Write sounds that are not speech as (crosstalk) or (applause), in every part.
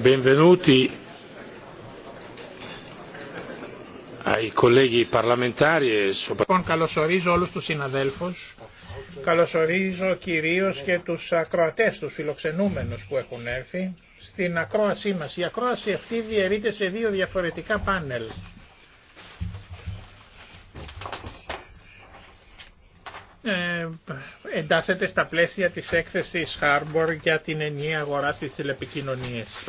benvenuti ai colleghi parlamentari e soprattutto. Λοιπόν, καλωσορίζω όλους τους συναδέλφους, καλωσορίζω κυρίω και τους ακροατές, τους φιλοξενούμενους που έχουν έρθει στην ακρόασή μα. Η ακρόαση αυτή διαιρείται σε δύο διαφορετικά πάνελ. Ε, εντάσσεται στα πλαίσια της έκθεσης Harbor για την ενιαία αγορά της τηλεπικοινωνίας.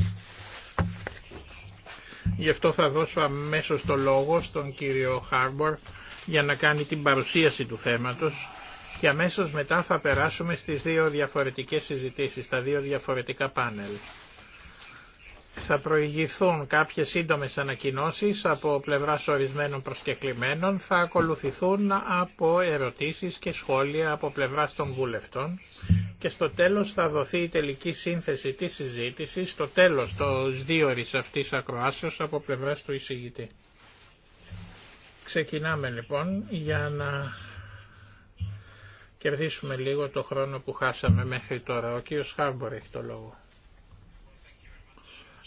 Γι' αυτό θα δώσω αμέσως το λόγο στον κύριο Χάρμπορ για να κάνει την παρουσίαση του θέματος και αμέσως μετά θα περάσουμε στις δύο διαφορετικές συζητήσεις, τα δύο διαφορετικά πάνελ θα προηγηθούν κάποιες σύντομες ανακοινώσεις από πλευράς ορισμένων προσκεκλημένων, θα ακολουθηθούν από ερωτήσεις και σχόλια από πλευράς των βουλευτών και στο τέλος θα δοθεί η τελική σύνθεση της συζήτησης, στο τέλος της δίωρης αυτής ακροάσεως από πλευράς του εισηγητή. Ξεκινάμε λοιπόν για να κερδίσουμε λίγο το χρόνο που χάσαμε μέχρι τώρα. Ο κ. Χάμπορ έχει το λόγο.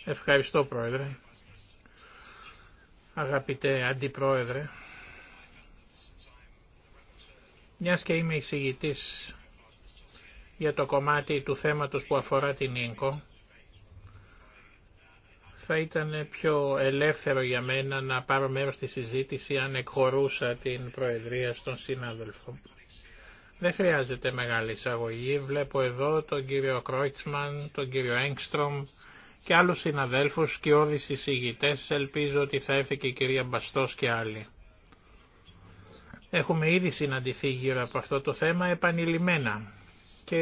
Ευχαριστώ Πρόεδρε. Αγαπητέ Αντιπρόεδρε, μιας και είμαι εισηγητής για το κομμάτι του θέματος που αφορά την ΙΝΚΟ, θα ήταν πιο ελεύθερο για μένα να πάρω μέρος στη συζήτηση αν εκχωρούσα την Προεδρία στον συνάδελφο. Δεν χρειάζεται μεγάλη εισαγωγή. Βλέπω εδώ τον κύριο Κρόιτσμαν, τον κύριο Έγκστρομ, και άλλους συναδέλφους και όδης εισηγητές. Ελπίζω ότι θα έρθει και η κυρία Μπαστός και άλλοι. Έχουμε ήδη συναντηθεί γύρω από αυτό το θέμα επανειλημμένα και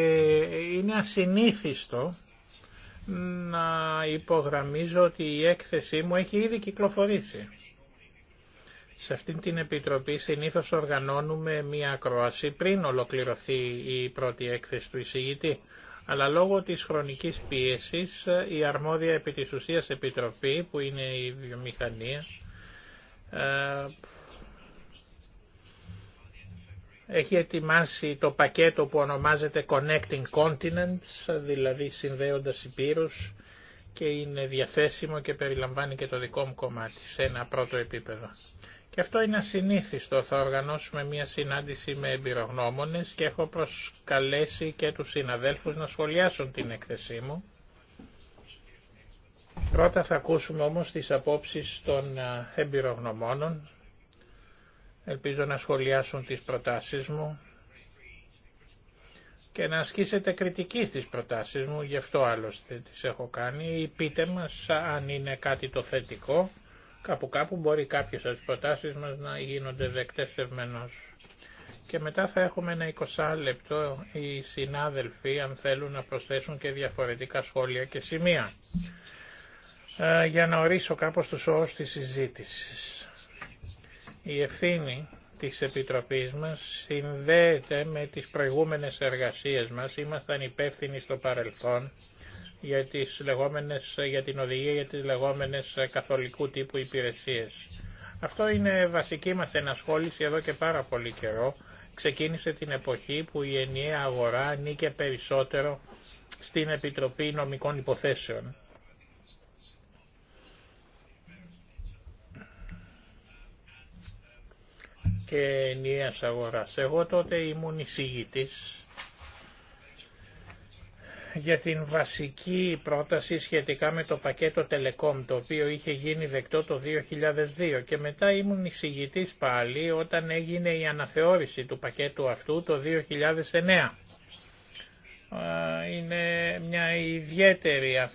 είναι ασυνήθιστο να υπογραμμίζω ότι η έκθεσή μου έχει ήδη κυκλοφορήσει. Σε αυτήν την Επιτροπή συνήθως οργανώνουμε μία ακρόαση πριν ολοκληρωθεί η πρώτη έκθεση του εισηγητή αλλά λόγω της χρονικής πίεσης η αρμόδια επί της ουσίας επιτροπή που είναι η βιομηχανία ε, έχει ετοιμάσει το πακέτο που ονομάζεται Connecting Continents, δηλαδή συνδέοντας υπήρους και είναι διαθέσιμο και περιλαμβάνει και το δικό μου κομμάτι σε ένα πρώτο επίπεδο. Και αυτό είναι ασυνήθιστο. Θα οργανώσουμε μια συνάντηση με εμπειρογνώμονες και έχω προσκαλέσει και τους συναδέλφους να σχολιάσουν την έκθεσή μου. Πρώτα θα ακούσουμε όμως τις απόψεις των εμπειρογνωμόνων. Ελπίζω να σχολιάσουν τις προτάσεις μου και να ασκήσετε κριτική στις προτάσεις μου, γι' αυτό άλλωστε τις έχω κάνει. Πείτε μας αν είναι κάτι το θετικό Κάπου κάπου μπορεί κάποιες από τις προτάσεις μας να γίνονται δεκτές ευμενώς. Και μετά θα έχουμε ένα 20 λεπτό οι συνάδελφοι αν θέλουν να προσθέσουν και διαφορετικά σχόλια και σημεία ε, για να ορίσω κάπως τους όρους της συζήτησης. Η ευθύνη της Επιτροπής μας συνδέεται με τις προηγούμενες εργασίες μας. Ήμασταν υπεύθυνοι στο παρελθόν για, τις λεγόμενες, για την οδηγία για τις λεγόμενες ε, καθολικού τύπου υπηρεσίες. Αυτό είναι βασική μας ενασχόληση εδώ και πάρα πολύ καιρό. Ξεκίνησε την εποχή που η ενιαία αγορά ανήκε περισσότερο στην Επιτροπή Νομικών Υποθέσεων. και ενιαίας αγοράς. Εγώ τότε ήμουν εισηγητής για την βασική πρόταση σχετικά με το πακέτο Telecom, το οποίο είχε γίνει δεκτό το 2002 και μετά ήμουν εισηγητής πάλι όταν έγινε η αναθεώρηση του πακέτου αυτού το 2009. Είναι μια ιδιαίτερη, αν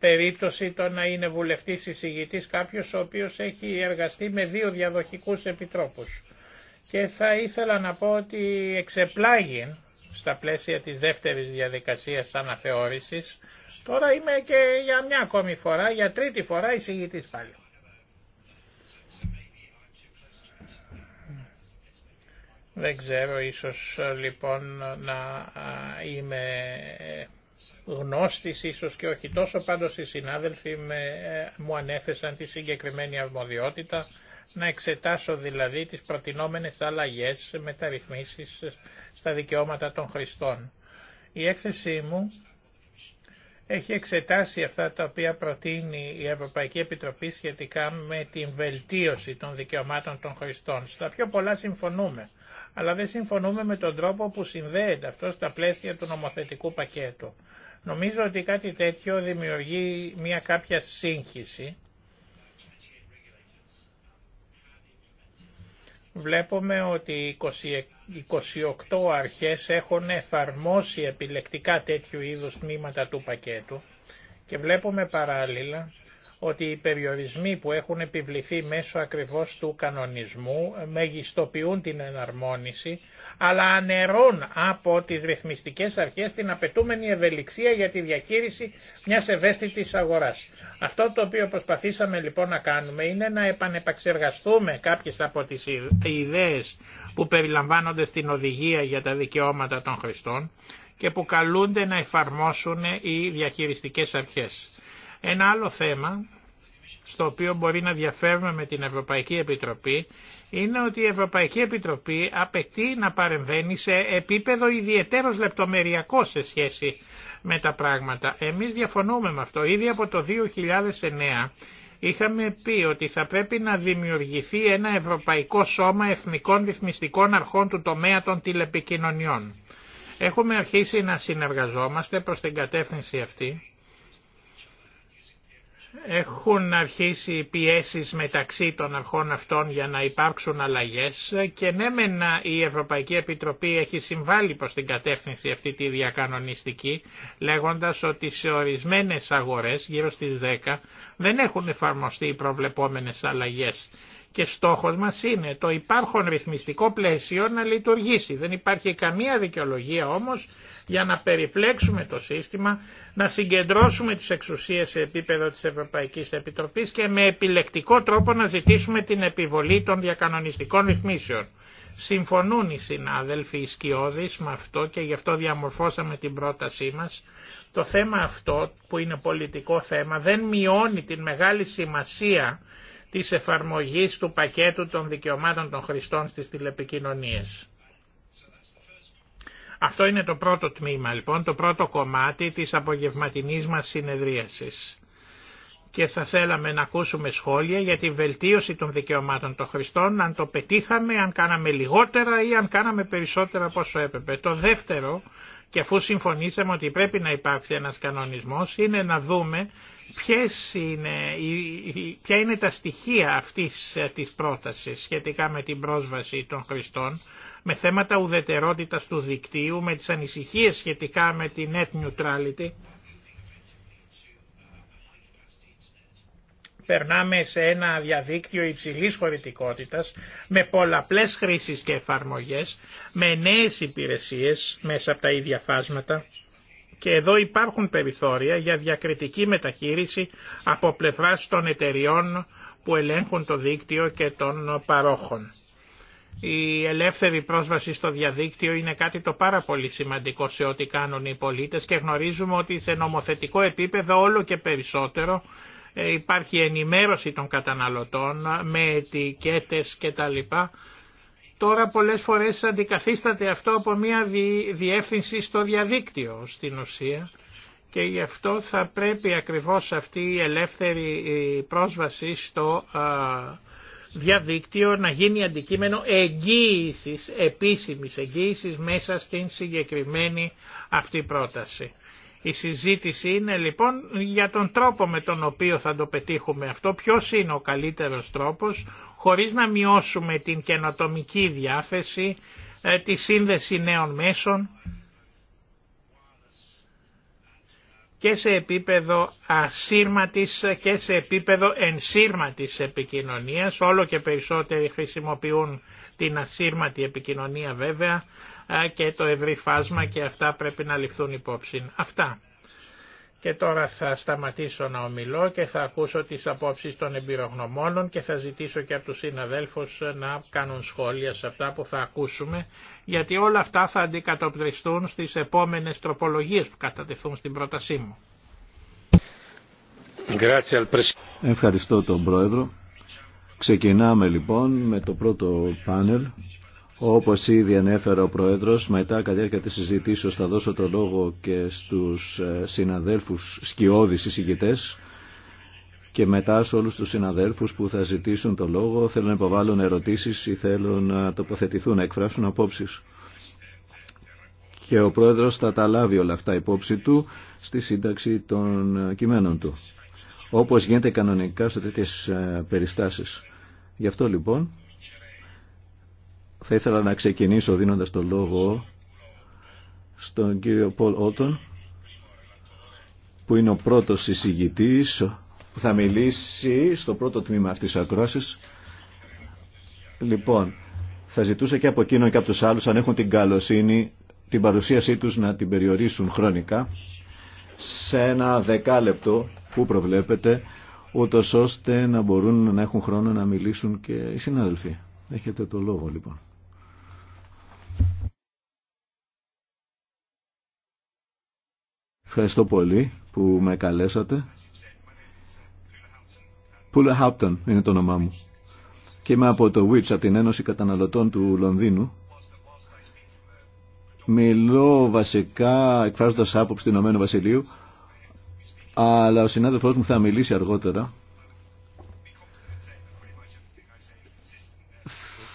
περίπτωση το να είναι βουλευτής εισηγητής κάποιος ο οποίος έχει εργαστεί με δύο διαδοχικούς επιτρόπους. Και θα ήθελα να πω ότι εξεπλάγει στα πλαίσια της δεύτερης διαδικασίας αναθεώρησης. Τώρα είμαι και για μια ακόμη φορά, για τρίτη φορά εισηγητής πάλι. Δεν ξέρω, ίσως λοιπόν να είμαι γνώστης ίσως και όχι τόσο, πάντως οι συνάδελφοι με, ε, μου ανέθεσαν τη συγκεκριμένη αρμοδιότητα να εξετάσω δηλαδή τις προτινόμενες αλλαγές μεταρρυθμίσεις στα δικαιώματα των χρηστών. Η έκθεσή μου έχει εξετάσει αυτά τα οποία προτείνει η Ευρωπαϊκή Επιτροπή σχετικά με την βελτίωση των δικαιωμάτων των χρηστών. Στα πιο πολλά συμφωνούμε, αλλά δεν συμφωνούμε με τον τρόπο που συνδέεται αυτό στα πλαίσια του νομοθετικού πακέτου. Νομίζω ότι κάτι τέτοιο δημιουργεί μια κάποια σύγχυση βλέπουμε ότι 28 αρχές έχουν εφαρμόσει επιλεκτικά τέτοιου είδους τμήματα του πακέτου και βλέπουμε παράλληλα ότι οι περιορισμοί που έχουν επιβληθεί μέσω ακριβώς του κανονισμού μεγιστοποιούν την εναρμόνιση, αλλά ανερών από τις ρυθμιστικές αρχές την απαιτούμενη ευελιξία για τη διαχείριση μιας ευαίσθητης αγοράς. Αυτό το οποίο προσπαθήσαμε λοιπόν να κάνουμε είναι να επανεπαξεργαστούμε κάποιες από τις ιδέες που περιλαμβάνονται στην οδηγία για τα δικαιώματα των χρηστών και που καλούνται να εφαρμόσουν οι διαχειριστικές αρχές. Ένα άλλο θέμα στο οποίο μπορεί να διαφέρουμε με την Ευρωπαϊκή Επιτροπή είναι ότι η Ευρωπαϊκή Επιτροπή απαιτεί να παρεμβαίνει σε επίπεδο ιδιαίτερος λεπτομεριακό σε σχέση με τα πράγματα. Εμείς διαφωνούμε με αυτό. Ήδη από το 2009 είχαμε πει ότι θα πρέπει να δημιουργηθεί ένα Ευρωπαϊκό Σώμα Εθνικών Δυθμιστικών Αρχών του τομέα των τηλεπικοινωνιών. Έχουμε αρχίσει να συνεργαζόμαστε προς την κατεύθυνση αυτή έχουν αρχίσει οι πιέσεις μεταξύ των αρχών αυτών για να υπάρξουν αλλαγές και ναι η Ευρωπαϊκή Επιτροπή έχει συμβάλει προς την κατεύθυνση αυτή τη διακανονιστική λέγοντας ότι σε ορισμένες αγορές γύρω στις 10 δεν έχουν εφαρμοστεί οι προβλεπόμενες αλλαγές και στόχος μας είναι το υπάρχον ρυθμιστικό πλαίσιο να λειτουργήσει. Δεν υπάρχει καμία δικαιολογία όμως για να περιπλέξουμε το σύστημα, να συγκεντρώσουμε τις εξουσίες σε επίπεδο της Ευρωπαϊκής Επιτροπής και με επιλεκτικό τρόπο να ζητήσουμε την επιβολή των διακανονιστικών ρυθμίσεων. Συμφωνούν οι συνάδελφοι οι σκιώδεις με αυτό και γι' αυτό διαμορφώσαμε την πρότασή μας. Το θέμα αυτό που είναι πολιτικό θέμα δεν μειώνει την μεγάλη σημασία της εφαρμογής του πακέτου των δικαιωμάτων των Χριστών στις τηλεπικοινωνίες. Αυτό είναι το πρώτο τμήμα λοιπόν, το πρώτο κομμάτι της απογευματινής μας συνεδρίασης. Και θα θέλαμε να ακούσουμε σχόλια για τη βελτίωση των δικαιωμάτων των Χριστών, αν το πετύχαμε, αν κάναμε λιγότερα ή αν κάναμε περισσότερα από όσο έπρεπε. Το δεύτερο, και αφού συμφωνήσαμε ότι πρέπει να υπάρξει ένας κανονισμός, είναι να δούμε ποιες είναι, ποια είναι τα στοιχεία αυτής ε, της πρότασης σχετικά με την πρόσβαση των χρηστών, με θέματα ουδετερότητας του δικτύου, με τις ανησυχίες σχετικά με την net neutrality. Περνάμε σε ένα διαδίκτυο υψηλής χωρητικότητας, με πολλαπλές χρήσεις και εφαρμογές, με νέες υπηρεσίες μέσα από τα ίδια φάσματα. Και εδώ υπάρχουν περιθώρια για διακριτική μεταχείριση από πλευράς των εταιριών που ελέγχουν το δίκτυο και των παρόχων. Η ελεύθερη πρόσβαση στο διαδίκτυο είναι κάτι το πάρα πολύ σημαντικό σε ό,τι κάνουν οι πολίτες και γνωρίζουμε ότι σε νομοθετικό επίπεδο όλο και περισσότερο ε, υπάρχει ενημέρωση των καταναλωτών με ετικέτες κτλ Τώρα πολλές φορές αντικαθίσταται αυτό από μια διεύθυνση στο διαδίκτυο στην ουσία και γι' αυτό θα πρέπει ακριβώς αυτή η ελεύθερη πρόσβαση στο διαδίκτυο να γίνει αντικείμενο εγγύησης, επίσημης εγγύησης μέσα στην συγκεκριμένη αυτή πρόταση. Η συζήτηση είναι λοιπόν για τον τρόπο με τον οποίο θα το πετύχουμε αυτό, ποιος είναι ο καλύτερος τρόπος, χωρίς να μειώσουμε την καινοτομική διάθεση, ε, τη σύνδεση νέων μέσων και σε επίπεδο ασύρματης ε, και σε επίπεδο ενσύρματης επικοινωνίας. Όλο και περισσότεροι χρησιμοποιούν την ασύρματη επικοινωνία βέβαια, και το ευρύ φάσμα και αυτά πρέπει να ληφθούν υπόψη. Αυτά. Και τώρα θα σταματήσω να ομιλώ και θα ακούσω τις απόψεις των εμπειρογνωμόνων και θα ζητήσω και από τους συναδέλφους να κάνουν σχόλια σε αυτά που θα ακούσουμε, γιατί όλα αυτά θα αντικατοπτριστούν στις επόμενες τροπολογίες που κατατεθούν στην πρότασή μου. Ευχαριστώ τον Πρόεδρο. Ξεκινάμε λοιπόν με το πρώτο πάνελ όπως ήδη ανέφερε ο Πρόεδρος, μετά κατά διάρκεια της συζητήσεως θα δώσω το λόγο και στους ε, συναδέλφους σκιώδης εισηγητές και μετά σε όλους τους συναδέλφους που θα ζητήσουν το λόγο, θέλουν να υποβάλουν ερωτήσεις ή θέλουν να τοποθετηθούν, να εκφράσουν απόψεις. Και ο Πρόεδρος θα τα λάβει όλα αυτά υπόψη του στη σύνταξη των ε, κειμένων του. Όπως γίνεται κανονικά σε τέτοιες ε, περιστάσεις. Γι' αυτό λοιπόν θα ήθελα να ξεκινήσω δίνοντας το λόγο στον κύριο Πολ Ότον που είναι ο πρώτος εισηγητής που θα μιλήσει στο πρώτο τμήμα αυτής της ακρόασης. Λοιπόν, θα ζητούσα και από εκείνον και από τους άλλους αν έχουν την καλοσύνη την παρουσίασή τους να την περιορίσουν χρονικά σε ένα δεκάλεπτο που προβλέπετε ούτω ώστε να μπορούν να έχουν χρόνο να μιλήσουν και οι συνάδελφοι. Έχετε το λόγο λοιπόν. Ευχαριστώ πολύ που με καλέσατε. Πούλε Χάπτον είναι το όνομά μου. Και είμαι από το WITCH, από την Ένωση Καταναλωτών του Λονδίνου. Μιλώ βασικά εκφράζοντα άποψη του Ηνωμένου Βασιλείου, αλλά ο συνάδελφός μου θα μιλήσει αργότερα.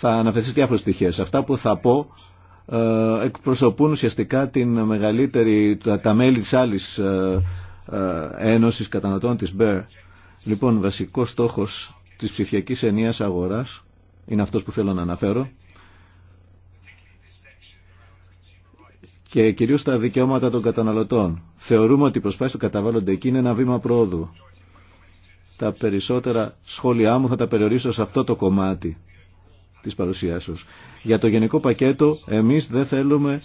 Θα αναφερθεί σε διάφορε στοιχεία. Αυτά που θα πω ε, εκπροσωπούν ουσιαστικά την μεγαλύτερη, τα, μέλη της άλλης ε, ε, ένωσης καταναλωτών της Μπερ. Λοιπόν, βασικός στόχος της ψηφιακής ενίας αγοράς είναι αυτός που θέλω να αναφέρω και κυρίως τα δικαιώματα των καταναλωτών. Θεωρούμε ότι οι προσπάσεις που καταβάλλονται εκεί είναι ένα βήμα πρόοδου. Τα περισσότερα σχόλιά μου θα τα περιορίσω σε αυτό το κομμάτι της παρουσιάσεως. Για το γενικό πακέτο εμείς δεν θέλουμε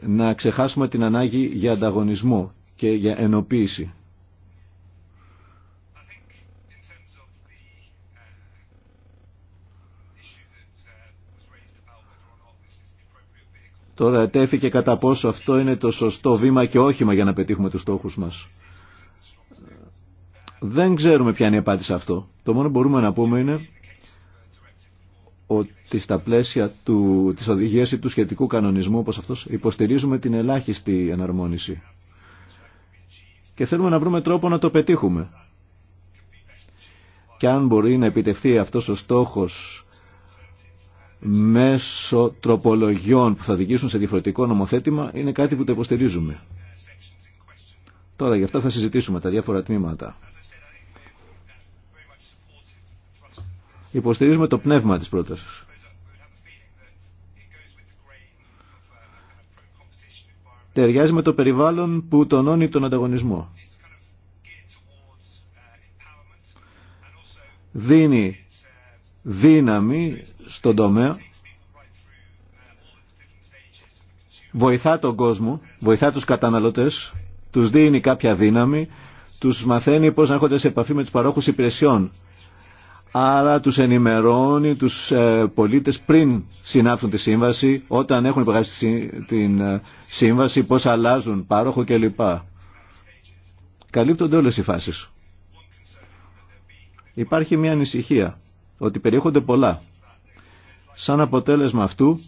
να ξεχάσουμε την ανάγκη για ανταγωνισμό και για ενοποίηση. Τώρα τέθηκε κατά πόσο αυτό είναι το σωστό βήμα και όχημα για να πετύχουμε τους στόχους μας. Δεν ξέρουμε ποια είναι η απάντηση αυτό. Το μόνο που μπορούμε να πούμε είναι ότι στα πλαίσια του, της οδηγίας ή του σχετικού κανονισμού όπως αυτός υποστηρίζουμε την ελάχιστη εναρμόνιση. Και θέλουμε να βρούμε τρόπο να το πετύχουμε. Και αν μπορεί να επιτευχθεί αυτός ο στόχος μέσω τροπολογιών που θα οδηγήσουν σε διαφορετικό νομοθέτημα είναι κάτι που το υποστηρίζουμε. Τώρα γι' αυτό θα συζητήσουμε τα διάφορα τμήματα. Υποστηρίζουμε το πνεύμα της πρότασης. Ταιριάζει με το περιβάλλον που τονώνει τον ανταγωνισμό. Δίνει δύναμη στον τομέα βοηθά τον κόσμο, βοηθά τους καταναλωτές, τους δίνει κάποια δύναμη, τους μαθαίνει πώς να έρχονται σε επαφή με τους παρόχους υπηρεσιών Άρα τους ενημερώνει τους ε, πολίτες πριν συνάψουν τη σύμβαση, όταν έχουν υπογράψει την ε, σύμβαση, πώς αλλάζουν πάροχο κλπ. Καλύπτονται όλες οι φάσεις. Υπάρχει μια ανησυχία ότι περιέχονται πολλά. Σαν αποτέλεσμα αυτού,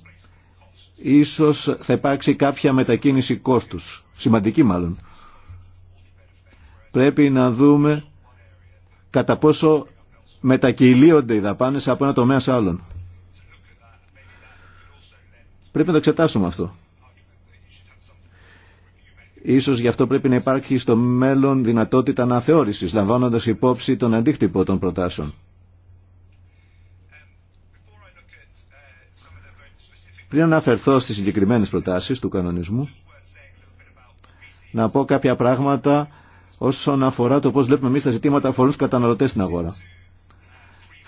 ίσως θα υπάρξει κάποια μετακίνηση κόστους, σημαντική μάλλον. Πρέπει να δούμε κατά πόσο μετακυλίονται οι δαπάνες από ένα τομέα σε άλλον. Πρέπει να το εξετάσουμε αυτό. Ίσως γι' αυτό πρέπει να υπάρχει στο μέλλον δυνατότητα αναθεώρησης, λαμβάνοντας υπόψη τον αντίκτυπο των προτάσεων. Πριν αναφερθώ στις συγκεκριμένες προτάσεις του κανονισμού, να πω κάποια πράγματα όσον αφορά το πώς βλέπουμε εμείς τα ζητήματα αφορούς καταναλωτές στην αγορά.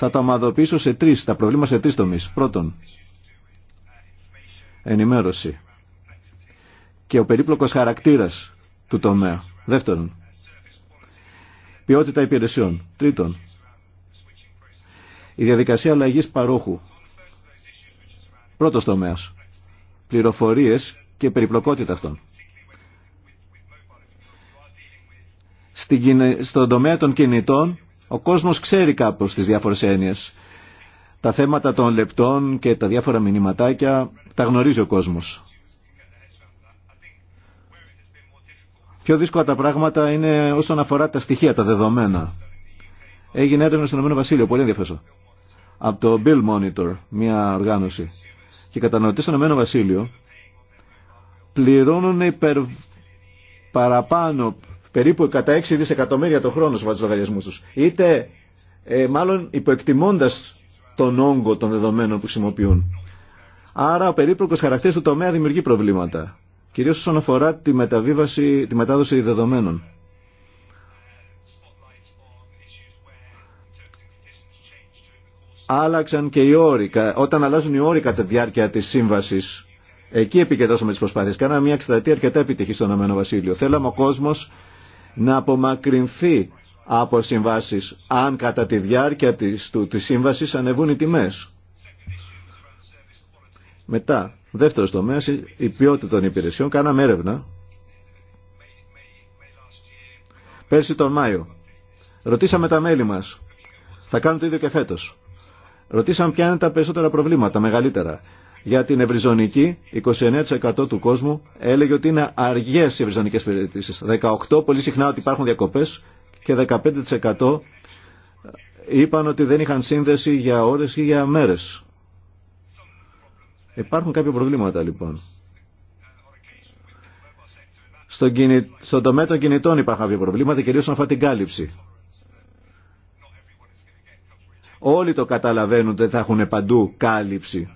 Θα τα ομαδοποιήσω σε τρεις, τα προβλήματα σε τρεις τομείς. Πρώτον, ενημέρωση και ο περίπλοκος χαρακτήρας του τομέα. Δεύτερον, ποιότητα υπηρεσιών. Τρίτον, η διαδικασία αλλαγής παρόχου. Πρώτος τομέας, πληροφορίες και περιπλοκότητα αυτών. στον τομέα των κινητών ο κόσμος ξέρει κάπως τις διάφορες έννοιες. Τα θέματα των λεπτών και τα διάφορα μηνυματάκια τα γνωρίζει ο κόσμος. Πιο δύσκολα τα πράγματα είναι όσον αφορά τα στοιχεία, τα δεδομένα. Έγινε έρευνα στον Ηνωμένο Βασίλειο, πολύ ενδιαφέρον. Από το Bill Monitor, μια οργάνωση. Και κατανοητές στον Ηνωμένο Βασίλειο πληρώνουν υπερ... παραπάνω περίπου κατά 6 δισεκατομμύρια το χρόνο στους λογαριασμούς τους. Είτε ε, μάλλον υποεκτιμώντας τον όγκο των δεδομένων που χρησιμοποιούν. Άρα ο περίπλοκος χαρακτήρα του τομέα δημιουργεί προβλήματα. Κυρίως όσον αφορά τη, μεταβίβαση, τη μετάδοση δεδομένων. Άλλαξαν και οι όροι. Όταν αλλάζουν οι όροι κατά τη διάρκεια της σύμβασης, εκεί επικεντρώσαμε τις προσπάθειες. Κάναμε μια εξετατή αρκετά επιτυχή στον Αμένο Θέλαμε ο κόσμο να απομακρυνθεί από συμβάσεις αν κατά τη διάρκεια της, του, σύμβασης ανεβούν οι τιμές. Μετά, δεύτερο τομέα, η ποιότητα των υπηρεσιών. Κάναμε έρευνα πέρσι τον Μάιο. Ρωτήσαμε τα μέλη μας. Θα κάνουν το ίδιο και φέτος. Ρωτήσαμε ποια είναι τα περισσότερα προβλήματα, τα μεγαλύτερα για την ευρυζωνική, 29% του κόσμου έλεγε ότι είναι αργές οι ευρυζωνικές περιπτήσεις. 18% πολύ συχνά ότι υπάρχουν διακοπές και 15% είπαν ότι δεν είχαν σύνδεση για ώρες ή για μέρες. Υπάρχουν κάποια προβλήματα λοιπόν. Στον, κινη... Στον τομέα των κινητών υπάρχουν κάποια προβλήματα, κυρίως αφορά την κάλυψη. Όλοι το καταλαβαίνουν ότι θα έχουν παντού κάλυψη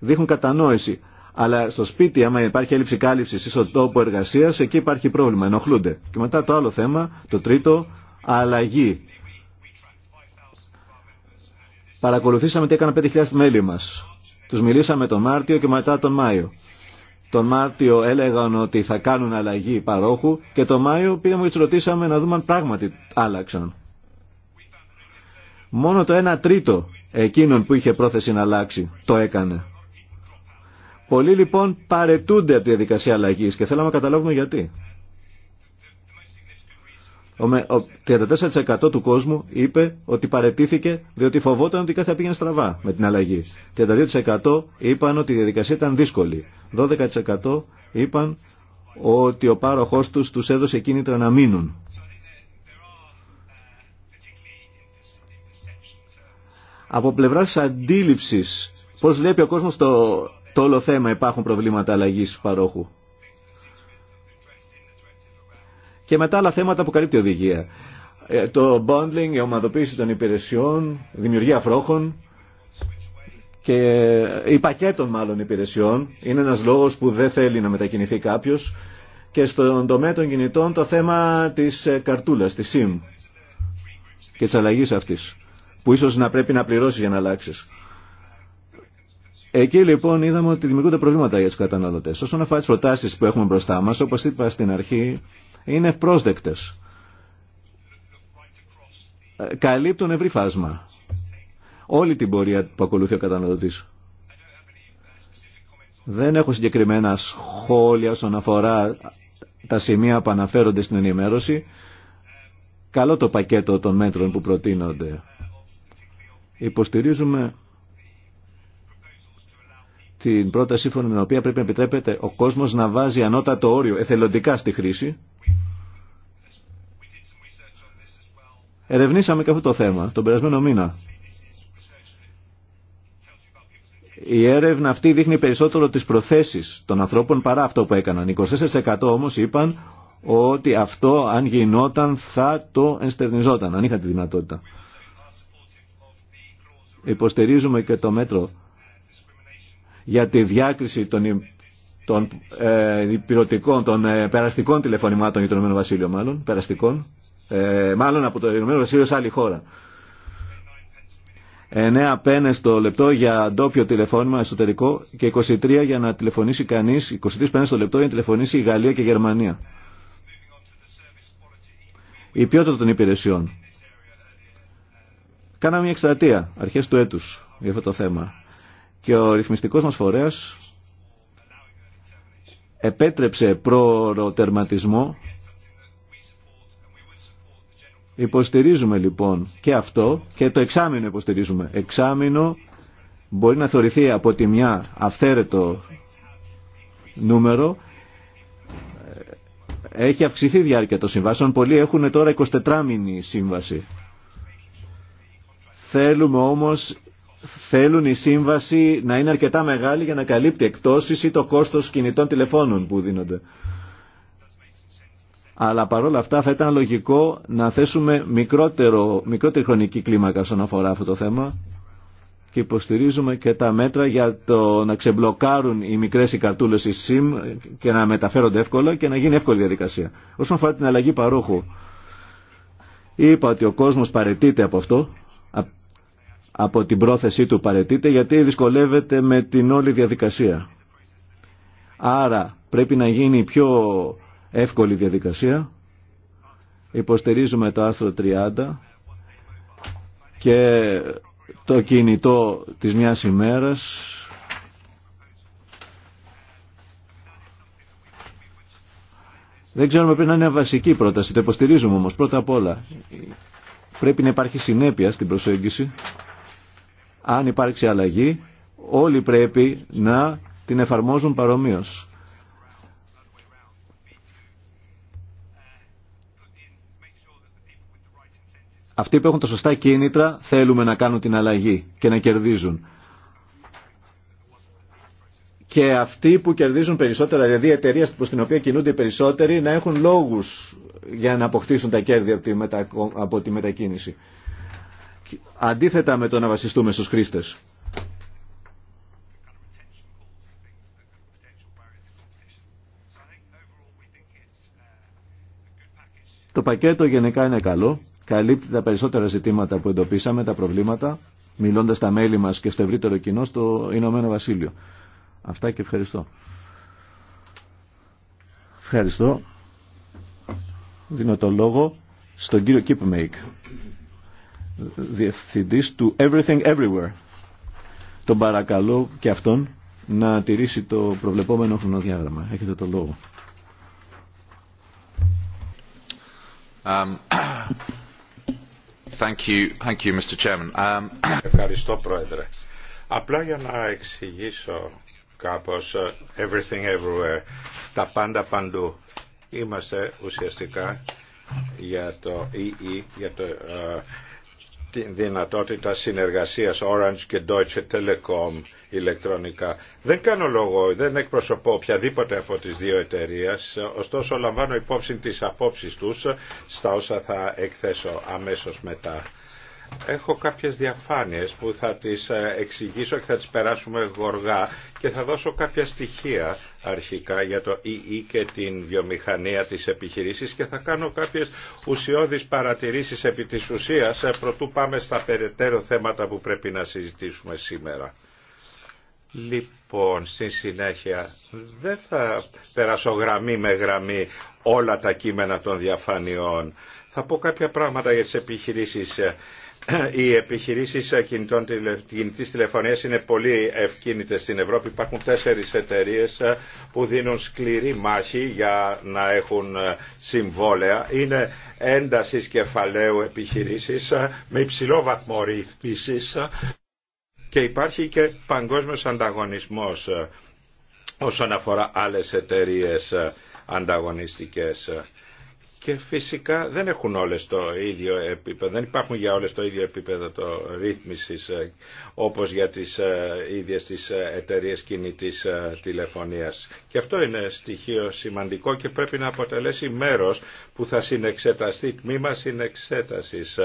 δείχνουν κατανόηση. Αλλά στο σπίτι, άμα υπάρχει έλλειψη κάλυψη ή στον τόπο εργασία, εκεί υπάρχει πρόβλημα, ενοχλούνται. Και μετά το άλλο θέμα, το τρίτο, αλλαγή. Παρακολουθήσαμε τι έκαναν 5.000 μέλη μα. Του μιλήσαμε τον Μάρτιο και μετά τον Μάιο. Τον Μάρτιο έλεγαν ότι θα κάνουν αλλαγή παρόχου και τον Μάιο πήγαμε και του ρωτήσαμε να δούμε αν πράγματι άλλαξαν. Μόνο το 1 τρίτο εκείνων που είχε πρόθεση να αλλάξει το έκανε. Πολλοί λοιπόν παρετούνται από τη διαδικασία αλλαγή και θέλαμε να καταλάβουμε γιατί. Ο 34% του κόσμου είπε ότι παρετήθηκε διότι φοβόταν ότι κάτι θα πήγαινε στραβά με την αλλαγή. 32% είπαν ότι η διαδικασία ήταν δύσκολη. 12% είπαν ότι ο πάροχός τους τους έδωσε κίνητρα να μείνουν. Από πλευράς αντίληψης, πώς βλέπει ο κόσμος το το όλο θέμα υπάρχουν προβλήματα αλλαγή παρόχου. Και μετά άλλα θέματα που καλύπτει η οδηγία. Ε, το bundling, η ομαδοποίηση των υπηρεσιών, δημιουργία φρόχων και ή ε, πακέτων μάλλον υπηρεσιών. Είναι ένας λόγος που δεν θέλει να μετακινηθεί κάποιος. Και στον τομέα των κινητών το θέμα της ε, καρτούλας, της SIM και της αλλαγής αυτής που ίσως να πρέπει να πληρώσει για να αλλάξεις. Εκεί λοιπόν είδαμε ότι δημιουργούνται προβλήματα για του καταναλωτέ. Όσον αφορά τι προτάσει που έχουμε μπροστά μα, όπω είπα στην αρχή, είναι πρόσδεκτε. Ε, καλύπτουν ευρύ φάσμα. Όλη την πορεία που ακολουθεί ο καταναλωτή. Δεν έχω συγκεκριμένα σχόλια όσον αφορά τα σημεία που αναφέρονται στην ενημέρωση. Καλό το πακέτο των μέτρων που προτείνονται. Υποστηρίζουμε την πρώτα σύμφωνα με την οποία πρέπει να επιτρέπεται ο κόσμος να βάζει ανώτατο όριο εθελοντικά στη χρήση. Ερευνήσαμε και αυτό το θέμα τον περασμένο μήνα. Η έρευνα αυτή δείχνει περισσότερο τις προθέσεις των ανθρώπων παρά αυτό που έκαναν. 24% όμως είπαν ότι αυτό αν γινόταν θα το ενστερνιζόταν, αν είχαν τη δυνατότητα. Υποστηρίζουμε και το μέτρο για τη διάκριση των, των ε, των ε, περαστικών τηλεφωνημάτων για το Ηνωμένο Βασίλειο μάλλον, περαστικών, ε, μάλλον από το Ηνωμένο Βασίλειο σε άλλη χώρα. 9 πένες το λεπτό για ντόπιο τηλεφώνημα εσωτερικό και 23 για να τηλεφωνήσει κανείς, 23 πένες το λεπτό για να τηλεφωνήσει η Γαλλία και η Γερμανία. Η ποιότητα των υπηρεσιών. Κάναμε μια εκστρατεία αρχέ του έτου, για αυτό το θέμα και ο ρυθμιστικός μας φορέας επέτρεψε πρόωρο τερματισμό. Υποστηρίζουμε λοιπόν και αυτό και το εξάμεινο υποστηρίζουμε. Εξάμεινο μπορεί να θεωρηθεί από τη μια αυθαίρετο νούμερο. Έχει αυξηθεί η διάρκεια των συμβάσεων. Πολλοί έχουν τώρα 24 μήνη σύμβαση. Θέλουμε όμως θέλουν η σύμβαση να είναι αρκετά μεγάλη για να καλύπτει εκτόσεις ή το κόστος κινητών τηλεφώνων που δίνονται. Αλλά παρόλα αυτά θα ήταν λογικό να θέσουμε μικρότερο, μικρότερη χρονική κλίμακα όσον αφορά αυτό το θέμα και υποστηρίζουμε και τα μέτρα για το να ξεμπλοκάρουν οι μικρές καρτούλες οι SIM και να μεταφέρονται εύκολα και να γίνει εύκολη διαδικασία. Όσον αφορά την αλλαγή παρόχου, είπα ότι ο κόσμος παρετείται από αυτό από την πρόθεσή του παρετείται γιατί δυσκολεύεται με την όλη διαδικασία. Άρα πρέπει να γίνει πιο εύκολη διαδικασία. Υποστηρίζουμε το άρθρο 30 και το κινητό της μιας ημέρας Δεν ξέρουμε πριν να είναι βασική πρόταση, το υποστηρίζουμε όμως πρώτα απ' όλα. Πρέπει να υπάρχει συνέπεια στην προσέγγιση αν υπάρξει αλλαγή, όλοι πρέπει να την εφαρμόζουν παρομοίως. Αυτοί που έχουν τα σωστά κίνητρα θέλουμε να κάνουν την αλλαγή και να κερδίζουν. Και αυτοί που κερδίζουν περισσότερα, δηλαδή η εταιρεία προ οποία κινούνται οι περισσότεροι, να έχουν λόγους για να αποκτήσουν τα κέρδη από τη μετακίνηση αντίθετα με το να βασιστούμε στους χρήστες. Το πακέτο γενικά είναι καλό, καλύπτει τα περισσότερα ζητήματα που εντοπίσαμε, τα προβλήματα, μιλώντας στα μέλη μας και στο ευρύτερο κοινό στο Ηνωμένο Βασίλειο. Αυτά και ευχαριστώ. Ευχαριστώ. Δίνω το λόγο στον κύριο Κίπμεϊκ διευθυντής του Everything Everywhere. Τον παρακαλώ και αυτόν να τηρήσει το προβλεπόμενο χρονοδιάγραμμα. Έχετε το λόγο. Um, (coughs) um, (coughs) Ευχαριστώ, Πρόεδρε. Απλά για να εξηγήσω κάπως uh, everything everywhere, τα πάντα παντού. Είμαστε ουσιαστικά για το EE, e, για το uh, την δυνατότητα συνεργασίας Orange και Deutsche Telekom ηλεκτρονικά. Δεν κάνω λόγο, δεν εκπροσωπώ οποιαδήποτε από τις δύο εταιρείες, ωστόσο λαμβάνω υπόψη τις απόψεις τους στα όσα θα εκθέσω αμέσως μετά. Έχω κάποιες διαφάνειες που θα τις ε, εξηγήσω και θα τις περάσουμε γοργά και θα δώσω κάποια στοιχεία αρχικά για το ΙΙ και την βιομηχανία της επιχειρήσης και θα κάνω κάποιες ουσιώδεις παρατηρήσεις επί της ουσίας ε, προτού πάμε στα περαιτέρω θέματα που πρέπει να συζητήσουμε σήμερα. Λοιπόν, στη συνέχεια δεν θα περάσω γραμμή με γραμμή όλα τα κείμενα των διαφανειών. Θα πω κάποια πράγματα για τις επιχειρήσεις οι επιχειρήσει κινητών, τηλεφωνία είναι πολύ ευκίνητε στην Ευρώπη. Υπάρχουν τέσσερι εταιρείε που δίνουν σκληρή μάχη για να έχουν συμβόλαια. Είναι ένταση κεφαλαίου επιχειρήσει με υψηλό βαθμό και υπάρχει και παγκόσμιο ανταγωνισμός όσον αφορά άλλες εταιρείε ανταγωνιστικές και φυσικά δεν έχουν όλες το ίδιο επίπεδο, δεν υπάρχουν για όλες το ίδιο επίπεδο το ρύθμισης ε, όπως για τις ε, ίδιες τις ε, εταιρείες κινητής τηλεφωνίας. Και αυτό είναι στοιχείο σημαντικό και πρέπει να αποτελέσει μέρος που θα συνεξεταστεί τμήμα συνεξέτασης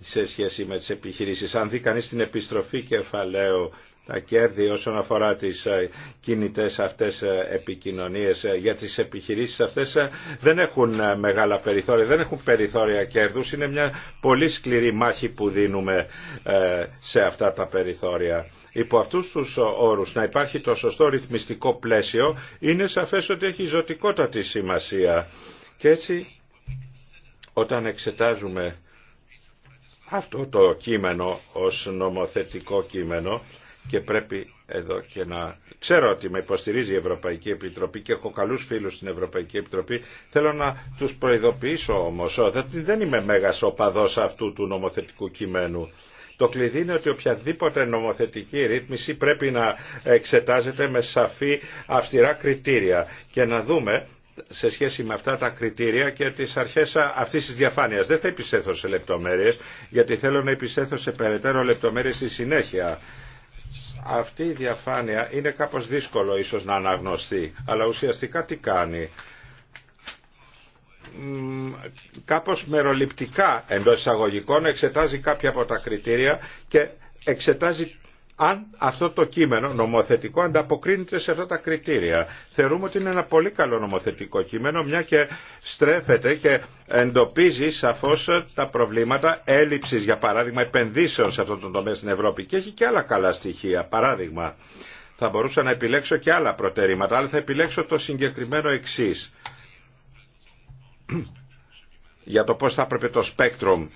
σε σχέση με τις επιχειρήσεις. Αν δει κανείς την επιστροφή κεφαλαίου τα κέρδη όσον αφορά τις ε, κινητές αυτές ε, επικοινωνίες ε, για τις επιχειρήσεις αυτές δεν έχουν μεγάλα περιθώρια, δεν έχουν περιθώρια κέρδους. Είναι μια πολύ σκληρή μάχη που δίνουμε σε αυτά τα περιθώρια. Υπό αυτούς τους όρους να υπάρχει το σωστό ρυθμιστικό πλαίσιο είναι σαφές ότι έχει ζωτικότατη σημασία. Και έτσι όταν εξετάζουμε αυτό το κείμενο ως νομοθετικό κείμενο και πρέπει εδώ και να ξέρω ότι με υποστηρίζει η Ευρωπαϊκή Επιτροπή και έχω καλούς φίλους στην Ευρωπαϊκή Επιτροπή θέλω να τους προειδοποιήσω όμως ότι δεν είμαι μέγας οπαδός αυτού του νομοθετικού κειμένου το κλειδί είναι ότι οποιαδήποτε νομοθετική ρύθμιση πρέπει να εξετάζεται με σαφή αυστηρά κριτήρια και να δούμε σε σχέση με αυτά τα κριτήρια και τις αρχές αυτής της διαφάνειας. Δεν θα επισέθω σε λεπτομέρειες, γιατί θέλω να επισέθω σε περαιτέρω λεπτομέρειες στη συνέχεια αυτή η διαφάνεια είναι κάπως δύσκολο ίσως να αναγνωστεί, αλλά ουσιαστικά τι κάνει κάπως μεροληπτικά εντός εισαγωγικών εξετάζει κάποια από τα κριτήρια και εξετάζει αν αυτό το κείμενο νομοθετικό ανταποκρίνεται σε αυτά τα κριτήρια. Θεωρούμε ότι είναι ένα πολύ καλό νομοθετικό κείμενο, μια και στρέφεται και εντοπίζει σαφώς τα προβλήματα έλλειψης, για παράδειγμα, επενδύσεων σε αυτό το τομέα στην Ευρώπη και έχει και άλλα καλά στοιχεία. Παράδειγμα, θα μπορούσα να επιλέξω και άλλα προτερήματα, αλλά θα επιλέξω το συγκεκριμένο εξή (clears throat) για το πώς θα έπρεπε το spectrum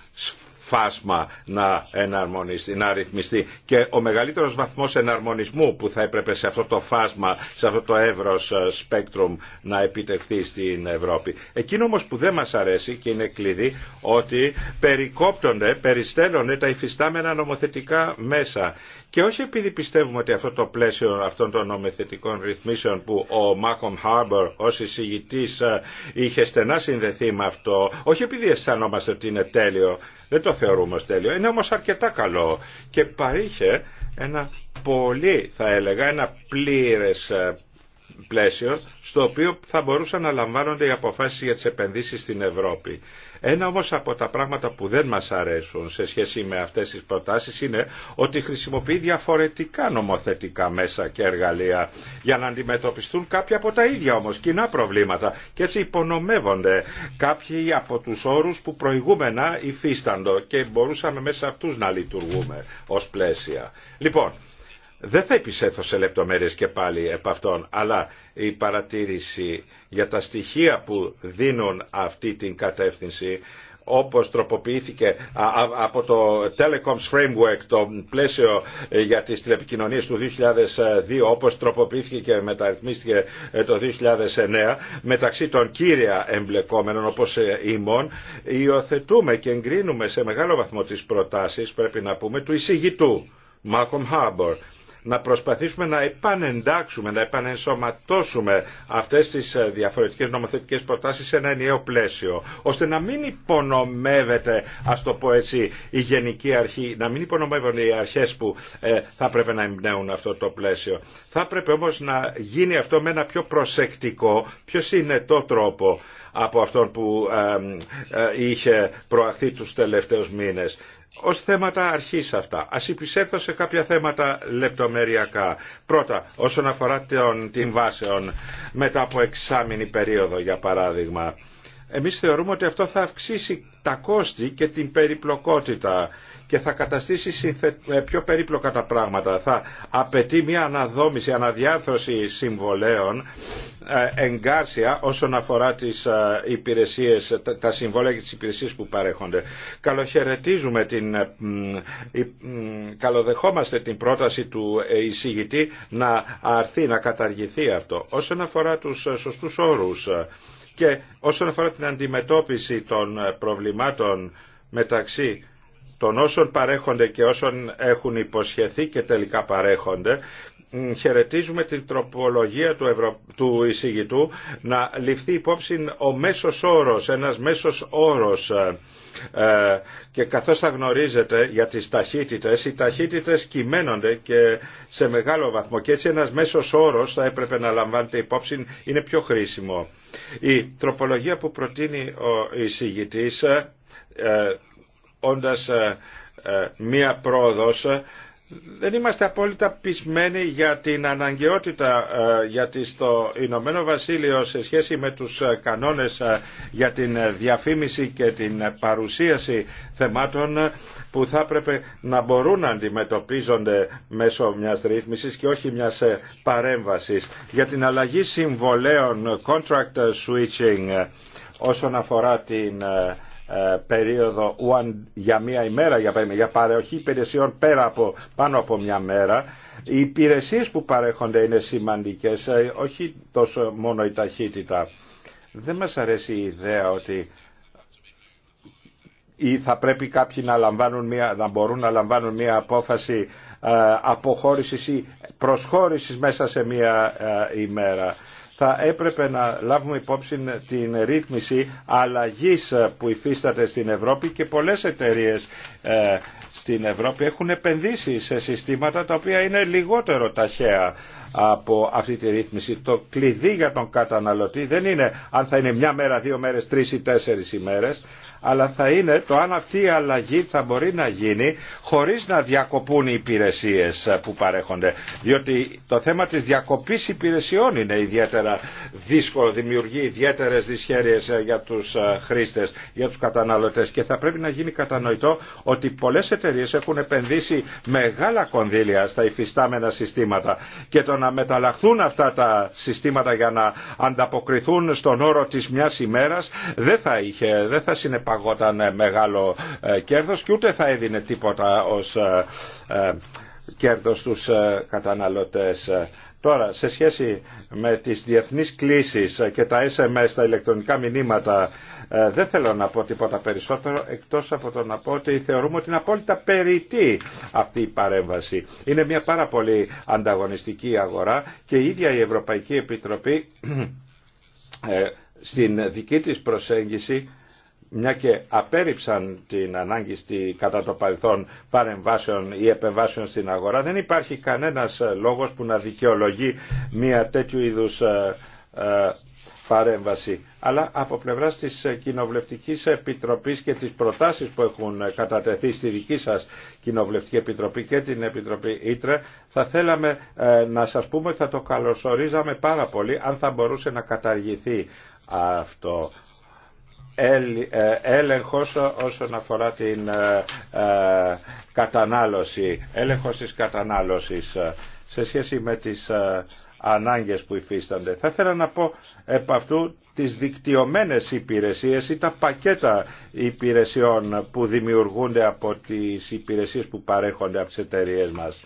φάσμα να εναρμονιστεί, να ρυθμιστεί. Και ο μεγαλύτερος βαθμός εναρμονισμού που θα έπρεπε σε αυτό το φάσμα, σε αυτό το εύρος σπέκτρουμ ε, να επιτευχθεί στην Ευρώπη. Εκείνο όμω που δεν μας αρέσει και είναι κλειδί ότι περικόπτονται, περιστέλλονται τα υφιστάμενα νομοθετικά μέσα. Και όχι επειδή πιστεύουμε ότι αυτό το πλαίσιο αυτών των νομοθετικών ρυθμίσεων που ο Μάκομ Χάρμπορ ω εισηγητής ε, είχε στενά συνδεθεί με αυτό, όχι επειδή αισθανόμαστε ότι είναι τέλειο δεν το θεωρούμε ως τέλειο. Είναι όμως αρκετά καλό και παρήχε ένα πολύ θα έλεγα ένα πλήρες ε, πλαίσιο στο οποίο θα μπορούσαν να λαμβάνονται οι αποφάσεις για τις επενδύσεις στην Ευρώπη. Ένα όμως από τα πράγματα που δεν μας αρέσουν σε σχέση με αυτές τις προτάσεις είναι ότι χρησιμοποιεί διαφορετικά νομοθετικά μέσα και εργαλεία για να αντιμετωπιστούν κάποια από τα ίδια όμως κοινά προβλήματα και έτσι υπονομεύονται κάποιοι από τους όρους που προηγούμενα υφίσταντο και μπορούσαμε μέσα αυτούς να λειτουργούμε ως πλαίσια. Λοιπόν, δεν θα επισέθω σε λεπτομέρειες και πάλι επ' αυτών, αλλά η παρατήρηση για τα στοιχεία που δίνουν αυτή την κατεύθυνση όπως τροποποιήθηκε από το Telecoms Framework, το πλαίσιο ε, για τις τηλεπικοινωνίες του 2002, όπως τροποποιήθηκε και μεταρρυθμίστηκε ε, το 2009, μεταξύ των κύρια εμπλεκόμενων όπως ε, ημών, υιοθετούμε και εγκρίνουμε σε μεγάλο βαθμό τις προτάσεις, πρέπει να πούμε, του εισηγητού, Malcolm Harbour να προσπαθήσουμε να επανεντάξουμε, να επανενσωματώσουμε αυτές τις ε, διαφορετικές νομοθετικές προτάσεις σε ένα ενιαίο πλαίσιο, ώστε να μην υπονομεύεται, α το πω έτσι, η γενική αρχή, να μην υπονομεύονται οι αρχές που ε, θα πρέπει να εμπνέουν αυτό το πλαίσιο. Θα πρέπει όμως να γίνει αυτό με ένα πιο προσεκτικό, πιο συνετό τρόπο από αυτόν που ε, είχε προαχθεί τους τελευταίους μήνες. Ω θέματα αρχή αυτά. Α υπησέλθω σε κάποια θέματα λεπτομεριακά. Πρώτα, όσον αφορά τον, την βάσεων μετά από εξάμηνη περίοδο, για παράδειγμα. Εμείς θεωρούμε ότι αυτό θα αυξήσει τα κόστη και την περιπλοκότητα και θα καταστήσει ε, πιο περίπλοκα τα πράγματα. Θα απαιτεί μια αναδόμηση, αναδιάρθρωση συμβολέων ε, εγκάρσια όσον αφορά τις ε, υπηρεσίες, τα συμβόλαια και τις υπηρεσίες που παρέχονται. Καλοχαιρετίζουμε την, καλοδεχόμαστε την πρόταση του εισηγητή να αρθεί, να καταργηθεί αυτό. Όσον αφορά τους σωστούς όρους και όσον αφορά την αντιμετώπιση των προβλημάτων μεταξύ των όσων παρέχονται και όσων έχουν υποσχεθεί και τελικά παρέχονται χαιρετίζουμε την τροπολογία του, Ευρω... του εισηγητού να ληφθεί υπόψη ο μέσος όρος, ένας μέσος όρος ε, ε, και καθώς θα γνωρίζετε για τις ταχύτητες, οι ταχύτητες κυμαίνονται και σε μεγάλο βαθμό και έτσι ένας μέσος όρος θα έπρεπε να λαμβάνεται υπόψη, είναι πιο χρήσιμο. Η τροπολογία που προτείνει ο εισηγητής ε, όντας ε, ε, μία πρόοδος, ε, δεν είμαστε απόλυτα πεισμένοι για την αναγκαιότητα γιατί στο Ηνωμένο Βασίλειο σε σχέση με τους κανόνες για την διαφήμιση και την παρουσίαση θεμάτων που θα έπρεπε να μπορούν να αντιμετωπίζονται μέσω μιας ρύθμισης και όχι μιας παρέμβασης. Για την αλλαγή συμβολέων, contract switching, όσον αφορά την ε, περίοδο για μία ημέρα για παρεοχή για παροχή υπηρεσιών πέρα από, πάνω από μία μέρα οι υπηρεσίες που παρέχονται είναι σημαντικές ε, όχι τόσο μόνο η ταχύτητα δεν μας αρέσει η ιδέα ότι θα πρέπει κάποιοι να, λαμβάνουν μια, να μπορούν να λαμβάνουν μία απόφαση ε, αποχώρησης ή προσχώρησης μέσα σε μία ημέρα θα έπρεπε να λάβουμε υπόψη την ρύθμιση αλλαγής που υφίσταται στην Ευρώπη και πολλές εταιρείες ε, στην Ευρώπη έχουν επενδύσει σε συστήματα τα οποία είναι λιγότερο ταχαία από αυτή τη ρύθμιση. Το κλειδί για τον καταναλωτή δεν είναι αν θα είναι μια μέρα, δύο μέρες, τρεις ή τέσσερις ημέρες αλλά θα είναι το αν αυτή η αλλαγή θα μπορεί να γίνει χωρίς να διακοπούν οι υπηρεσίες ε, που παρέχονται. Διότι το θέμα της διακοπής υπηρεσιών είναι ιδιαίτερα δύσκολο, δημιουργεί ιδιαίτερες δυσχέρειες ε, για τους ε, χρήστες, για τους καταναλωτές και θα πρέπει να γίνει κατανοητό ότι πολλές εταιρείες έχουν επενδύσει μεγάλα κονδύλια στα υφιστάμενα συστήματα και το να μεταλλαχθούν αυτά τα συστήματα για να ανταποκριθούν στον όρο της μιας ημέρας δεν θα, είχε, δεν θα παγόταν ε, μεγάλο ε, κέρδος και ούτε θα έδινε τίποτα ως ε, κέρδος στους καταναλωτές. Τώρα, σε σχέση με τις διεθνείς κλήσεις και τα SMS, τα ηλεκτρονικά μηνύματα, δεν θέλω να πω τίποτα περισσότερο, εκτός από το να πω ότι θεωρούμε ότι είναι απόλυτα περιττή αυτή η παρέμβαση. Είναι μια πάρα πολύ ανταγωνιστική αγορά και η ίδια η Ευρωπαϊκή Επιτροπή στην δική της προσέγγιση μια και απέρριψαν την ανάγκη στη, κατά το παρελθόν παρεμβάσεων ή επεμβάσεων στην αγορά, δεν υπάρχει κανένας λόγος που να δικαιολογεί μια τέτοιου είδους ε, ε, παρέμβαση. Αλλά από πλευράς της Κοινοβουλευτική Επιτροπής και τι προτάσει που έχουν κατατεθεί στη δική σας Κοινοβουλευτική Επιτροπή και την Επιτροπή Ήτρε, θα θέλαμε ε, να σα πούμε ότι θα το καλωσορίζαμε πάρα πολύ αν θα μπορούσε να καταργηθεί αυτό ε, έλεγχος όσον αφορά την ε, ε, κατανάλωση, έλεγχος της κατανάλωσης σε σχέση με τις ανάγκες που υφίστανται. Θα ήθελα να πω επ' αυτού τις δικτυωμένες υπηρεσίες ή τα πακέτα υπηρεσιών που δημιουργούνται από τις υπηρεσίες που παρέχονται από τις εταιρείε μας.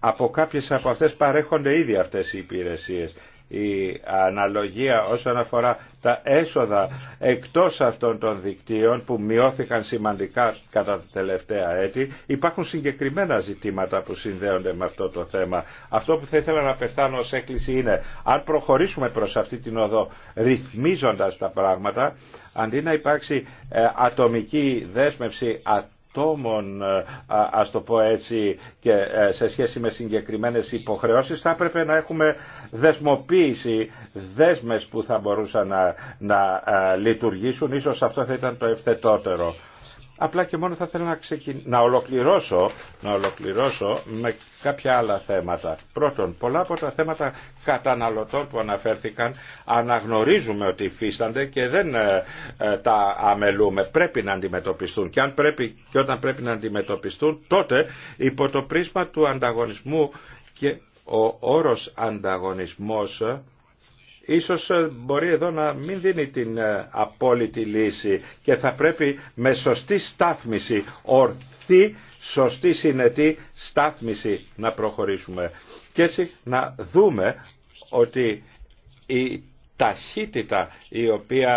Από κάποιες από αυτές παρέχονται ήδη αυτές οι υπηρεσίες η αναλογία όσον αφορά τα έσοδα εκτός αυτών των δικτύων που μειώθηκαν σημαντικά κατά τα τελευταία έτη υπάρχουν συγκεκριμένα ζητήματα που συνδέονται με αυτό το θέμα. Αυτό που θα ήθελα να πεθάνω ως έκκληση είναι αν προχωρήσουμε προς αυτή την οδό ρυθμίζοντας τα πράγματα αντί να υπάρξει ε, ατομική δέσμευση α ατόμων, ε, ας το πω έτσι, και ε, σε σχέση με συγκεκριμένες υποχρεώσεις, θα έπρεπε να έχουμε δεσμοποίηση, δέσμες που θα μπορούσαν να, να ε, λειτουργήσουν. Ίσως αυτό θα ήταν το ευθετότερο. Απλά και μόνο θα ήθελα να, να, ολοκληρώσω, να ολοκληρώσω με κάποια άλλα θέματα. Πρώτον, πολλά από τα θέματα καταναλωτών που αναφέρθηκαν αναγνωρίζουμε ότι υφίστανται και δεν ε, ε, τα αμελούμε. Πρέπει να αντιμετωπιστούν και, αν πρέπει, και όταν πρέπει να αντιμετωπιστούν τότε υπό το πρίσμα του ανταγωνισμού και ο όρος ανταγωνισμός ίσως ε, μπορεί εδώ να μην δίνει την ε, απόλυτη λύση και θα πρέπει με σωστή στάθμιση, ορθή, σωστή συνετή στάθμιση να προχωρήσουμε. Και έτσι να δούμε ότι η ταχύτητα η οποία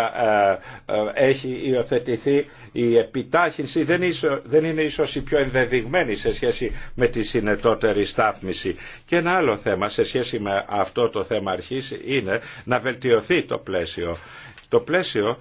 ε, ε, έχει υιοθετηθεί η επιτάχυνση δεν είναι ίσως η πιο ενδεδειγμένη σε σχέση με τη συνετότερη στάθμιση. Και ένα άλλο θέμα σε σχέση με αυτό το θέμα αρχής είναι να βελτιωθεί το πλαίσιο. Το πλαίσιο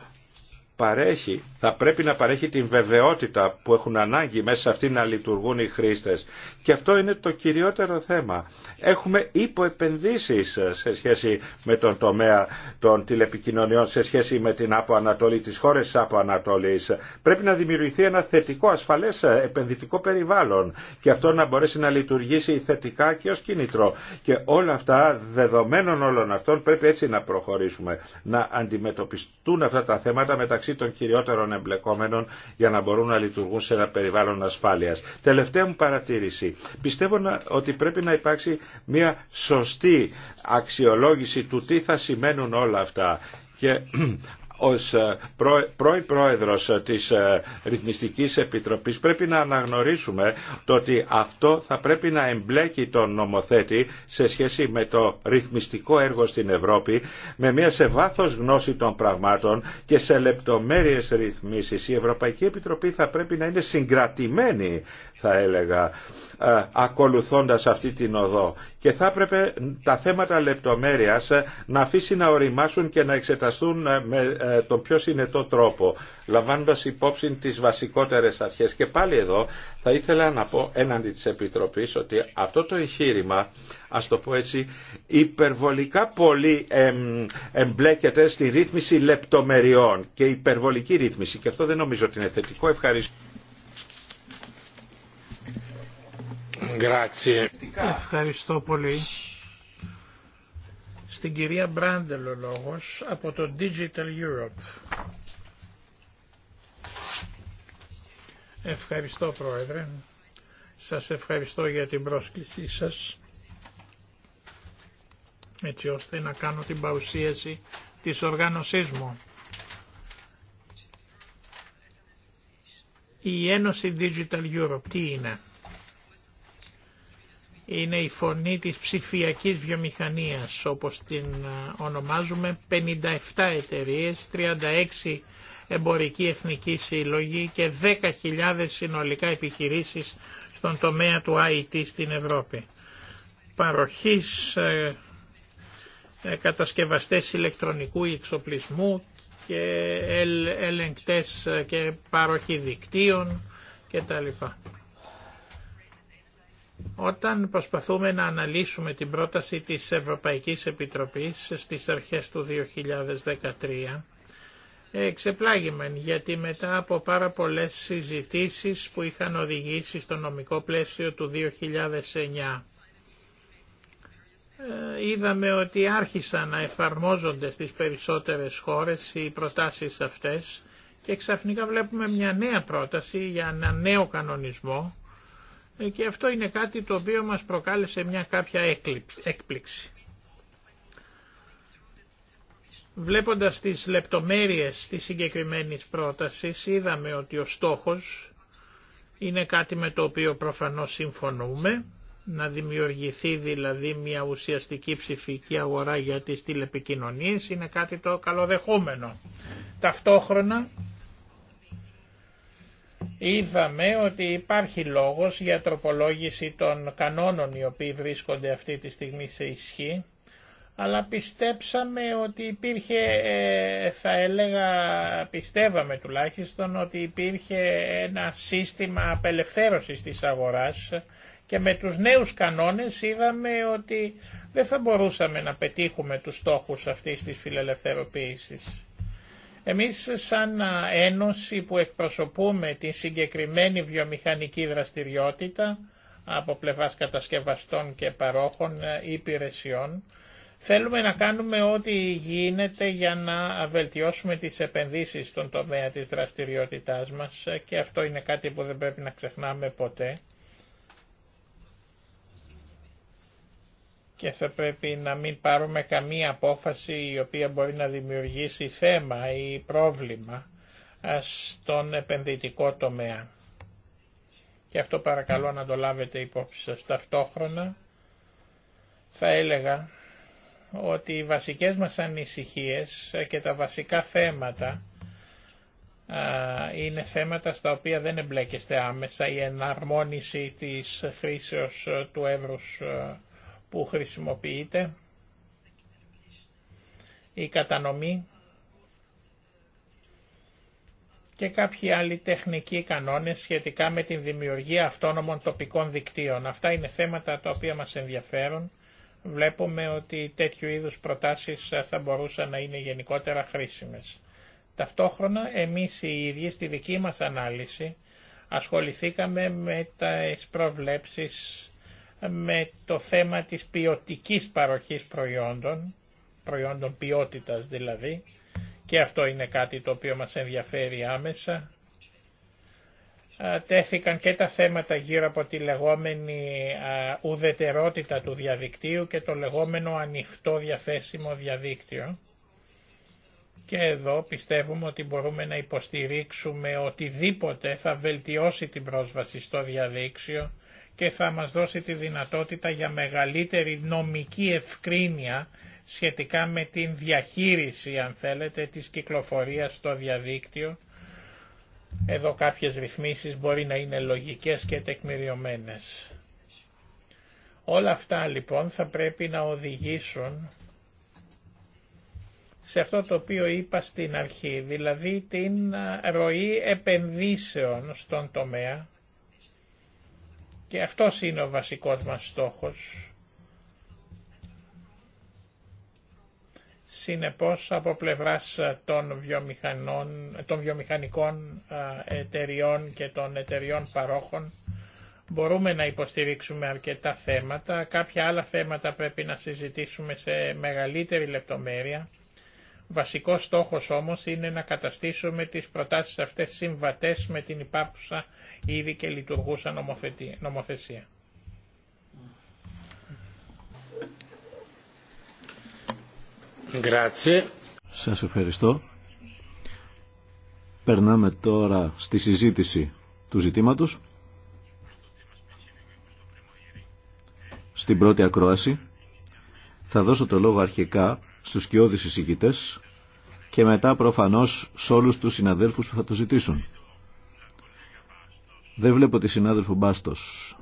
παρέχει, θα πρέπει να παρέχει την βεβαιότητα που έχουν ανάγκη μέσα σε αυτή να λειτουργούν οι χρήστες. Και αυτό είναι το κυριότερο θέμα. Έχουμε υποεπενδύσεις ε, σε σχέση με τον τομέα των τηλεπικοινωνιών, σε σχέση με την Άπο Ανατολή, τις χώρες της Άπο Ανατολής. Πρέπει να δημιουργηθεί ένα θετικό, ασφαλές ε, επενδυτικό περιβάλλον και αυτό να μπορέσει να λειτουργήσει θετικά και ως κίνητρο. Και όλα αυτά, δεδομένων όλων αυτών, πρέπει έτσι να προχωρήσουμε, να αντιμετωπιστούν αυτά τα θέματα μεταξύ μεταξύ των κυριότερων εμπλεκόμενων για να μπορούν να λειτουργούν σε ένα περιβάλλον ασφάλειας. Τελευταία μου παρατήρηση. Πιστεύω ότι πρέπει να υπάρξει μια σωστή αξιολόγηση του τι θα σημαίνουν όλα αυτά και ως ε, πρώην πρόεδρος της ε, Ρυθμιστικής Επιτροπής πρέπει να αναγνωρίσουμε το ότι αυτό θα πρέπει να εμπλέκει τον νομοθέτη σε σχέση με το ρυθμιστικό έργο στην Ευρώπη με μια σε βάθος γνώση των πραγμάτων και σε λεπτομέρειες ρυθμίσεις. Η Ευρωπαϊκή Επιτροπή θα πρέπει να είναι συγκρατημένη θα έλεγα ε, ακολουθώντας αυτή την οδό. Και θα έπρεπε τα θέματα λεπτομέρειας ε, να αφήσει να οριμάσουν και να εξεταστούν ε, με τον πιο συνετό τρόπο, λαμβάνοντας υπόψη τις βασικότερες αρχές. Και πάλι εδώ θα ήθελα να πω έναντι της Επιτροπής ότι αυτό το εγχείρημα, ας το πω έτσι, υπερβολικά πολύ εμπλέκεται στη ρύθμιση λεπτομεριών και υπερβολική ρύθμιση. Και αυτό δεν νομίζω ότι είναι θετικό. Ευχαριστώ. Ευχαριστώ πολύ. Στην κυρία Μπράντελ ο λόγος από το Digital Europe. Ευχαριστώ Πρόεδρε. Σας ευχαριστώ για την πρόσκλησή σας έτσι ώστε να κάνω την παρουσίαση της οργάνωσής μου. Η Ένωση Digital Europe τι είναι είναι η φωνή της ψηφιακής βιομηχανίας, όπως την ε, ονομάζουμε, 57 εταιρείες, 36 εμπορικοί εθνικοί σύλλογοι και 10.000 συνολικά επιχειρήσεις στον τομέα του IT στην Ευρώπη. Παροχής ε, ε, κατασκευαστές ηλεκτρονικού εξοπλισμού και ελεγκτές και παροχή δικτύων κτλ. Όταν προσπαθούμε να αναλύσουμε την πρόταση της Ευρωπαϊκής Επιτροπής στις αρχές του 2013, εξεπλάγημεν γιατί μετά από πάρα πολλές συζητήσεις που είχαν οδηγήσει στο νομικό πλαίσιο του 2009, ε, είδαμε ότι άρχισαν να εφαρμόζονται στις περισσότερες χώρες οι προτάσεις αυτές και ξαφνικά βλέπουμε μια νέα πρόταση για ένα νέο κανονισμό ε, και αυτό είναι κάτι το οποίο μας προκάλεσε μια κάποια έκπληξη. Βλέποντας τις λεπτομέρειες της συγκεκριμένης πρότασης είδαμε ότι ο στόχος είναι κάτι με το οποίο προφανώς συμφωνούμε, να δημιουργηθεί δηλαδή μια ουσιαστική ψηφική αγορά για τις τηλεπικοινωνίες είναι κάτι το καλοδεχόμενο. Ταυτόχρονα είδαμε ότι υπάρχει λόγος για τροπολόγηση των κανόνων οι οποίοι βρίσκονται αυτή τη στιγμή σε ισχύ, αλλά πιστέψαμε ότι υπήρχε, ε, θα έλεγα, πιστεύαμε τουλάχιστον ότι υπήρχε ένα σύστημα απελευθέρωσης της αγοράς και με τους νέους κανόνες είδαμε ότι δεν θα μπορούσαμε να πετύχουμε τους στόχους αυτής της φιλελευθεροποίησης. Εμείς σαν ένωση που εκπροσωπούμε τη συγκεκριμένη βιομηχανική δραστηριότητα από πλευράς κατασκευαστών και παρόχων ε, υπηρεσιών, Θέλουμε να κάνουμε ό,τι γίνεται για να βελτιώσουμε τις επενδύσεις στον τομέα της δραστηριότητάς μας ε, και αυτό είναι κάτι που δεν πρέπει να ξεχνάμε ποτέ. και θα πρέπει να μην πάρουμε καμία απόφαση η οποία μπορεί να δημιουργήσει θέμα ή πρόβλημα στον επενδυτικό τομέα. Και αυτό παρακαλώ να το λάβετε υπόψη σας. Ταυτόχρονα θα έλεγα ότι οι βασικές μας ανησυχίες και τα βασικά θέματα είναι θέματα στα οποία δεν εμπλέκεστε άμεσα η εναρμόνιση της χρήσεως του εύρους που χρησιμοποιείται η κατανομή και κάποιοι άλλοι τεχνικοί κανόνες σχετικά με την δημιουργία αυτόνομων τοπικών δικτύων. Αυτά είναι θέματα τα οποία μας ενδιαφέρουν. Βλέπουμε ότι τέτοιου είδους προτάσεις θα μπορούσαν να είναι γενικότερα χρήσιμες. Ταυτόχρονα εμείς οι ίδιοι στη δική μας ανάλυση ασχοληθήκαμε με τις προβλέψεις με το θέμα της ποιοτικής παροχής προϊόντων, προϊόντων ποιότητας δηλαδή, και αυτό είναι κάτι το οποίο μας ενδιαφέρει άμεσα. Τέθηκαν και τα θέματα γύρω από τη λεγόμενη ουδετερότητα του διαδικτύου και το λεγόμενο ανοιχτό διαθέσιμο διαδίκτυο. Και εδώ πιστεύουμε ότι μπορούμε να υποστηρίξουμε οτιδήποτε θα βελτιώσει την πρόσβαση στο διαδίκτυο και θα μας δώσει τη δυνατότητα για μεγαλύτερη νομική ευκρίνεια σχετικά με την διαχείριση, αν θέλετε, της κυκλοφορίας στο διαδίκτυο. Εδώ κάποιες ρυθμίσεις μπορεί να είναι λογικές και τεκμηριωμένες. Όλα αυτά λοιπόν θα πρέπει να οδηγήσουν σε αυτό το οποίο είπα στην αρχή, δηλαδή την ροή επενδύσεων στον τομέα, και αυτός είναι ο βασικός μας στόχος. Συνεπώς από πλευράς των, βιομηχανών, των βιομηχανικών εταιριών και των εταιριών παρόχων μπορούμε να υποστηρίξουμε αρκετά θέματα. Κάποια άλλα θέματα πρέπει να συζητήσουμε σε μεγαλύτερη λεπτομέρεια Βασικός στόχο όμως είναι να καταστήσουμε τις προτάσεις αυτές συμβατές με την υπάρχουσα ήδη και λειτουργούσα νομοθεσία. Σας ευχαριστώ. Περνάμε τώρα στη συζήτηση του ζητήματος. Στην πρώτη ακρόαση θα δώσω το λόγο αρχικά στους σκιώδεις εισηγητές και μετά προφανώς σε όλους τους συναδέλφους που θα το ζητήσουν. Δεν βλέπω τη συνάδελφο Μπάστος.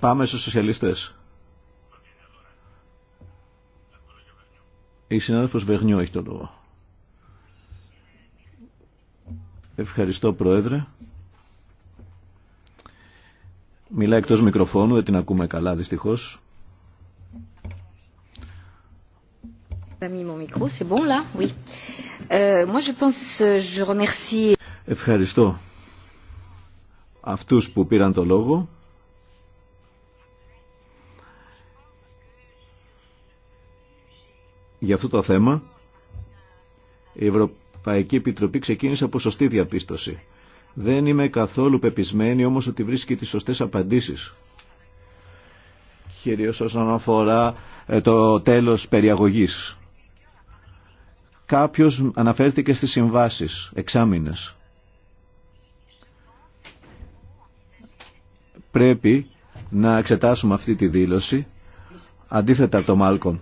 Πάμε στους σοσιαλιστές. Η συνάδελφος Βεγνιού έχει το λόγο. Ευχαριστώ Πρόεδρε. Μιλάει εκτός μικροφώνου, δεν την ακούμε καλά δυστυχώς. Euh, Ευχαριστώ αυτούς που πήραν το λόγο. Για αυτό το θέμα η Ευρωπαϊκή Επιτροπή ξεκίνησε από σωστή διαπίστωση. Δεν είμαι καθόλου πεπισμένη όμως ότι βρίσκει τις σωστές απαντήσεις. Κυρίως όσον αφορά ε, το τέλος περιαγωγής. Κάποιος αναφέρθηκε στις συμβάσεις, εξάμηνες. Πρέπει να εξετάσουμε αυτή τη δήλωση, αντίθετα από το Μάλκομ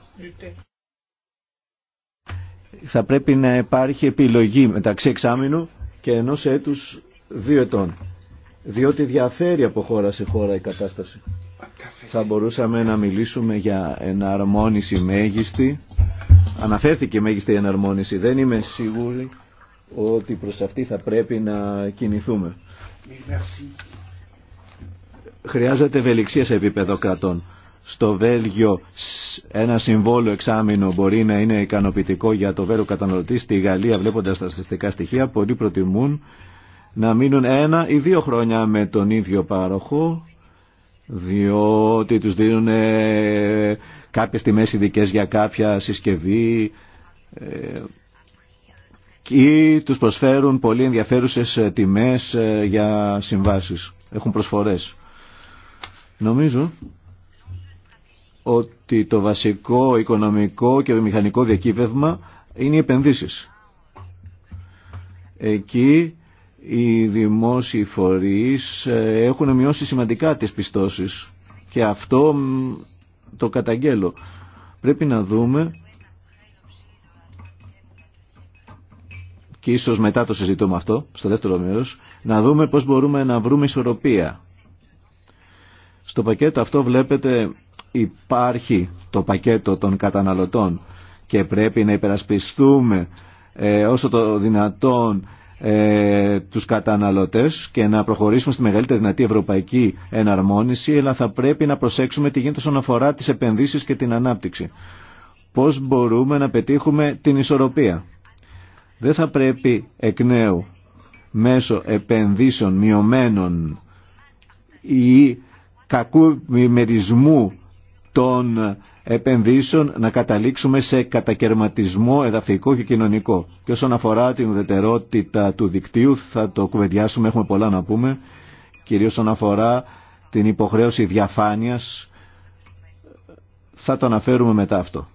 θα πρέπει να υπάρχει επιλογή μεταξύ εξάμεινου και ενός έτους δύο ετών. Διότι διαφέρει από χώρα σε χώρα η κατάσταση. Θα μπορούσαμε να μιλήσουμε για εναρμόνιση μέγιστη. Αναφέρθηκε μέγιστη εναρμόνιση. Δεν είμαι σίγουρη ότι προς αυτή θα πρέπει να κινηθούμε. Χρειάζεται ευελιξία σε επίπεδο κρατών. Στο Βέλγιο ένα συμβόλο εξάμεινο μπορεί να είναι ικανοποιητικό για το βέρο καταναλωτή. Στη Γαλλία βλέποντας τα στατιστικά στοιχεία πολλοί προτιμούν να μείνουν ένα ή δύο χρόνια με τον ίδιο πάροχο διότι τους δίνουν ε, κάποιες τιμές ειδικέ για κάποια συσκευή ε, ή τους προσφέρουν πολύ ενδιαφέρουσες ε, τιμές για συμβάσεις. Έχουν προσφορές. Νομίζω ότι το βασικό οικονομικό και μηχανικό διακύβευμα είναι οι επενδύσεις. Εκεί οι δημόσιοι φορείς ε, έχουν μειώσει σημαντικά τις πιστώσεις και αυτό το καταγγέλλω. Πρέπει να δούμε και ίσως μετά το συζητούμε αυτό, στο δεύτερο μέρος, να δούμε πώς μπορούμε να βρούμε ισορροπία. Στο πακέτο αυτό βλέπετε υπάρχει το πακέτο των καταναλωτών και πρέπει να υπερασπιστούμε ε, όσο το δυνατόν ε, τους καταναλωτές και να προχωρήσουμε στη μεγαλύτερη δυνατή ευρωπαϊκή εναρμόνιση, αλλά θα πρέπει να προσέξουμε τι γίνεται όσον αφορά τις επενδύσεις και την ανάπτυξη. Πώς μπορούμε να πετύχουμε την ισορροπία. Δεν θα πρέπει εκ νέου μέσω επενδύσεων μειωμένων ή κακού μερισμού των επενδύσεων να καταλήξουμε σε κατακαιρματισμό εδαφικό και κοινωνικό. Και όσον αφορά την ουδετερότητα του δικτύου θα το κουβεντιάσουμε, έχουμε πολλά να πούμε, κυρίως όσον αφορά την υποχρέωση διαφάνειας θα το αναφέρουμε μετά αυτό.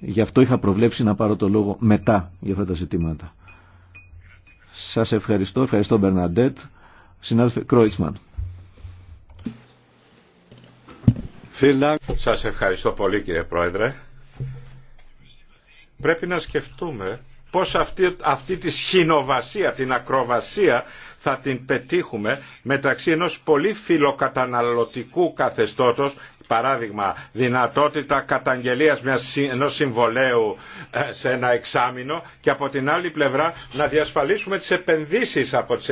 Γι' αυτό είχα προβλέψει να πάρω το λόγο μετά για αυτά τα ζητήματα. Σας ευχαριστώ, ευχαριστώ Μπερναντέτ, συνάδελφε Κρόιτσμαν. Σας ευχαριστώ πολύ κύριε Πρόεδρε. Πρέπει να σκεφτούμε πώς αυτή, τη σχηνοβασία, την ακροβασία θα την πετύχουμε μεταξύ ενός πολύ φιλοκαταναλωτικού καθεστώτος παράδειγμα δυνατότητα καταγγελίας μιας, ενός συμβολέου ε, σε ένα εξάμεινο και από την άλλη πλευρά να διασφαλίσουμε τις επενδύσεις από τις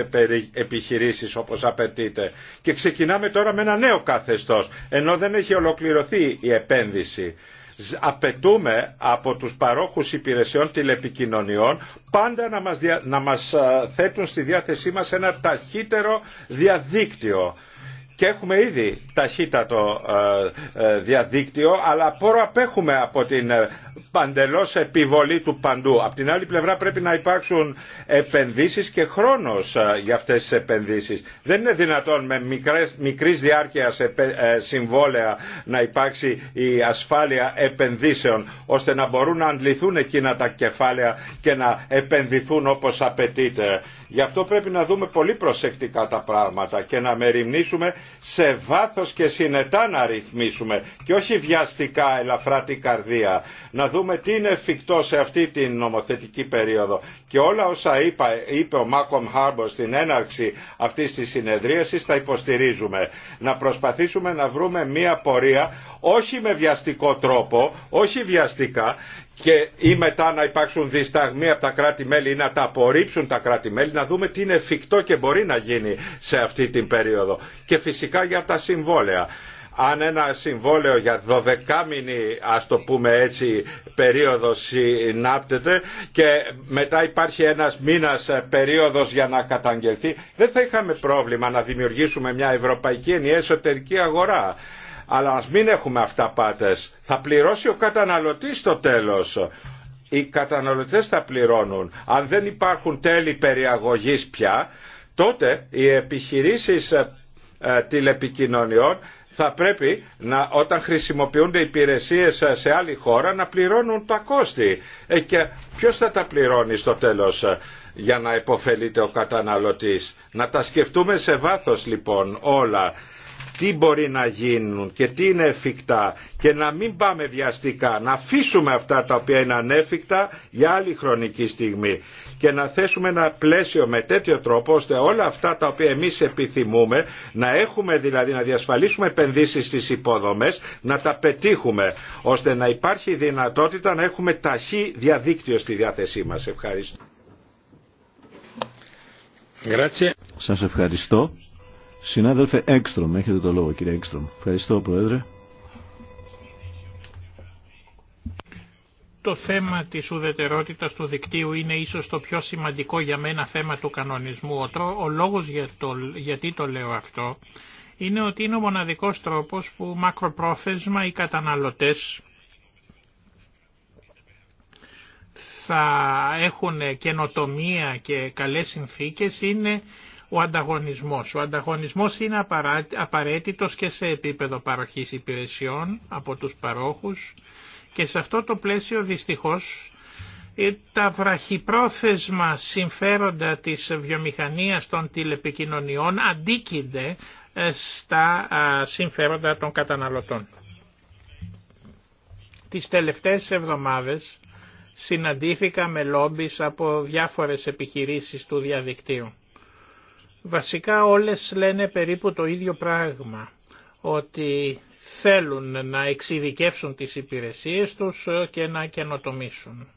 επιχειρήσεις όπως απαιτείται. Και ξεκινάμε τώρα με ένα νέο καθεστώς ενώ δεν έχει ολοκληρωθεί η επένδυση απαιτούμε από τους παρόχους υπηρεσιών τηλεπικοινωνιών πάντα να μας, να ε, θέτουν στη διάθεσή μας ένα ταχύτερο διαδίκτυο και έχουμε ήδη ταχύτατο ε, ε, διαδίκτυο, αλλά πόρο απέχουμε από την ε, παντελώς επιβολή του παντού. Απ' την άλλη πλευρά πρέπει να υπάρξουν επενδύσεις και χρόνος για αυτές τις επενδύσεις. Δεν είναι δυνατόν με μικρές, μικρής διάρκειας συμβόλαια να υπάρξει η ασφάλεια επενδύσεων, ώστε να μπορούν να αντληθούν εκείνα τα κεφάλαια και να επενδυθούν όπως απαιτείται. Γι' αυτό πρέπει να δούμε πολύ προσεκτικά τα πράγματα και να μεριμνήσουμε σε βάθος και συνετά να ρυθμίσουμε και όχι βιαστικά ελαφρά την καρδία. Να δούμε τι είναι εφικτό σε αυτή την νομοθετική περίοδο. Και όλα όσα είπα, είπε ο Μάκομ Χάρμπορ στην έναρξη αυτής της συνεδρίασης θα υποστηρίζουμε. Να προσπαθήσουμε να βρούμε μία πορεία όχι με βιαστικό τρόπο, όχι βιαστικά και ή μετά να υπάρξουν δισταγμοί από τα κράτη-μέλη ή να τα απορρίψουν τα κράτη-μέλη, να δούμε τι είναι εφικτό και μπορεί να γίνει σε αυτή την περίοδο. Και φυσικά για τα συμβόλαια αν ένα συμβόλαιο για 12 ας το πούμε έτσι περίοδο συνάπτεται και μετά υπάρχει ένας μήνας ε, περίοδος για να καταγγελθεί δεν θα είχαμε πρόβλημα να δημιουργήσουμε μια ευρωπαϊκή ενιαία εσωτερική αγορά αλλά ας μην έχουμε αυταπάτες. Θα πληρώσει ο καταναλωτής στο τέλος. Οι καταναλωτές θα πληρώνουν. Αν δεν υπάρχουν τέλη περιαγωγής πια, τότε οι επιχειρήσεις ε, ε, τηλεπικοινωνιών θα πρέπει να, όταν χρησιμοποιούνται υπηρεσίες ε, σε άλλη χώρα να πληρώνουν τα κόστη. και ποιος θα τα πληρώνει στο τέλος για να υποφελείται ο καταναλωτής. Να τα σκεφτούμε σε βάθος λοιπόν όλα τι μπορεί να γίνουν και τι είναι εφικτά και να μην πάμε βιαστικά, να αφήσουμε αυτά τα οποία είναι ανέφικτα για άλλη χρονική στιγμή και να θέσουμε ένα πλαίσιο με τέτοιο τρόπο ώστε όλα αυτά τα οποία εμείς επιθυμούμε να έχουμε δηλαδή να διασφαλίσουμε επενδύσεις στις υποδομές να τα πετύχουμε ώστε να υπάρχει δυνατότητα να έχουμε ταχύ διαδίκτυο στη διάθεσή μας. Ευχαριστώ. ευχαριστώ. Συνάδελφε Έκστρομ, έχετε το λόγο κύριε Έκστρομ. Ευχαριστώ Πρόεδρε. Το θέμα της ουδετερότητας του δικτύου είναι ίσως το πιο σημαντικό για μένα θέμα του κανονισμού. Ο, ο λόγος για το, γιατί το λέω αυτό είναι ότι είναι ο μοναδικός τρόπος που μακροπρόθεσμα οι καταναλωτές θα έχουν καινοτομία και καλές συνθήκες είναι ο ανταγωνισμός. Ο ανταγωνισμός είναι απαραίτητος και σε επίπεδο παροχής υπηρεσιών από τους παρόχους και σε αυτό το πλαίσιο δυστυχώς ε, τα βραχυπρόθεσμα συμφέροντα της βιομηχανίας των τηλεπικοινωνιών αντίκυνται ε, στα συμφέροντα των καταναλωτών. Τις τελευταίες εβδομάδες συναντήθηκα με λόμπις από διάφορες επιχειρήσεις του διαδικτύου. Βασικά όλες λένε περίπου το ίδιο πράγμα, ότι θέλουν να εξειδικεύσουν τις υπηρεσίες τους και να καινοτομήσουν.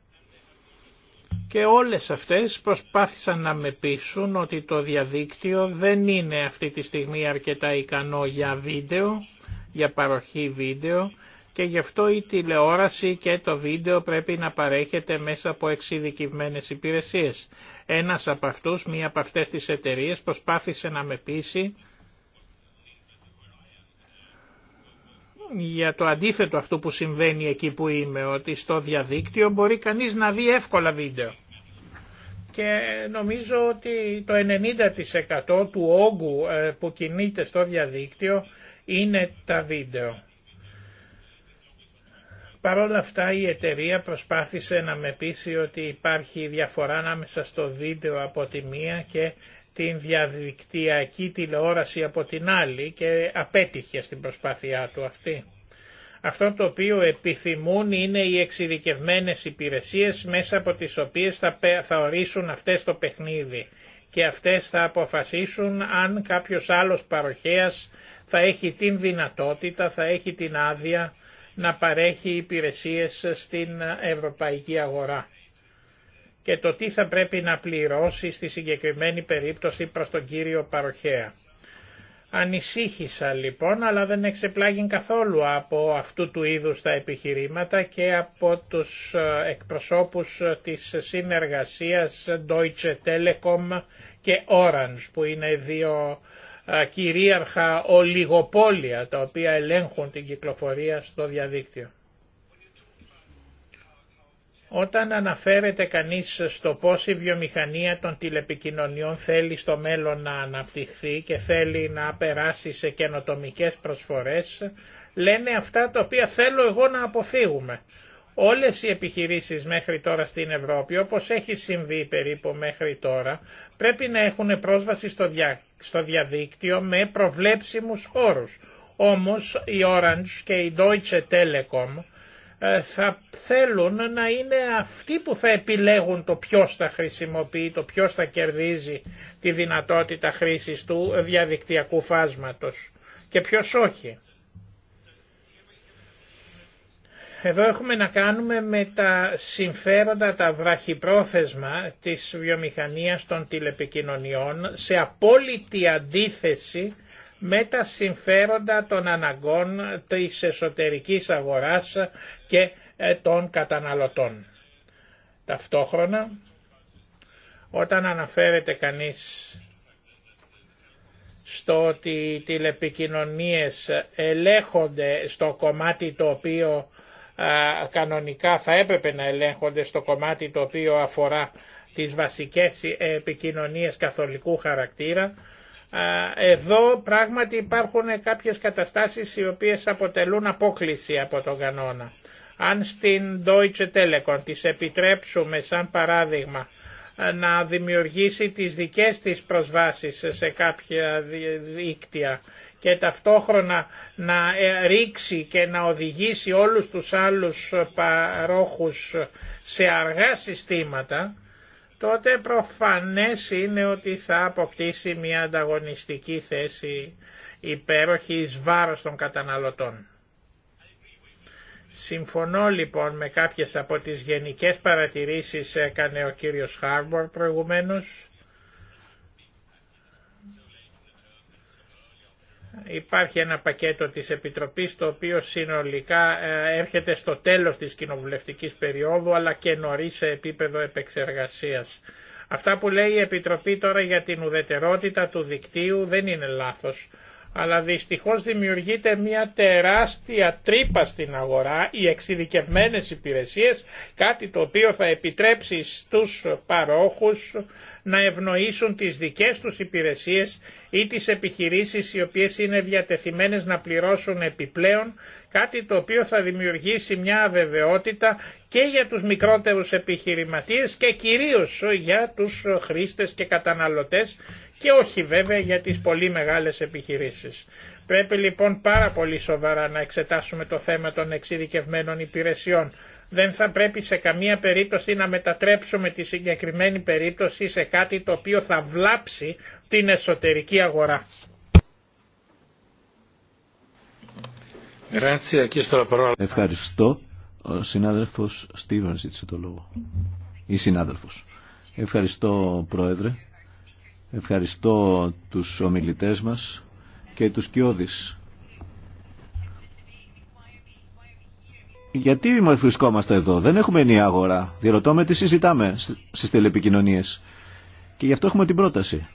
Και όλες αυτές προσπάθησαν να με πείσουν ότι το διαδίκτυο δεν είναι αυτή τη στιγμή αρκετά ικανό για βίντεο, για παροχή βίντεο και γι' αυτό η τηλεόραση και το βίντεο πρέπει να παρέχεται μέσα από εξειδικευμένες υπηρεσίες. Ένας από αυτούς, μία από αυτές τις εταιρείες προσπάθησε να με πείσει για το αντίθετο αυτού που συμβαίνει εκεί που είμαι, ότι στο διαδίκτυο μπορεί κανείς να δει εύκολα βίντεο. Και νομίζω ότι το 90% του όγκου ε, που κινείται στο διαδίκτυο είναι τα βίντεο. Παρ' όλα αυτά η εταιρεία προσπάθησε να με πείσει ότι υπάρχει διαφορά ανάμεσα στο βίντεο από τη μία και την διαδικτυακή τηλεόραση από την άλλη και απέτυχε στην προσπάθειά του αυτή. Αυτό το οποίο επιθυμούν είναι οι εξειδικευμένες υπηρεσίες μέσα από τις οποίες θα, θα ορίσουν αυτές το παιχνίδι και αυτές θα αποφασίσουν αν κάποιος άλλος παροχέας θα έχει την δυνατότητα, θα έχει την άδεια να παρέχει υπηρεσίες στην ευρωπαϊκή αγορά και το τι θα πρέπει να πληρώσει στη συγκεκριμένη περίπτωση προς τον κύριο παροχέα. Ανησύχησα λοιπόν, αλλά δεν εξεπλάγει καθόλου από αυτού του είδους τα επιχειρήματα και από τους ε, εκπροσώπους της συνεργασίας Deutsche Telekom και Orange, που είναι δύο κυρίαρχα ολιγοπόλια τα οποία ελέγχουν την κυκλοφορία στο διαδίκτυο. Όταν αναφέρεται κανείς στο πώς η βιομηχανία των τηλεπικοινωνιών θέλει στο μέλλον να αναπτυχθεί και θέλει να περάσει σε καινοτομικές προσφορές, λένε αυτά τα οποία θέλω εγώ να αποφύγουμε. Όλες οι επιχειρήσεις μέχρι τώρα στην Ευρώπη, όπως έχει συμβεί περίπου μέχρι τώρα, πρέπει να έχουν πρόσβαση στο, στο διαδίκτυο με προβλέψιμους όρους. Όμως η Orange και η Deutsche Telekom ε, θα θέλουν να είναι αυτοί που θα επιλέγουν το ποιος θα χρησιμοποιεί, το ποιος θα κερδίζει τη δυνατότητα χρήσης του διαδικτυακού φάσματος και ποιος όχι. Εδώ έχουμε να κάνουμε με τα συμφέροντα, τα βραχυπρόθεσμα της βιομηχανίας των τηλεπικοινωνιών σε απόλυτη αντίθεση με τα συμφέροντα των αναγκών της εσωτερικής αγοράς και ε, των καταναλωτών. Ταυτόχρονα, όταν αναφέρεται κανείς στο ότι οι τηλεπικοινωνίες ελέγχονται στο κομμάτι το οποίο κανονικά θα έπρεπε να ελέγχονται στο κομμάτι το οποίο αφορά τις βασικές επικοινωνίες καθολικού χαρακτήρα. Εδώ πράγματι υπάρχουν κάποιες καταστάσεις οι οποίες αποτελούν απόκληση από τον κανόνα. Αν στην Deutsche Telekom της επιτρέψουμε σαν παράδειγμα να δημιουργήσει τις δικές της προσβάσεις σε κάποια δίκτυα και ταυτόχρονα να ε, ρίξει και να οδηγήσει όλους τους άλλους ε, παρόχους σε αργά συστήματα, τότε προφανές είναι ότι θα αποκτήσει μια ανταγωνιστική θέση υπέροχη εις βάρος των καταναλωτών. Συμφωνώ λοιπόν με κάποιες από τις γενικές παρατηρήσεις έκανε ο κύριος Χάρμπορ προηγουμένως Υπάρχει ένα πακέτο της Επιτροπής το οποίο συνολικά ε, έρχεται στο τέλος της κοινοβουλευτικής περίοδου αλλά και νωρίς σε επίπεδο επεξεργασίας. Αυτά που λέει η Επιτροπή τώρα για την ουδετερότητα του δικτύου δεν είναι λάθος αλλά δυστυχώς δημιουργείται μια τεράστια τρύπα στην αγορά, οι εξειδικευμένες υπηρεσίες, κάτι το οποίο θα επιτρέψει στους παρόχους να ευνοήσουν τις δικές τους υπηρεσίες ή τις επιχειρήσεις οι οποίες είναι διατεθειμένες να πληρώσουν επιπλέον, κάτι το οποίο θα δημιουργήσει μια αβεβαιότητα και για τους μικρότερους επιχειρηματίες και κυρίως για τους χρήστες και καταναλωτές και όχι βέβαια για τις πολύ μεγάλες επιχειρήσεις. Πρέπει λοιπόν πάρα πολύ σοβαρά να εξετάσουμε το θέμα των εξειδικευμένων υπηρεσιών. Δεν θα πρέπει σε καμία περίπτωση να μετατρέψουμε τη συγκεκριμένη περίπτωση σε κάτι το οποίο θα βλάψει την εσωτερική αγορά. Ευχαριστώ. Ο συνάδελφος Στίβαν ζήτησε το λόγο. Ή συνάδελφος. Ευχαριστώ Πρόεδρε. Ευχαριστώ τους ομιλητές μας και τους κοιόδης. Γιατί βρισκόμαστε εδώ, δεν έχουμε ενιαία αγορά. Διερωτώ με τι συζητάμε στις τηλεπικοινωνίες. Και γι' αυτό έχουμε την πρόταση.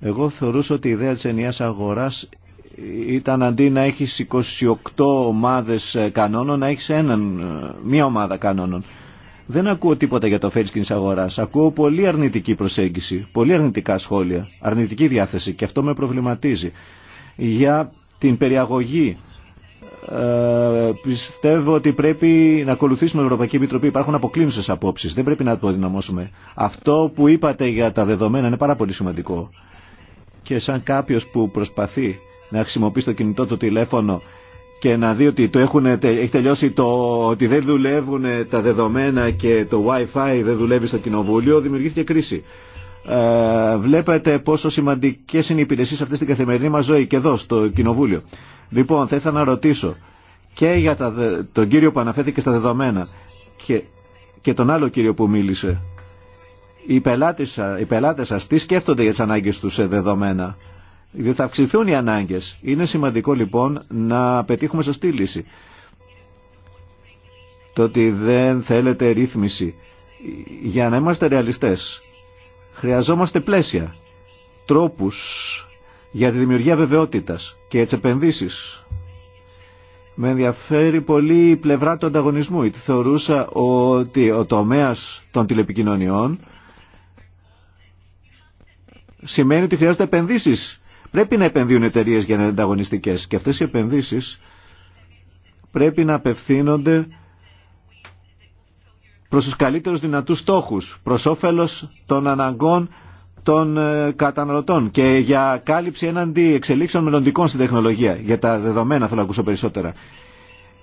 Εγώ θεωρούσα ότι η ιδέα της ενίας αγοράς ήταν αντί να έχεις 28 ομάδες ε, κανόνων, να έχεις έναν, ε, μία ομάδα κανόνων. Δεν ακούω τίποτα για το φέτσκιν τη αγορά. Ακούω πολύ αρνητική προσέγγιση, πολύ αρνητικά σχόλια, αρνητική διάθεση και αυτό με προβληματίζει. Για την περιαγωγή ε, πιστεύω ότι πρέπει να ακολουθήσουμε την Ευρωπαϊκή Επιτροπή. Υπάρχουν αποκλίνουσε απόψει. Δεν πρέπει να το δυναμώσουμε. Αυτό που είπατε για τα δεδομένα είναι πάρα πολύ σημαντικό. Και σαν κάποιο που προσπαθεί να χρησιμοποιήσει το κινητό του τηλέφωνο και να δει ότι το έχουν, έχει τελειώσει το ότι δεν δουλεύουν τα δεδομένα και το Wi-Fi δεν δουλεύει στο κοινοβούλιο, δημιουργήθηκε κρίση. Ε, βλέπετε πόσο σημαντικές είναι οι υπηρεσίες αυτές στην καθημερινή μας ζωή και εδώ στο κοινοβούλιο. Λοιπόν, θα ήθελα να ρωτήσω και για τον κύριο που αναφέθηκε στα δεδομένα και, και τον άλλο κύριο που μίλησε. Οι πελάτες, οι πελάτες σας τι σκέφτονται για τις ανάγκες τους σε δεδομένα διότι θα αυξηθούν οι ανάγκες. Είναι σημαντικό λοιπόν να πετύχουμε σωστή λύση. Το ότι δεν θέλετε ρύθμιση. Για να είμαστε ρεαλιστές, χρειαζόμαστε πλαίσια, τρόπους για τη δημιουργία βεβαιότητας και έτσι επενδύσεις. Με ενδιαφέρει πολύ η πλευρά του ανταγωνισμού, γιατί θεωρούσα ότι ο τομέας των τηλεπικοινωνιών σημαίνει ότι χρειάζονται επενδύσεις Πρέπει να επενδύουν εταιρείε για να είναι ανταγωνιστικέ και αυτέ οι επενδύσει πρέπει να απευθύνονται προς τους καλύτερους δυνατούς στόχους, προς όφελος των αναγκών των ε, καταναλωτών και για κάλυψη έναντι εξελίξεων μελλοντικών στην τεχνολογία. Για τα δεδομένα θέλω να ακούσω περισσότερα.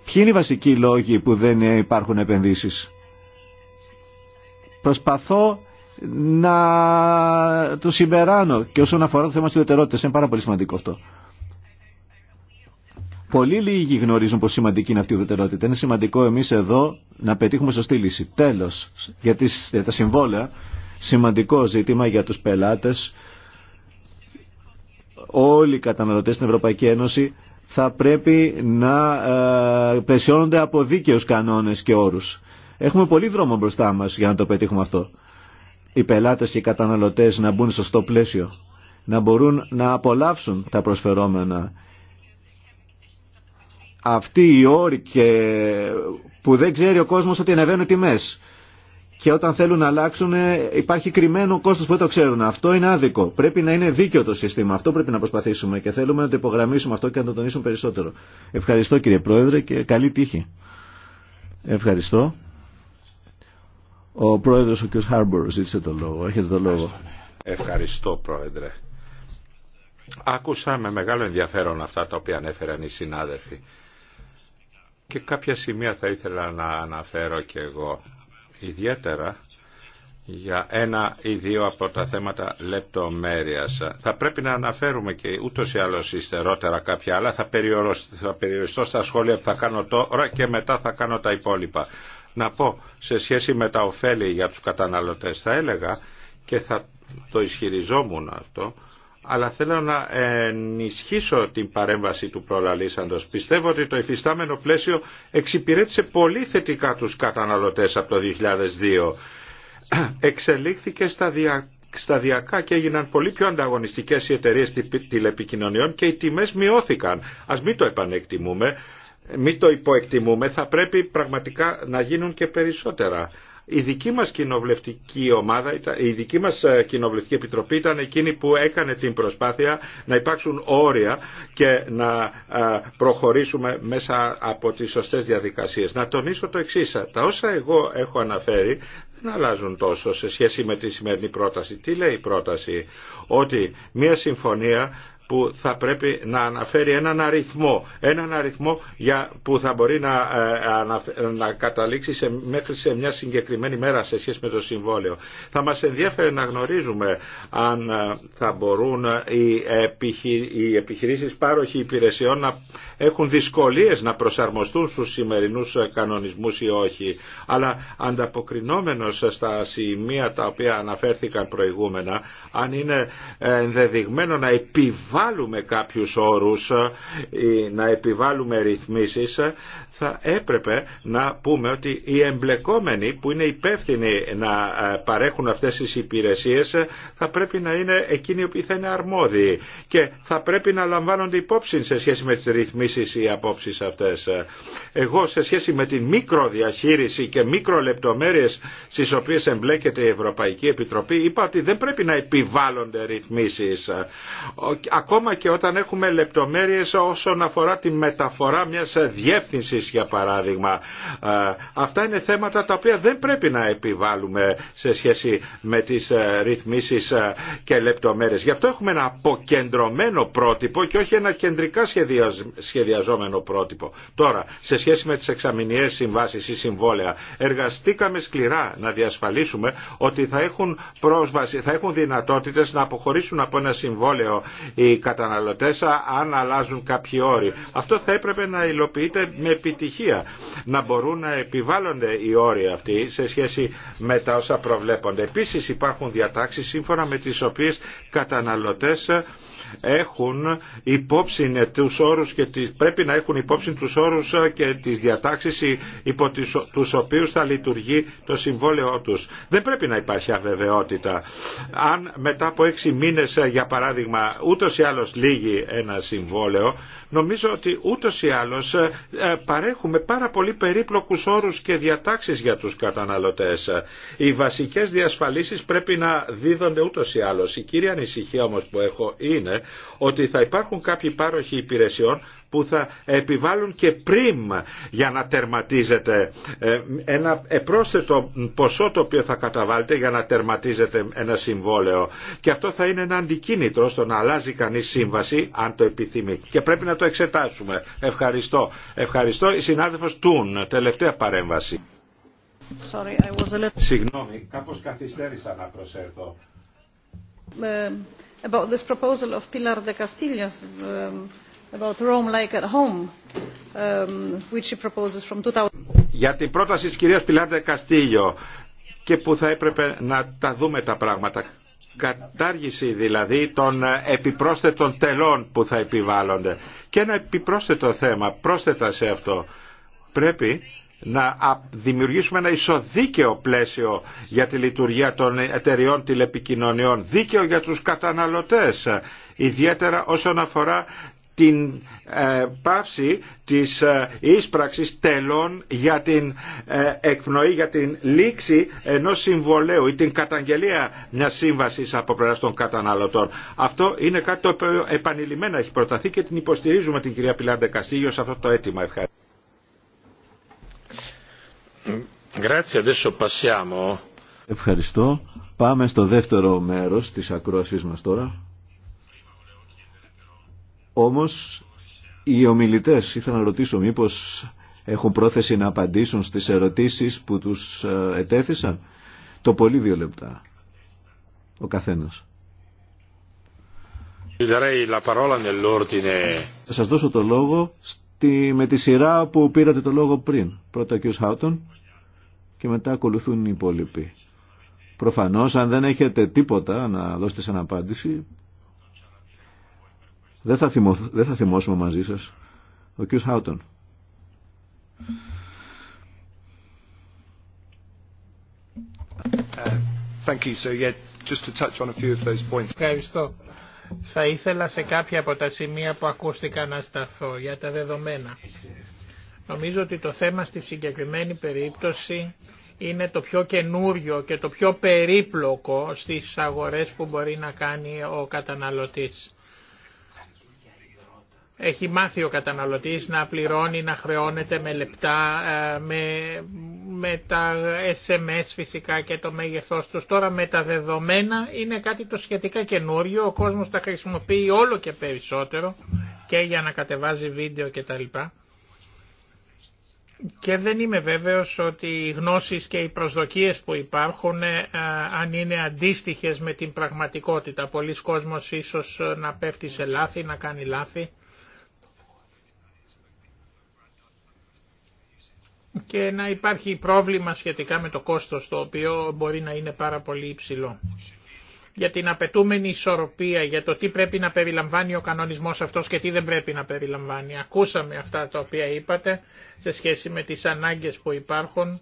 Ποιοι είναι οι βασικοί λόγοι που δεν υπάρχουν επενδύσεις. Προσπαθώ να το συμπεράνω και όσον αφορά το θέμα της ιδιωτερότητας είναι πάρα πολύ σημαντικό αυτό Πολύ λίγοι γνωρίζουν πως σημαντική είναι αυτή η ιδιωτερότητα Είναι σημαντικό εμείς εδώ να πετύχουμε σωστή λύση. τέλος για, για τα συμβόλαια, σημαντικό ζήτημα για τους πελάτες Όλοι οι καταναλωτές στην Ευρωπαϊκή Ένωση θα πρέπει να ε, πλαισιώνονται από δίκαιους κανόνε και όρους Έχουμε πολύ δρόμο μπροστά μας για να το πετύχουμε αυτό οι πελάτες και οι καταναλωτές να μπουν στο σωστό πλαίσιο, να μπορούν να απολαύσουν τα προσφερόμενα. Αυτοί οι όρη και που δεν ξέρει ο κόσμος ότι ανεβαίνουν τιμές και όταν θέλουν να αλλάξουν ε, υπάρχει κρυμμένο κόστος που δεν το ξέρουν. Αυτό είναι άδικο. Πρέπει να είναι δίκαιο το σύστημα. Αυτό πρέπει να προσπαθήσουμε και θέλουμε να το υπογραμμίσουμε αυτό και να το τονίσουμε περισσότερο. Ευχαριστώ κύριε Πρόεδρε και καλή τύχη. Ευχαριστώ. Ο πρόεδρος ο κ. Χάρμπορ ζήτησε το λόγο. Έχετε το λόγο. Ευχαριστώ πρόεδρε. Άκουσα με μεγάλο ενδιαφέρον αυτά τα οποία ανέφεραν οι συνάδελφοι. Και κάποια σημεία θα ήθελα να αναφέρω και εγώ. Ιδιαίτερα για ένα ή δύο από τα θέματα λεπτομέρειας. Θα πρέπει να αναφέρουμε και ούτως ή άλλως υστερότερα κάποια άλλα. Θα περιοριστώ στα σχόλια που θα κάνω τώρα και μετά θα κάνω τα υπόλοιπα να πω σε σχέση με τα ωφέλη για τους καταναλωτές. Θα έλεγα και θα το ισχυριζόμουν αυτό, αλλά θέλω να ενισχύσω την παρέμβαση του προλαλήσαντος. Πιστεύω ότι το εφιστάμενο πλαίσιο εξυπηρέτησε πολύ θετικά τους καταναλωτές από το 2002. Εξελίχθηκε σταδιακά σταδιακά και έγιναν πολύ πιο ανταγωνιστικές οι εταιρείες τηλεπικοινωνιών και οι τιμές μειώθηκαν. Ας μην το επανεκτιμούμε μη το υποεκτιμούμε, θα πρέπει πραγματικά να γίνουν και περισσότερα. Η δική μας κοινοβουλευτική ομάδα, η δική μας ε, κοινοβουλευτική επιτροπή ήταν εκείνη που έκανε την προσπάθεια να υπάρξουν όρια και να ε, προχωρήσουμε μέσα από τις σωστές διαδικασίες. Να τονίσω το εξής, τα όσα εγώ έχω αναφέρει δεν αλλάζουν τόσο σε σχέση με τη σημερινή πρόταση. Τι λέει η πρόταση, ότι μια συμφωνία που θα πρέπει να αναφέρει έναν αριθμό, έναν αριθμό για, που θα μπορεί να, ε, να καταλήξει σε, μέχρι σε μια συγκεκριμένη μέρα σε σχέση με το συμβόλαιο. Θα μας ενδιαφέρει να γνωρίζουμε αν ε, θα μπορούν οι, επιχει, οι επιχειρήσεις πάροχοι υπηρεσιών να έχουν δυσκολίες να προσαρμοστούν στους σημερινούς κανονισμούς ή όχι. Αλλά ανταποκρινόμενος στα σημεία τα οποία αναφέρθηκαν προηγούμενα, αν είναι ενδεδειγμένο να επιβάλλουμε κάποιους όρους ε, ή να επιβάλλουμε ρυθμίσεις ε, θα έπρεπε να πούμε ότι οι εμπλεκόμενοι που είναι υπεύθυνοι να ε, παρέχουν αυτές τις υπηρεσίες θα πρέπει να είναι εκείνοι που θα είναι αρμόδιοι και θα πρέπει να λαμβάνονται υπόψη σε σχέση με τις ρυθμίσεις ή απόψεις αυτές. Εγώ σε σχέση με την μικροδιαχείριση και μικρολεπτομέρειες στις οποίες εμπλέκεται η Ευρωπαϊκή Επιτροπή είπα ότι δεν πρέπει να επιβάλλονται ρυθμίσεις Ακόμα και όταν έχουμε λεπτομέρειες όσον αφορά τη μεταφορά μιας διεύθυνσης για παράδειγμα. Ε, αυτά είναι θέματα τα οποία δεν πρέπει να επιβάλλουμε σε σχέση με τις ε, ρυθμίσεις ε, και λεπτομέρειες. Γι' αυτό έχουμε ένα αποκεντρωμένο πρότυπο και όχι ένα κεντρικά σχεδιαζόμενο πρότυπο. Τώρα, σε σχέση με τις εξαμηνιές συμβάσεις ή συμβόλαια, εργαστήκαμε σκληρά να διασφαλίσουμε ότι θα έχουν πρόσβαση, θα έχουν δυνατότητες να αποχωρήσουν από ένα συμβόλαιο οι καταναλωτές αν αλλάζουν κάποιοι όροι. Αυτό θα έπρεπε να υλοποιείται με επιτυχία. Να μπορούν να επιβάλλονται οι όροι αυτοί σε σχέση με τα όσα προβλέπονται. Επίσης υπάρχουν διατάξεις σύμφωνα με τις οποίες καταναλωτές έχουν υπόψη τους όρους και τις, πρέπει να έχουν υπόψη τους όρους και τις διατάξεις υπό τις, τους οποίους θα λειτουργεί το συμβόλαιό τους. Δεν πρέπει να υπάρχει αβεβαιότητα. Αν μετά από έξι μήνες για παράδειγμα ούτως ή άλλως λύγει ένα συμβόλαιο νομίζω ότι ούτως ή άλλως ε, παρέχουμε πάρα πολύ περίπλοκους όρους και διατάξεις για τους καταναλωτές. Οι βασικές διασφαλίσεις πρέπει να δίδονται ούτως ή άλλως. Η κύρια ανησυχία όμως που έχω είναι ότι θα υπάρχουν κάποιοι πάροχοι υπηρεσιών που θα επιβάλλουν και πριν για να τερματίζεται ε, ένα επρόσθετο ποσό το οποίο θα καταβάλλεται για να τερματίζεται ένα συμβόλαιο. Και αυτό θα είναι ένα αντικίνητρο στο να αλλάζει κανείς σύμβαση αν το επιθυμεί. Και πρέπει να το εξετάσουμε. Ευχαριστώ. Ευχαριστώ η συνάδελφος Τούν. Τελευταία παρέμβαση. Sorry, I was a little... Συγγνώμη, κάπως καθυστέρησα να προσέρθω. Ε, για την πρόταση της κυρίας Πιλάρ de και που θα έπρεπε να τα δούμε τα πράγματα. Κατάργηση δηλαδή των ε, επιπρόσθετων τελών που θα επιβάλλονται. Και ένα επιπρόσθετο θέμα, πρόσθετα σε αυτό, πρέπει να δημιουργήσουμε ένα ισοδίκαιο πλαίσιο για τη λειτουργία των εταιριών τηλεπικοινωνιών, δίκαιο για τους καταναλωτές, ιδιαίτερα όσον αφορά την ε, πάυση της ε, ίσπραξης τελών για την ε, εκπνοή, για την λήξη ενός συμβολέου ή την καταγγελία μιας σύμβασης από πλευράς των καταναλωτών. Αυτό είναι κάτι το οποίο επανειλημμένα έχει προταθεί και την υποστηρίζουμε την κυρία Πιλάντε Καστίγιο σε αυτό το αίτημα. Ευχαριστώ. Ευχαριστώ. Πάμε στο δεύτερο μέρος της ακρόασής μας τώρα. Όμως οι ομιλητές ήθελα να ρωτήσω μήπως έχουν πρόθεση να απαντήσουν στις ερωτήσεις που τους ε, ετέθησαν. Το πολύ δύο λεπτά. Ο καθένας. Θα σας δώσω το λόγο με τη σειρά που πήρατε το λόγο πριν. Πρώτα ο κ. Χάουτον και μετά ακολουθούν οι υπόλοιποι. Προφανώς αν δεν έχετε τίποτα να δώσετε σαν απάντηση δεν θα, θυμώ, δεν θα θυμώσουμε μαζί σας ο κ. Χάουτον. Ευχαριστώ. Θα ήθελα σε κάποια από τα σημεία που ακούστηκα να σταθώ για τα δεδομένα. Νομίζω ότι το θέμα στη συγκεκριμένη περίπτωση είναι το πιο καινούριο και το πιο περίπλοκο στις αγορές που μπορεί να κάνει ο καταναλωτής. Έχει μάθει ο καταναλωτής να πληρώνει, να χρεώνεται με λεπτά, ε, με, τα SMS φυσικά και το μέγεθός τους. Τώρα με τα δεδομένα είναι κάτι το σχετικά καινούριο, ο κόσμος τα χρησιμοποιεί όλο και περισσότερο και για να κατεβάζει βίντεο κτλ. Και δεν είμαι βέβαιος ότι οι γνώσεις και οι προσδοκίες που υπάρχουν ε, αν είναι αντίστοιχες με την πραγματικότητα. Πολλοί κόσμος ίσως ε, να πέφτει σε λάθη, να κάνει λάθη. Και να υπάρχει πρόβλημα σχετικά με το κόστος το οποίο μπορεί να είναι πάρα πολύ υψηλό για την απαιτούμενη ισορροπία, για το τι πρέπει να περιλαμβάνει ο κανονισμός αυτός και τι δεν πρέπει να περιλαμβάνει. Ακούσαμε αυτά τα οποία είπατε σε σχέση με τις ανάγκες που υπάρχουν.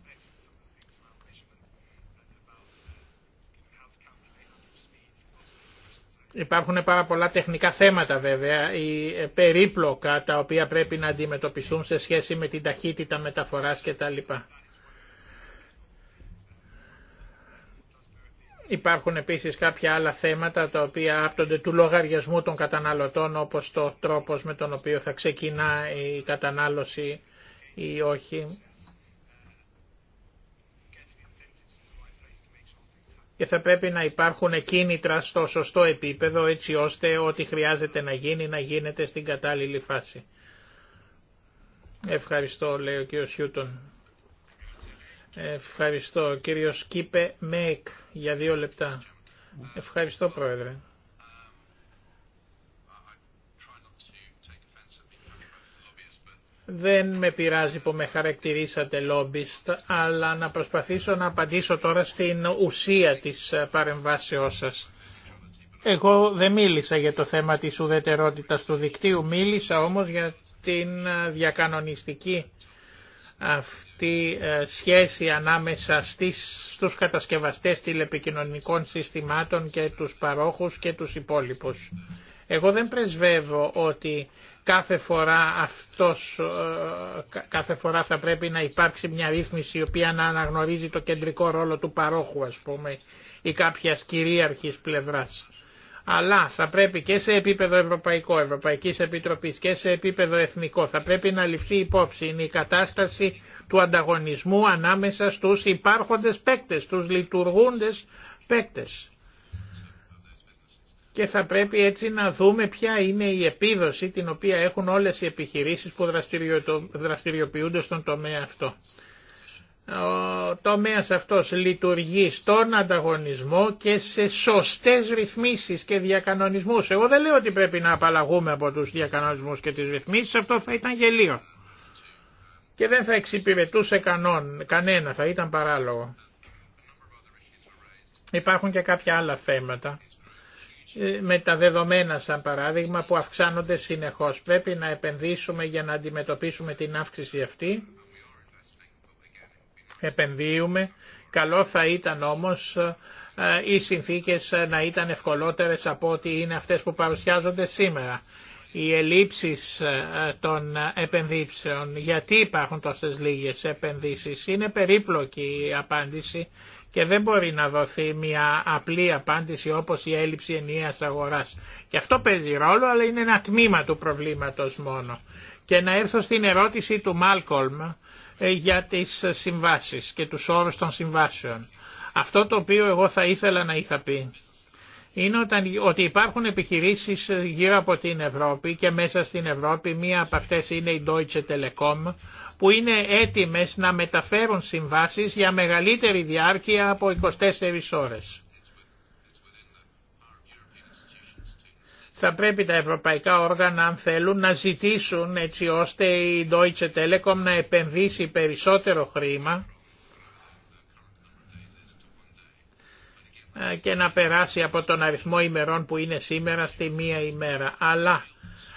Υπάρχουν πάρα πολλά τεχνικά θέματα βέβαια, η ε, περίπλοκα τα οποία πρέπει να αντιμετωπιστούν σε σχέση με την ταχύτητα μεταφοράς κτλ. Υπάρχουν επίσης κάποια άλλα θέματα τα οποία άπτονται του λογαριασμού των καταναλωτών όπως το τρόπος με τον οποίο θα ξεκινά η κατανάλωση ή όχι. Και θα πρέπει να υπάρχουν κίνητρα στο σωστό επίπεδο έτσι ώστε ό,τι χρειάζεται να γίνει να γίνεται στην κατάλληλη φάση. Ευχαριστώ λέει ο κ. Χιούτον. Ευχαριστώ. Κύριος Κίπε Μέικ για δύο λεπτά. Ευχαριστώ Πρόεδρε. Δεν με πειράζει που με χαρακτηρίσατε λόμπιστ, αλλά να προσπαθήσω να απαντήσω τώρα στην ουσία της παρεμβάσεώς σας. Εγώ δεν μίλησα για το θέμα της ουδετερότητας του δικτύου, μίλησα όμως για την διακανονιστική αυτή ε, σχέση ανάμεσα στις, στους κατασκευαστές τηλεπικοινωνικών συστημάτων και τους παρόχους και τους υπόλοιπους. Εγώ δεν πρεσβεύω ότι κάθε φορά, αυτός, ε, κάθε φορά θα πρέπει να υπάρξει μια ρύθμιση η οποία να αναγνωρίζει το κεντρικό ρόλο του παρόχου ας πούμε ή κάποιας κυρίαρχης πλευράς αλλά θα πρέπει και σε επίπεδο ευρωπαϊκό, Ευρωπαϊκής Επιτροπής και σε επίπεδο εθνικό θα πρέπει να ληφθεί υπόψη είναι η κατάσταση του ανταγωνισμού ανάμεσα στους υπάρχοντες παίκτες, τους λειτουργούντες παίκτες. Και θα πρέπει έτσι να δούμε ποια είναι η επίδοση την οποία έχουν όλες οι επιχειρήσεις που δραστηριοποιούνται στον τομέα αυτό ο τομέας αυτός λειτουργεί στον ανταγωνισμό και σε σωστές ρυθμίσεις και διακανονισμούς. Εγώ δεν λέω ότι πρέπει να απαλλαγούμε από τους διακανονισμούς και τις ρυθμίσεις, αυτό θα ήταν γελίο. Και δεν θα εξυπηρετούσε κανόν, κανένα, θα ήταν παράλογο. Υπάρχουν και κάποια άλλα θέματα ε, με τα δεδομένα σαν παράδειγμα που αυξάνονται συνεχώς. Πρέπει να επενδύσουμε για να αντιμετωπίσουμε την αύξηση αυτή επενδύουμε. Καλό θα ήταν όμως ε, οι συνθήκες ε, να ήταν ευκολότερες από ό,τι είναι αυτές που παρουσιάζονται σήμερα. Οι ελλείψεις ε, των επενδύσεων, γιατί υπάρχουν τόσες λίγες επενδύσεις, είναι περίπλοκη η απάντηση και δεν μπορεί να δοθεί μια απλή απάντηση όπως η έλλειψη ενιαίας αγοράς. Και αυτό παίζει ρόλο, αλλά είναι ένα τμήμα του προβλήματος μόνο. Και να έρθω στην ερώτηση του Μάλκολμ ε, για τις ε, συμβάσεις και τους όρους των συμβάσεων. Αυτό το οποίο εγώ θα ήθελα να είχα πει είναι ότι υπάρχουν επιχειρήσεις ε, γύρω από την Ευρώπη και μέσα στην Ευρώπη, μία από αυτές είναι η Deutsche Telekom, που είναι έτοιμες να μεταφέρουν συμβάσεις για μεγαλύτερη διάρκεια από 24 ώρες. θα πρέπει τα ευρωπαϊκά όργανα αν θέλουν να ζητήσουν έτσι ώστε η Deutsche Telekom να επενδύσει περισσότερο χρήμα ε, και να περάσει από τον αριθμό ημερών που είναι σήμερα στη μία ημέρα. Αλλά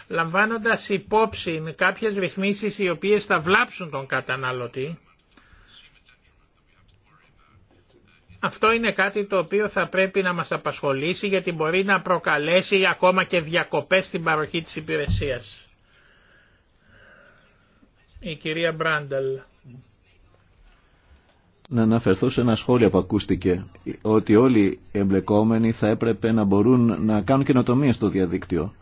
λαμβάνοντας υπόψη κάποιες ρυθμίσεις οι οποίες θα βλάψουν τον καταναλωτή Αυτό είναι κάτι το οποίο θα πρέπει να μας απασχολήσει γιατί μπορεί να προκαλέσει ακόμα και διακοπές στην παροχή της υπηρεσίας. Η κυρία Μπράνταλ. Να αναφερθώ σε ένα σχόλιο που ακούστηκε ότι όλοι οι εμπλεκόμενοι θα έπρεπε να μπορούν να κάνουν καινοτομία στο διαδίκτυο.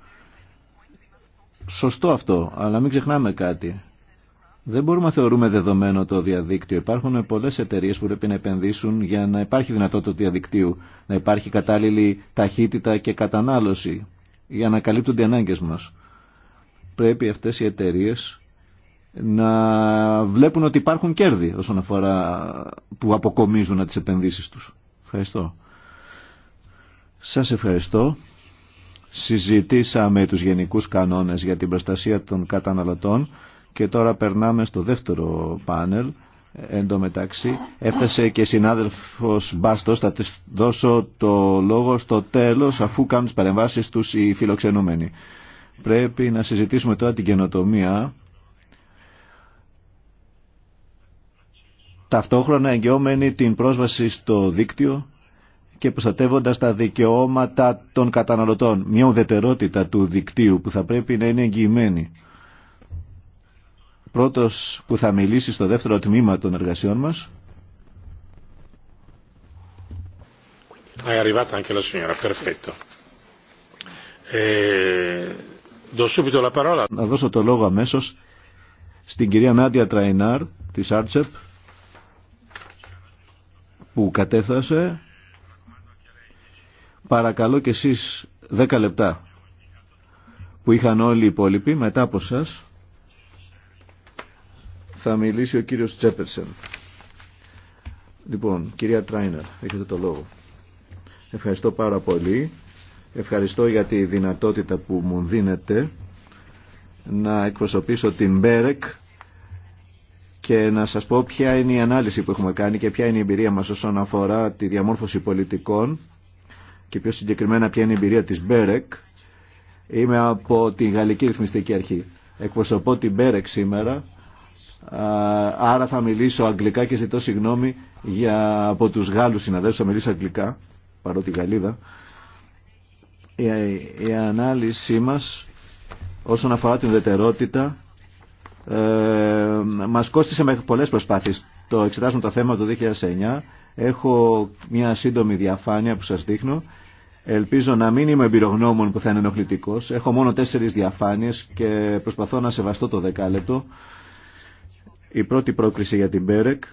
Σωστό αυτό, αλλά μην ξεχνάμε κάτι. Δεν μπορούμε να θεωρούμε δεδομένο το διαδίκτυο. Υπάρχουν πολλέ εταιρείε που πρέπει να επενδύσουν για να υπάρχει δυνατότητα του διαδικτύου, να υπάρχει κατάλληλη ταχύτητα και κατανάλωση για να καλύπτουν οι ανάγκε μα. Πρέπει αυτέ οι εταιρείε να βλέπουν ότι υπάρχουν κέρδη όσον αφορά που αποκομίζουν τι επενδύσει του. Ευχαριστώ. Σα ευχαριστώ. Συζητήσαμε τους γενικούς κανόνες για την προστασία των καταναλωτών. Και τώρα περνάμε στο δεύτερο πάνελ. Εν τω μεταξύ έφτασε και συνάδελφος Μπάστος, θα της δώσω το λόγο στο τέλος αφού κάνουν τις παρεμβάσεις τους οι φιλοξενούμενοι. Πρέπει να συζητήσουμε τώρα την καινοτομία. Ταυτόχρονα εγγυόμενοι την πρόσβαση στο δίκτυο και προστατεύοντα τα δικαιώματα των καταναλωτών. Μια ουδετερότητα του δικτύου που θα πρέπει να είναι εγγυημένη πρώτος που θα μιλήσει στο δεύτερο τμήμα των εργασιών μας. Eh, Να δώσω το λόγο αμέσως στην κυρία Νάντια Τραϊνάρ της Άρτσεπ που κατέφθασε. Παρακαλώ και εσείς δέκα λεπτά που είχαν όλοι οι υπόλοιποι μετά από σας θα μιλήσει ο κύριος Τσέπερσεν. Λοιπόν, κυρία Τράινερ, έχετε το λόγο. Ευχαριστώ πάρα πολύ. Ευχαριστώ για τη δυνατότητα που μου δίνετε να εκπροσωπήσω την Μπέρεκ και να σας πω ποια είναι η ανάλυση που έχουμε κάνει και ποια είναι η εμπειρία μας όσον αφορά τη διαμόρφωση πολιτικών και πιο συγκεκριμένα ποια είναι η εμπειρία της Μπέρεκ. Είμαι από τη Γαλλική Ρυθμιστική Αρχή. Εκπροσωπώ την Μπέρεκ σήμερα άρα θα μιλήσω αγγλικά και ζητώ συγγνώμη για, από τους Γάλλους συναδέλφους θα μιλήσω αγγλικά παρότι Γαλλίδα η, η ανάλυση μας όσον αφορά την δετερότητα ε, μας κόστησε με πολλές προσπάθειες το εξετάζουμε το θέμα το 2009 έχω μια σύντομη διαφάνεια που σας δείχνω Ελπίζω να μην είμαι εμπειρογνώμων που θα είναι ενοχλητικός. Έχω μόνο τέσσερις διαφάνειες και προσπαθώ να σεβαστώ το δεκάλεπτο. Η πρώτη πρόκριση για την ΠΕΡΕΚ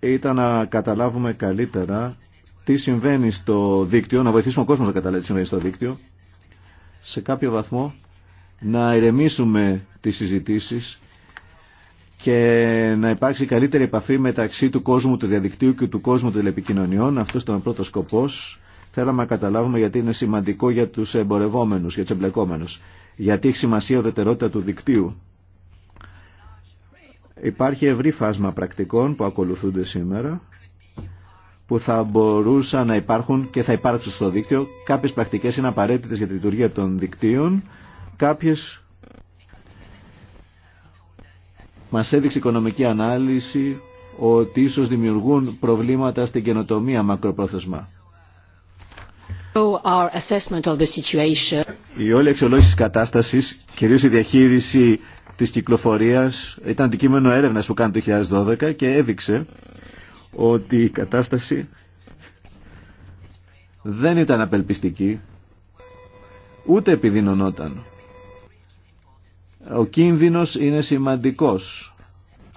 ήταν να καταλάβουμε καλύτερα τι συμβαίνει στο δίκτυο, να βοηθήσουμε ο κόσμο να καταλάβει τι συμβαίνει στο δίκτυο, σε κάποιο βαθμό να ηρεμήσουμε τι συζητήσει και να υπάρξει καλύτερη επαφή μεταξύ του κόσμου του διαδικτύου και του κόσμου των τηλεπικοινωνιών. Αυτό ήταν ο πρώτο σκοπό. Θέλαμε να καταλάβουμε γιατί είναι σημαντικό για του εμπορευόμενου, για του εμπλεκόμενου, Γιατί έχει σημασία η οδετερότητα του δικτύου Υπάρχει ευρύ φάσμα πρακτικών που ακολουθούνται σήμερα που θα μπορούσαν να υπάρχουν και θα υπάρξουν στο δίκτυο. Κάποιες πρακτικές είναι απαραίτητες για τη λειτουργία των δικτύων, κάποιες μας έδειξε οικονομική ανάλυση ότι ίσως δημιουργούν προβλήματα στην καινοτομία μακροπρόθεσμα. Η όλη αξιολόγηση της κατάστασης, κυρίως η διαχείριση της κυκλοφορίας ήταν αντικείμενο έρευνας που κάνει το 2012 και έδειξε ότι η κατάσταση δεν ήταν απελπιστική ούτε επιδεινωνόταν. Ο κίνδυνος είναι σημαντικός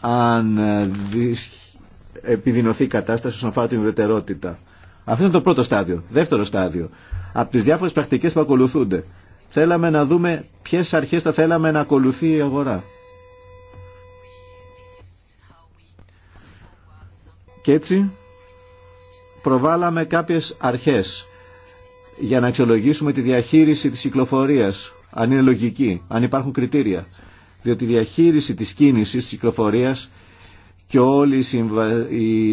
αν επιδεινωθεί η κατάσταση όσον αφορά την ουδετερότητα. Αυτό είναι το πρώτο στάδιο. Δεύτερο στάδιο. Από τις διάφορες πρακτικές που ακολουθούνται Θέλαμε να δούμε ποιες αρχές θα θέλαμε να ακολουθεί η αγορά. Και έτσι προβάλαμε κάποιες αρχές για να αξιολογήσουμε τη διαχείριση της κυκλοφορίας, αν είναι λογική, αν υπάρχουν κριτήρια. Διότι η διαχείριση της κίνησης, της κυκλοφορίας και όλοι οι,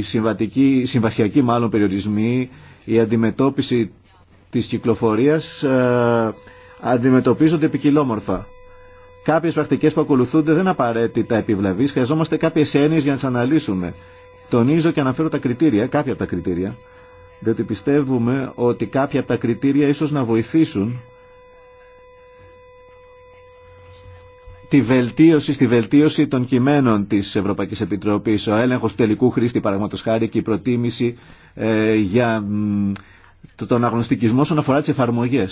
συμβα... οι συμβασιακοί μάλλον περιορισμοί, η αντιμετώπιση της κυκλοφορίας ε, αντιμετωπίζονται ποικιλόμορφα. Κάποιε πρακτικέ που ακολουθούνται δεν απαραίτητα επιβλαβεί, χρειαζόμαστε κάποιε έννοιε για να τι αναλύσουμε. Τονίζω και αναφέρω τα κριτήρια, κάποια από τα κριτήρια, διότι πιστεύουμε ότι κάποια από τα κριτήρια ίσω να βοηθήσουν τη βελτίωση, στη βελτίωση των κειμένων τη Ευρωπαϊκή Επιτροπή. Ο έλεγχο του τελικού χρήστη, παραδείγματο χάρη, και η προτίμηση ε, για τον αγνωστικισμό όσον αφορά τι εφαρμογέ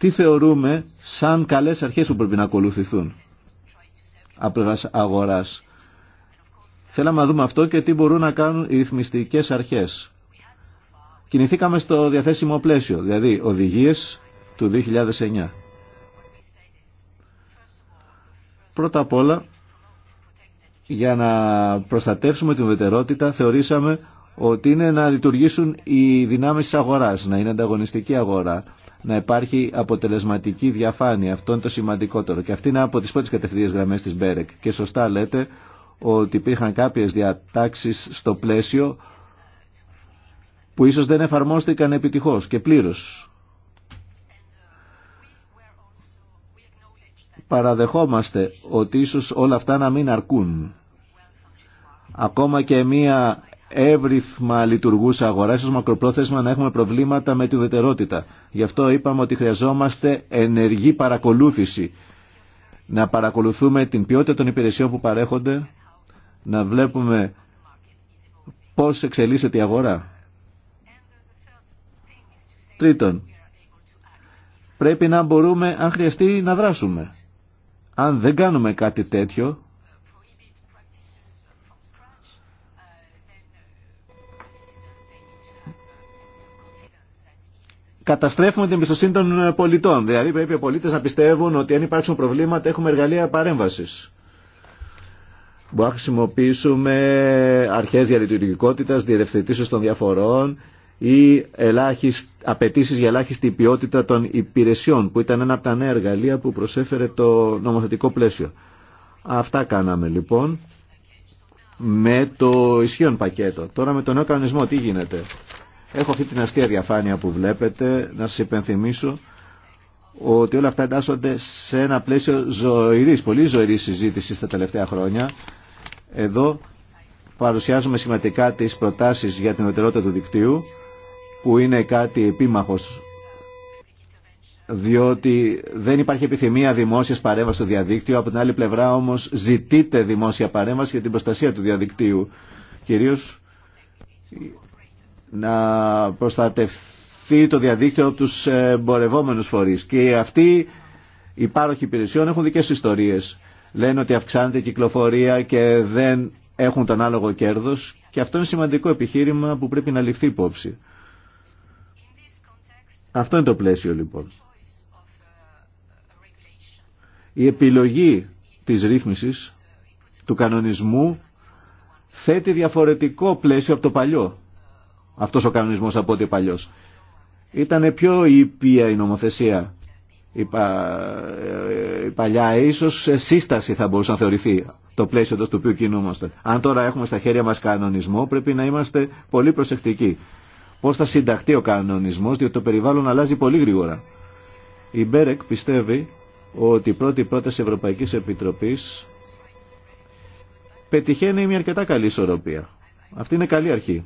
τι θεωρούμε σαν καλές αρχές που πρέπει να ακολουθηθούν από αγοράς. Θέλαμε να δούμε αυτό και τι μπορούν να κάνουν οι ρυθμιστικές αρχές. Κινηθήκαμε στο διαθέσιμο πλαίσιο, δηλαδή οδηγίες του 2009. Πρώτα απ' όλα, για να προστατεύσουμε την βετερότητα, θεωρήσαμε ότι είναι να λειτουργήσουν οι δυνάμεις της αγοράς, να είναι ανταγωνιστική αγορά να υπάρχει αποτελεσματική διαφάνεια. Αυτό είναι το σημαντικότερο. Και αυτή είναι από τις πρώτε κατευθυντήριες γραμμέ τη Μπέρεκ. Και σωστά λέτε ότι υπήρχαν κάποιες διατάξεις στο πλαίσιο που ίσως δεν εφαρμόστηκαν επιτυχώς και πλήρως. Παραδεχόμαστε ότι ίσως όλα αυτά να μην αρκούν. Ακόμα και μία εύρυθμα λειτουργούσα αγορά, ίσως μακροπρόθεσμα να έχουμε προβλήματα με τη ουδετερότητα. Γι' αυτό είπαμε ότι χρειαζόμαστε ενεργή παρακολούθηση. Να παρακολουθούμε την ποιότητα των υπηρεσιών που παρέχονται, να βλέπουμε πώς εξελίσσεται η αγορά. Τρίτον, πρέπει να μπορούμε, αν χρειαστεί, να δράσουμε. Αν δεν κάνουμε κάτι τέτοιο, καταστρέφουμε την εμπιστοσύνη των ε, πολιτών. Δηλαδή πρέπει οι πολίτες να πιστεύουν ότι αν υπάρξουν προβλήματα έχουμε εργαλεία παρέμβασης. Μπορούμε να χρησιμοποιήσουμε αρχές διαλειτουργικότητας, διαδευθετήσεις των διαφορών ή απαιτήσει για ελάχιστη ποιότητα των υπηρεσιών που ήταν ένα από τα νέα εργαλεία που προσέφερε το νομοθετικό πλαίσιο. Αυτά κάναμε λοιπόν με το ισχύον πακέτο. Τώρα με τον νέο κανονισμό τι γίνεται. Έχω αυτή την αστεία διαφάνεια που βλέπετε να σας υπενθυμίσω ότι όλα αυτά εντάσσονται σε ένα πλαίσιο ζωηρής, πολύ ζωηρής συζήτησης τα τελευταία χρόνια. Εδώ παρουσιάζουμε σημαντικά τις προτάσεις για την ουδετερότητα του δικτύου που είναι κάτι επίμαχος διότι δεν υπάρχει επιθυμία δημόσιας παρέμβασης στο διαδίκτυο. Από την άλλη πλευρά όμως ζητείται δημόσια παρέμβαση για την προστασία του διαδικτύου. Κυρίως να προστατευθεί το διαδίκτυο από τους εμπορευόμενους φορείς. Και αυτοί οι πάροχοι υπηρεσιών έχουν δικές ιστορίες. Λένε ότι αυξάνεται η κυκλοφορία και δεν έχουν τον άλογο κέρδος και αυτό είναι σημαντικό επιχείρημα που πρέπει να ληφθεί υπόψη. Αυτό είναι το πλαίσιο λοιπόν. Η επιλογή της ρύθμισης του κανονισμού θέτει διαφορετικό πλαίσιο από το παλιό αυτός ο κανονισμός από ό,τι παλιό. Ήταν πιο ήπια η νομοθεσία. Η, πα... Ε, παλιά ίσως σύσταση θα μπορούσε να θεωρηθεί το πλαίσιο του οποίου κινούμαστε. Αν τώρα έχουμε στα χέρια μας κανονισμό πρέπει να είμαστε πολύ προσεκτικοί. Πώς θα συνταχθεί ο κανονισμός διότι το περιβάλλον αλλάζει πολύ γρήγορα. Η Μπέρεκ πιστεύει ότι η πρώτη πρόταση Ευρωπαϊκής Επιτροπής πετυχαίνει μια αρκετά καλή ισορροπία. Αυτή είναι καλή αρχή.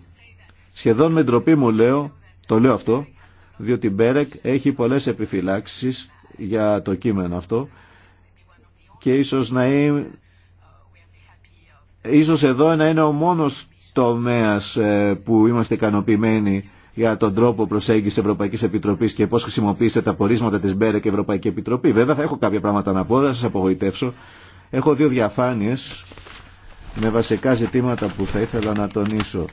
Σχεδόν με ντροπή μου λέω, το λέω αυτό, διότι η Μπέρεκ έχει πολλές επιφυλάξεις για το κείμενο αυτό και ίσως να είναι ίσως εδώ να είναι ο μόνος τομέας ε, που είμαστε ικανοποιημένοι για τον τρόπο προσέγγισης Ευρωπαϊκής Επιτροπής και πώς χρησιμοποιήσετε τα πορίσματα της Μπέρεκ Ευρωπαϊκή Επιτροπή. Βέβαια, θα έχω κάποια πράγματα να πω, θα σα απογοητεύσω. Έχω δύο διαφάνειες με βασικά ζητήματα που θα ήθελα να τονίσω.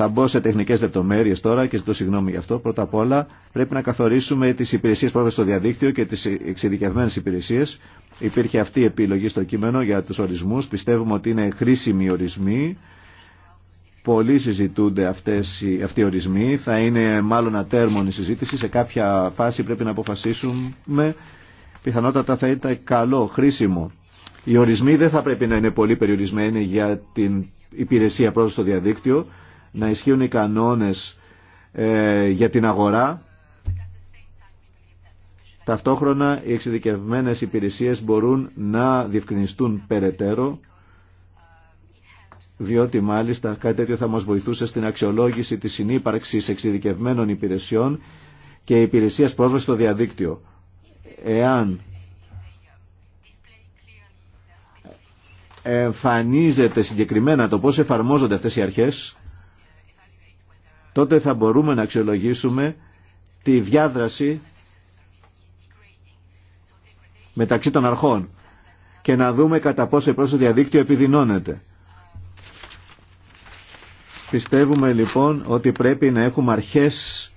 Θα μπω σε τεχνικέ λεπτομέρειε τώρα και ζητώ συγγνώμη γι' αυτό. Πρώτα απ' όλα πρέπει να καθορίσουμε τι υπηρεσίε πρόσβαση στο διαδίκτυο και τι εξειδικευμένε υπηρεσίε. Υπήρχε αυτή η επιλογή στο κείμενο για του ορισμού. Πιστεύουμε ότι είναι χρήσιμοι ορισμοί. Πολλοί συζητούνται αυτές, αυτοί οι ορισμοί. Θα είναι μάλλον ατέρμονη συζήτηση. Σε κάποια φάση πρέπει να αποφασίσουμε. Πιθανότατα θα ήταν καλό, χρήσιμο. Οι ορισμοί δεν θα πρέπει να είναι πολύ περιορισμένοι για την υπηρεσία πρόσβαση στο διαδίκτυο να ισχύουν οι κανόνες ε, για την αγορά. Ταυτόχρονα οι εξειδικευμένες υπηρεσίες μπορούν να διευκρινιστούν περαιτέρω διότι μάλιστα κάτι τέτοιο θα μας βοηθούσε στην αξιολόγηση της συνύπαρξης εξειδικευμένων υπηρεσιών και υπηρεσίας πρόσβαση στο διαδίκτυο. Εάν εμφανίζεται συγκεκριμένα το πώς εφαρμόζονται αυτές οι αρχές τότε θα μπορούμε να αξιολογήσουμε τη διάδραση μεταξύ των αρχών και να δούμε κατά πόσο στο διαδίκτυο επιδεινώνεται. Πιστεύουμε λοιπόν ότι πρέπει να έχουμε αρχές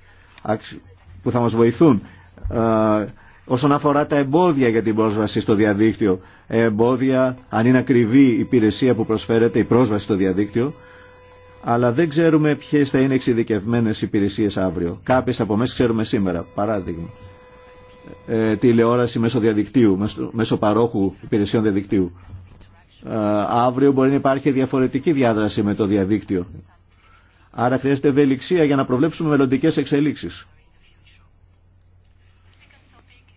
που θα μας βοηθούν όσον αφορά τα εμπόδια για την πρόσβαση στο διαδίκτυο. Εμπόδια, αν είναι ακριβή η υπηρεσία που προσφέρεται, η πρόσβαση στο διαδίκτυο, αλλά δεν ξέρουμε ποιε θα είναι εξειδικευμένε υπηρεσίε αύριο. Κάποιε από εμά ξέρουμε σήμερα. Παράδειγμα, ε, τηλεόραση μέσω διαδικτύου, μέσω, παρόχου υπηρεσιών διαδικτύου. Ε, αύριο μπορεί να υπάρχει διαφορετική διάδραση με το διαδίκτυο. Άρα χρειάζεται ευελιξία για να προβλέψουμε μελλοντικέ εξελίξει.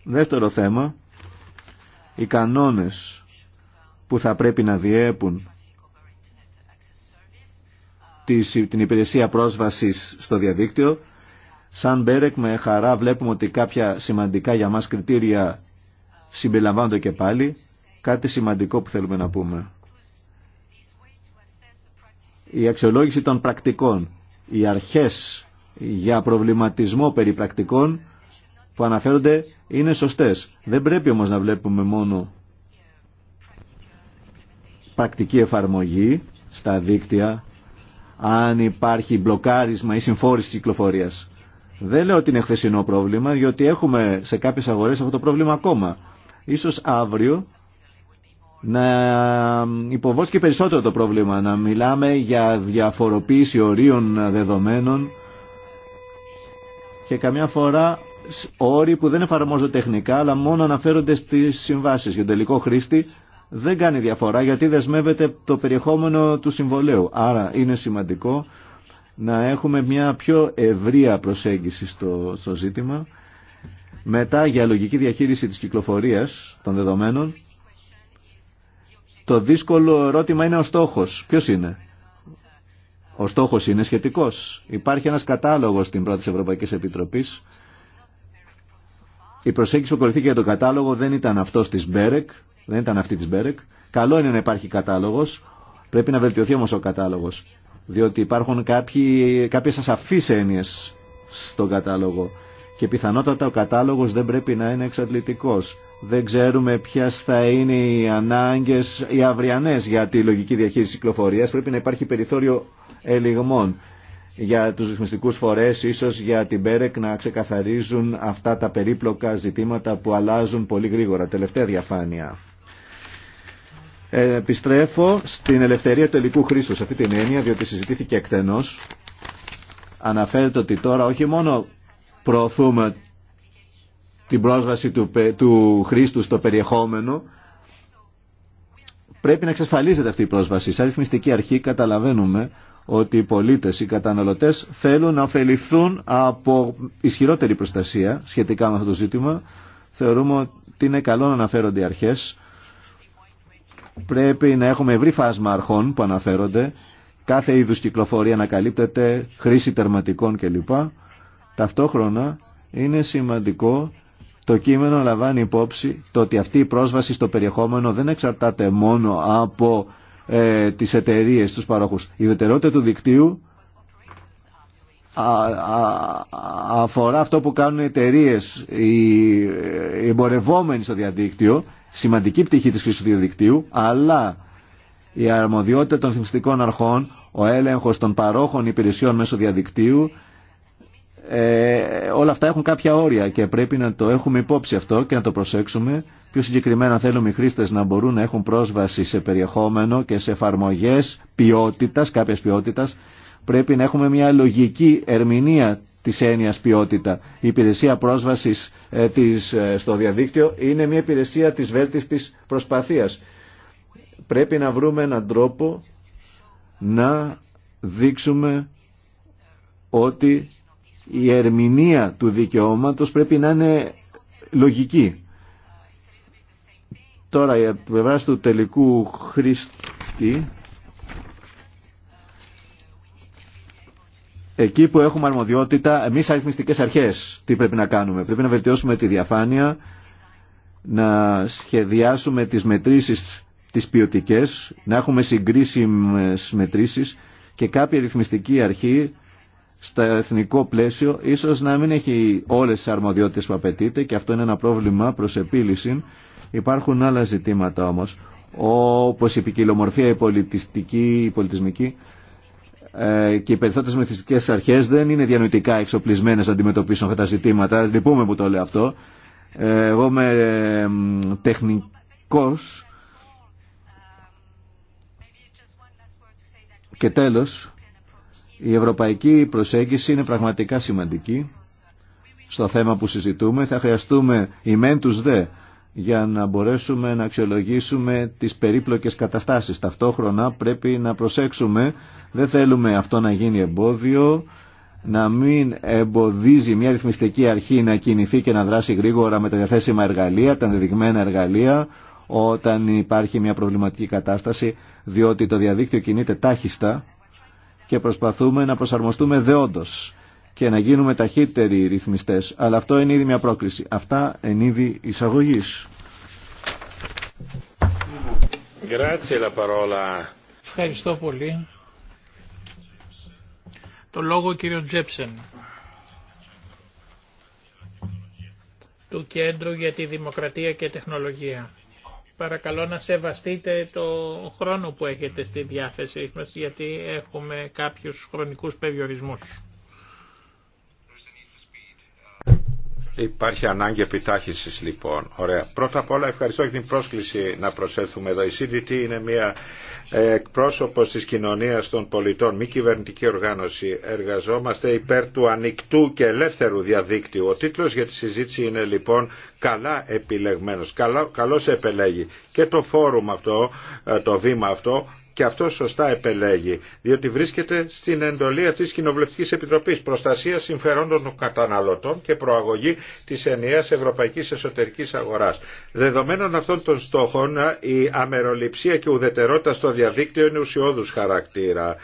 Δεύτερο θέμα, οι κανόνες που θα πρέπει να διέπουν την υπηρεσία πρόσβασης στο διαδίκτυο. Σαν Μπέρεκ με χαρά βλέπουμε ότι κάποια σημαντικά για μας κριτήρια συμπεριλαμβάνονται και πάλι. Κάτι σημαντικό που θέλουμε να πούμε. Η αξιολόγηση των πρακτικών. Οι αρχές για προβληματισμό περί πρακτικών που αναφέρονται είναι σωστές. Δεν πρέπει όμως να βλέπουμε μόνο πρακτική εφαρμογή στα δίκτυα αν υπάρχει μπλοκάρισμα ή συμφόρηση της κυκλοφορίας. Δεν λέω ότι είναι χθεσινό πρόβλημα, διότι έχουμε σε κάποιες αγορές αυτό το πρόβλημα ακόμα. Ίσως αύριο να υποβόσκει περισσότερο το πρόβλημα, να μιλάμε για διαφοροποίηση ορίων δεδομένων και καμιά φορά όροι που δεν εφαρμόζονται τεχνικά, αλλά μόνο αναφέρονται στις συμβάσεις. Για τον τελικό χρήστη δεν κάνει διαφορά γιατί δεσμεύεται το περιεχόμενο του συμβολέου. Άρα είναι σημαντικό να έχουμε μια πιο ευρία προσέγγιση στο, στο ζήτημα. Μετά για λογική διαχείριση της κυκλοφορίας των δεδομένων, το δύσκολο ερώτημα είναι ο στόχος. Ποιος είναι? Ο στόχος είναι σχετικός. Υπάρχει ένας κατάλογος στην πρώτη Ευρωπαϊκή Επιτροπής. Η προσέγγιση που ακολουθήκε για τον κατάλογο δεν ήταν αυτός της Μπέρεκ, δεν ήταν αυτή της Μπέρεκ. Καλό είναι να υπάρχει κατάλογος, πρέπει να βελτιωθεί όμως ο κατάλογος, διότι υπάρχουν κάποιε κάποιες ασαφείς έννοιες στον κατάλογο και πιθανότατα ο κατάλογος δεν πρέπει να είναι εξαντλητικός. Δεν ξέρουμε ποιε θα είναι οι ανάγκες οι αυριανές για τη λογική διαχείριση κυκλοφορίας. Πρέπει να υπάρχει περιθώριο ελιγμών για τους ρυθμιστικούς φορές, ίσως για την ΠΕΡΕΚ να ξεκαθαρίζουν αυτά τα περίπλοκα ζητήματα που αλλάζουν πολύ γρήγορα. Τελευταία διαφάνεια επιστρέφω στην ελευθερία του ελικού χρήστου σε αυτή την έννοια, διότι συζητήθηκε εκτενώς. Αναφέρεται ότι τώρα όχι μόνο προωθούμε την πρόσβαση του, του χρήστου στο περιεχόμενο, πρέπει να εξασφαλίζεται αυτή η πρόσβαση. Σαν ρυθμιστική αρχή καταλαβαίνουμε ότι οι πολίτες, οι καταναλωτές θέλουν να ωφεληθούν από ισχυρότερη προστασία σχετικά με αυτό το ζήτημα. Θεωρούμε ότι είναι καλό να αναφέρονται οι αρχές Πρέπει να έχουμε ευρύ φάσμα αρχών που αναφέρονται, κάθε είδους κυκλοφορία να καλύπτεται, χρήση τερματικών κλπ. Ταυτόχρονα είναι σημαντικό το κείμενο λαμβάνει υπόψη το ότι αυτή η πρόσβαση στο περιεχόμενο δεν εξαρτάται μόνο από ε, τις εταιρείες, τους παρόχους. Η ιδιαιτερότητα του δικτύου αφορά αυτό που κάνουν οι εταιρείε, ε, οι εμπορευόμενοι στο διαδίκτυο σημαντική πτυχή της χρήσης του διαδικτύου, αλλά η αρμοδιότητα των θυμιστικών αρχών, ο έλεγχος των παρόχων υπηρεσιών μέσω διαδικτύου, ε, όλα αυτά έχουν κάποια όρια και πρέπει να το έχουμε υπόψη αυτό και να το προσέξουμε. Πιο συγκεκριμένα θέλουμε οι χρήστες να μπορούν να έχουν πρόσβαση σε περιεχόμενο και σε εφαρμογές ποιότητας, κάποιες ποιότητας. Πρέπει να έχουμε μια λογική ερμηνεία της έννοιας ποιότητα. Η υπηρεσία πρόσβασης ε, της, ε, στο διαδίκτυο είναι μια υπηρεσία της βέλτιστης προσπαθίας. Πρέπει να βρούμε έναν τρόπο να δείξουμε ότι η ερμηνεία του δικαιώματος πρέπει να είναι λογική. Τώρα, για πλευρά του τελικού χρήστη εκεί που έχουμε αρμοδιότητα εμεί αριθμιστικέ αρχές τι πρέπει να κάνουμε. Πρέπει να βελτιώσουμε τη διαφάνεια, να σχεδιάσουμε τις μετρήσεις τι ποιοτικέ, να έχουμε συγκρίσιμε μετρήσεις και κάποια ρυθμιστική αρχή στο εθνικό πλαίσιο ίσως να μην έχει όλες τι αρμοδιότητες που απαιτείται και αυτό είναι ένα πρόβλημα προ επίλυση. Υπάρχουν άλλα ζητήματα όμω, όπως η ποικιλομορφία η πολιτιστική, η πολιτισμική ε, και οι περισσότερε μεθυστικέ αρχέ δεν είναι διανοητικά εξοπλισμένε να αντιμετωπίσουν αυτά τα ζητήματα. Λυπούμε που το λέω αυτό. Ε, εγώ είμαι ε, τεχνικό. Και τέλος, η ευρωπαϊκή προσέγγιση είναι πραγματικά σημαντική στο θέμα που συζητούμε. Θα χρειαστούμε η μεν τους δε για να μπορέσουμε να αξιολογήσουμε τις περίπλοκες καταστάσεις. Ταυτόχρονα πρέπει να προσέξουμε, δεν θέλουμε αυτό να γίνει εμπόδιο, να μην εμποδίζει μια ρυθμιστική αρχή να κινηθεί και να δράσει γρήγορα με τα διαθέσιμα εργαλεία, τα ενδεδειγμένα εργαλεία, όταν υπάρχει μια προβληματική κατάσταση, διότι το διαδίκτυο κινείται τάχιστα και προσπαθούμε να προσαρμοστούμε δεόντως και να γίνουμε ταχύτεροι ρυθμιστές. Αλλά αυτό είναι ήδη μια πρόκληση. Αυτά εν είδη εισαγωγής. Ευχαριστώ πολύ. Το λόγο κύριο Τζέψεν του Κέντρου για τη Δημοκρατία και Τεχνολογία. Παρακαλώ να σεβαστείτε το χρόνο που έχετε στη διάθεσή μας γιατί έχουμε κάποιους χρονικούς περιορισμούς. Υπάρχει ανάγκη επιτάχυνσης λοιπόν. Ωραία. Πρώτα απ' όλα ευχαριστώ για την πρόσκληση να προσέλθουμε εδώ. Η CDT είναι μια ε, εκπρόσωπο τη κοινωνία των πολιτών, μη κυβερνητική οργάνωση. Εργαζόμαστε υπέρ του ανοιχτού και ελεύθερου διαδίκτυου. Ο τίτλος για τη συζήτηση είναι λοιπόν καλά επιλεγμένος, καλά, επελέγει. Και το φόρουμ αυτό, ε, το βήμα αυτό και αυτό σωστά επελέγει, διότι βρίσκεται στην εντολή αυτής της Κοινοβουλευτικής Επιτροπής Προστασία Συμφερόντων των Καταναλωτών και Προαγωγή της Ενιαίας Ευρωπαϊκής Εσωτερικής Αγοράς. Δεδομένων αυτών των στόχων, η αμεροληψία και ουδετερότητα στο διαδίκτυο είναι ουσιώδους χαρακτήρα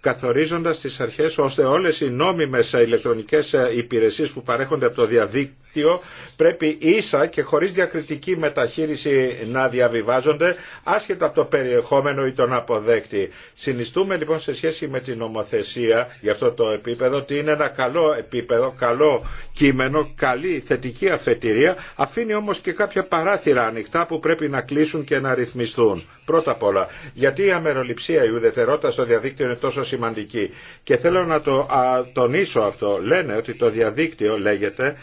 καθορίζοντας τις αρχές ώστε όλες οι νόμιμες ηλεκτρονικές υπηρεσίες που παρέχονται από το διαδίκτυο δίκτυο πρέπει ίσα και χωρίς διακριτική μεταχείριση να διαβιβάζονται άσχετα από το περιεχόμενο ή τον αποδέκτη. Συνιστούμε λοιπόν σε σχέση με την νομοθεσία για αυτό το επίπεδο ότι είναι ένα καλό επίπεδο, καλό κείμενο, καλή θετική αφετηρία αφήνει όμως και κάποια παράθυρα ανοιχτά που πρέπει να κλείσουν και να ρυθμιστούν. Πρώτα απ' όλα, γιατί η αμεροληψία, η ουδετερότητα στο διαδίκτυο είναι τόσο σημαντική. Και θέλω να το α, τονίσω αυτό. Λένε ότι το διαδίκτυο λέγεται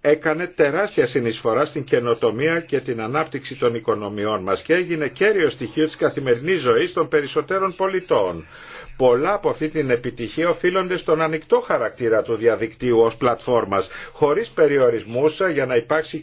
έκανε τεράστια συνεισφορά στην καινοτομία και την ανάπτυξη των οικονομιών μας και έγινε κέριο στοιχείο της καθημερινής ζωής των περισσότερων πολιτών. Πολλά από αυτή την επιτυχία οφείλονται στον ανοιχτό χαρακτήρα του διαδικτύου ως πλατφόρμας, χωρίς περιορισμούς για να υπάρξει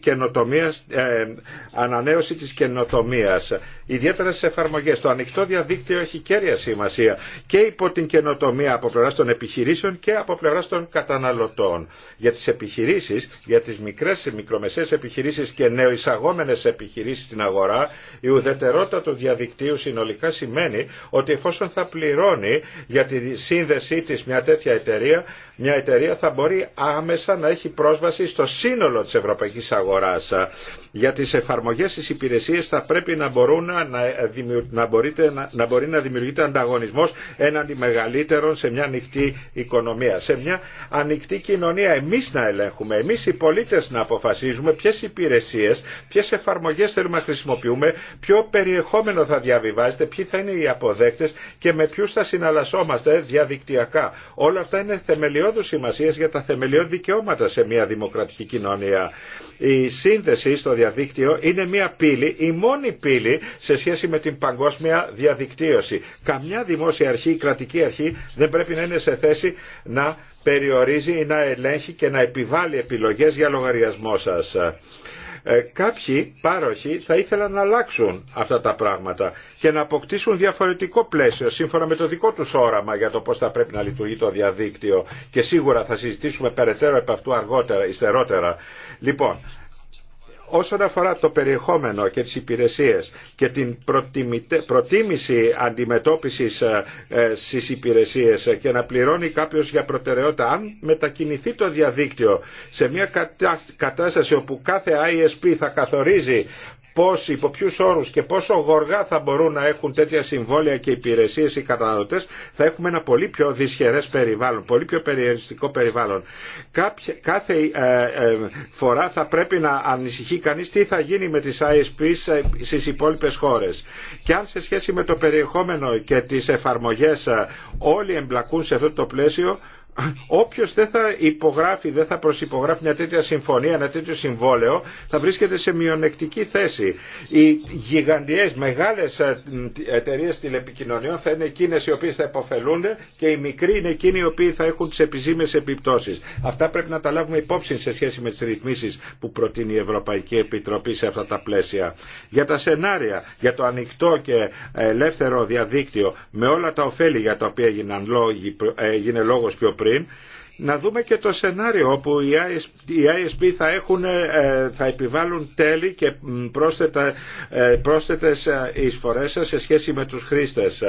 ε, ανανέωση της καινοτομίας. Ιδιαίτερα στις εφαρμογές. Το ανοιχτό διαδίκτυο έχει κέρια σημασία και υπό την καινοτομία από πλευρά των επιχειρήσεων και από πλευρά των καταναλωτών. Για τις επιχειρήσεις, τις μικρές και μικρομεσαίες επιχειρήσεις και νεοεισαγόμενες επιχειρήσεις στην αγορά, η ουδετερότητα του διαδικτύου συνολικά σημαίνει ότι εφόσον θα πληρώνει για τη σύνδεσή της μια τέτοια εταιρεία, μια εταιρεία θα μπορεί άμεσα να έχει πρόσβαση στο σύνολο της ευρωπαϊκής αγοράς. Για τις εφαρμογές της υπηρεσίες θα πρέπει να, μπορούν να, να, μπορείτε, να, μπορεί να δημιουργείται ανταγωνισμός έναντι μεγαλύτερων σε μια ανοιχτή οικονομία, σε μια ανοιχτή κοινωνία. Εμείς να ελέγχουμε, εμείς οι πολίτες να αποφασίζουμε ποιες υπηρεσίες, ποιες εφαρμογές θέλουμε να χρησιμοποιούμε, ποιο περιεχόμενο θα διαβιβάζεται, ποιοι θα είναι οι αποδέκτες και με ποιους θα συναλλασσόμαστε διαδικτυακά. Όλα αυτά είναι θεμελιώδη θεμελιώδου σημασία για τα θεμελιώδη δικαιώματα σε μια δημοκρατική κοινωνία. Η σύνδεση στο διαδίκτυο είναι μια πύλη, η μόνη πύλη σε σχέση με την παγκόσμια διαδικτύωση. Καμιά δημόσια αρχή, η κρατική αρχή δεν πρέπει να είναι σε θέση να περιορίζει ή να ελέγχει και να επιβάλλει επιλογές για λογαριασμό σας. Ε, κάποιοι πάροχοι θα ήθελαν να αλλάξουν αυτά τα πράγματα και να αποκτήσουν διαφορετικό πλαίσιο σύμφωνα με το δικό τους όραμα για το πώς θα πρέπει να λειτουργεί το διαδίκτυο και σίγουρα θα συζητήσουμε περαιτέρω επ' αυτού αργότερα, υστερότερα. Λοιπόν, Όσον αφορά το περιεχόμενο και τις υπηρεσίες και την προτίμηση αντιμετώπισης ε, ε, στις υπηρεσίες και να πληρώνει κάποιος για προτεραιότητα, αν μετακινηθεί το διαδίκτυο σε μια κατάσταση όπου κάθε ISP θα καθορίζει πώς, υπό ποιου όρους και πόσο γοργά θα μπορούν να έχουν τέτοια συμβόλαια και υπηρεσίες οι καταναλωτές, θα έχουμε ένα πολύ πιο δυσχερές περιβάλλον, πολύ πιο περιεριστικό περιβάλλον. κάθε ε, ε, φορά θα πρέπει να ανησυχεί κανείς τι θα γίνει με τις ISP στις υπόλοιπες χώρες. Και αν σε σχέση με το περιεχόμενο και τις εφαρμογές ε, όλοι εμπλακούν σε αυτό το πλαίσιο, όποιος δεν θα υπογράφει, δεν θα προσυπογράφει μια τέτοια συμφωνία, ένα τέτοιο συμβόλαιο, θα βρίσκεται σε μειονεκτική θέση. Οι γιγαντιές, μεγάλες ε, ε, εταιρείε τηλεπικοινωνιών θα είναι εκείνες οι οποίες θα υποφελούνται και οι μικροί είναι εκείνοι οι οποίοι θα έχουν τις επιζήμες επιπτώσεις. Αυτά πρέπει να τα λάβουμε υπόψη σε σχέση με τις ρυθμίσεις που προτείνει η Ευρωπαϊκή Επιτροπή σε αυτά τα πλαίσια. Για τα σενάρια, για το ανοιχτό και ελεύθερο διαδίκτυο, με όλα τα ωφέλη για τα οποία ε, έγινε λόγος πιο πριν, να δούμε και το σενάριο όπου οι ISP θα, έχουν, ε, θα επιβάλλουν τέλη και πρόσθετα, ε, πρόσθετες ε, εισφορές σε σχέση με τους χρήστες.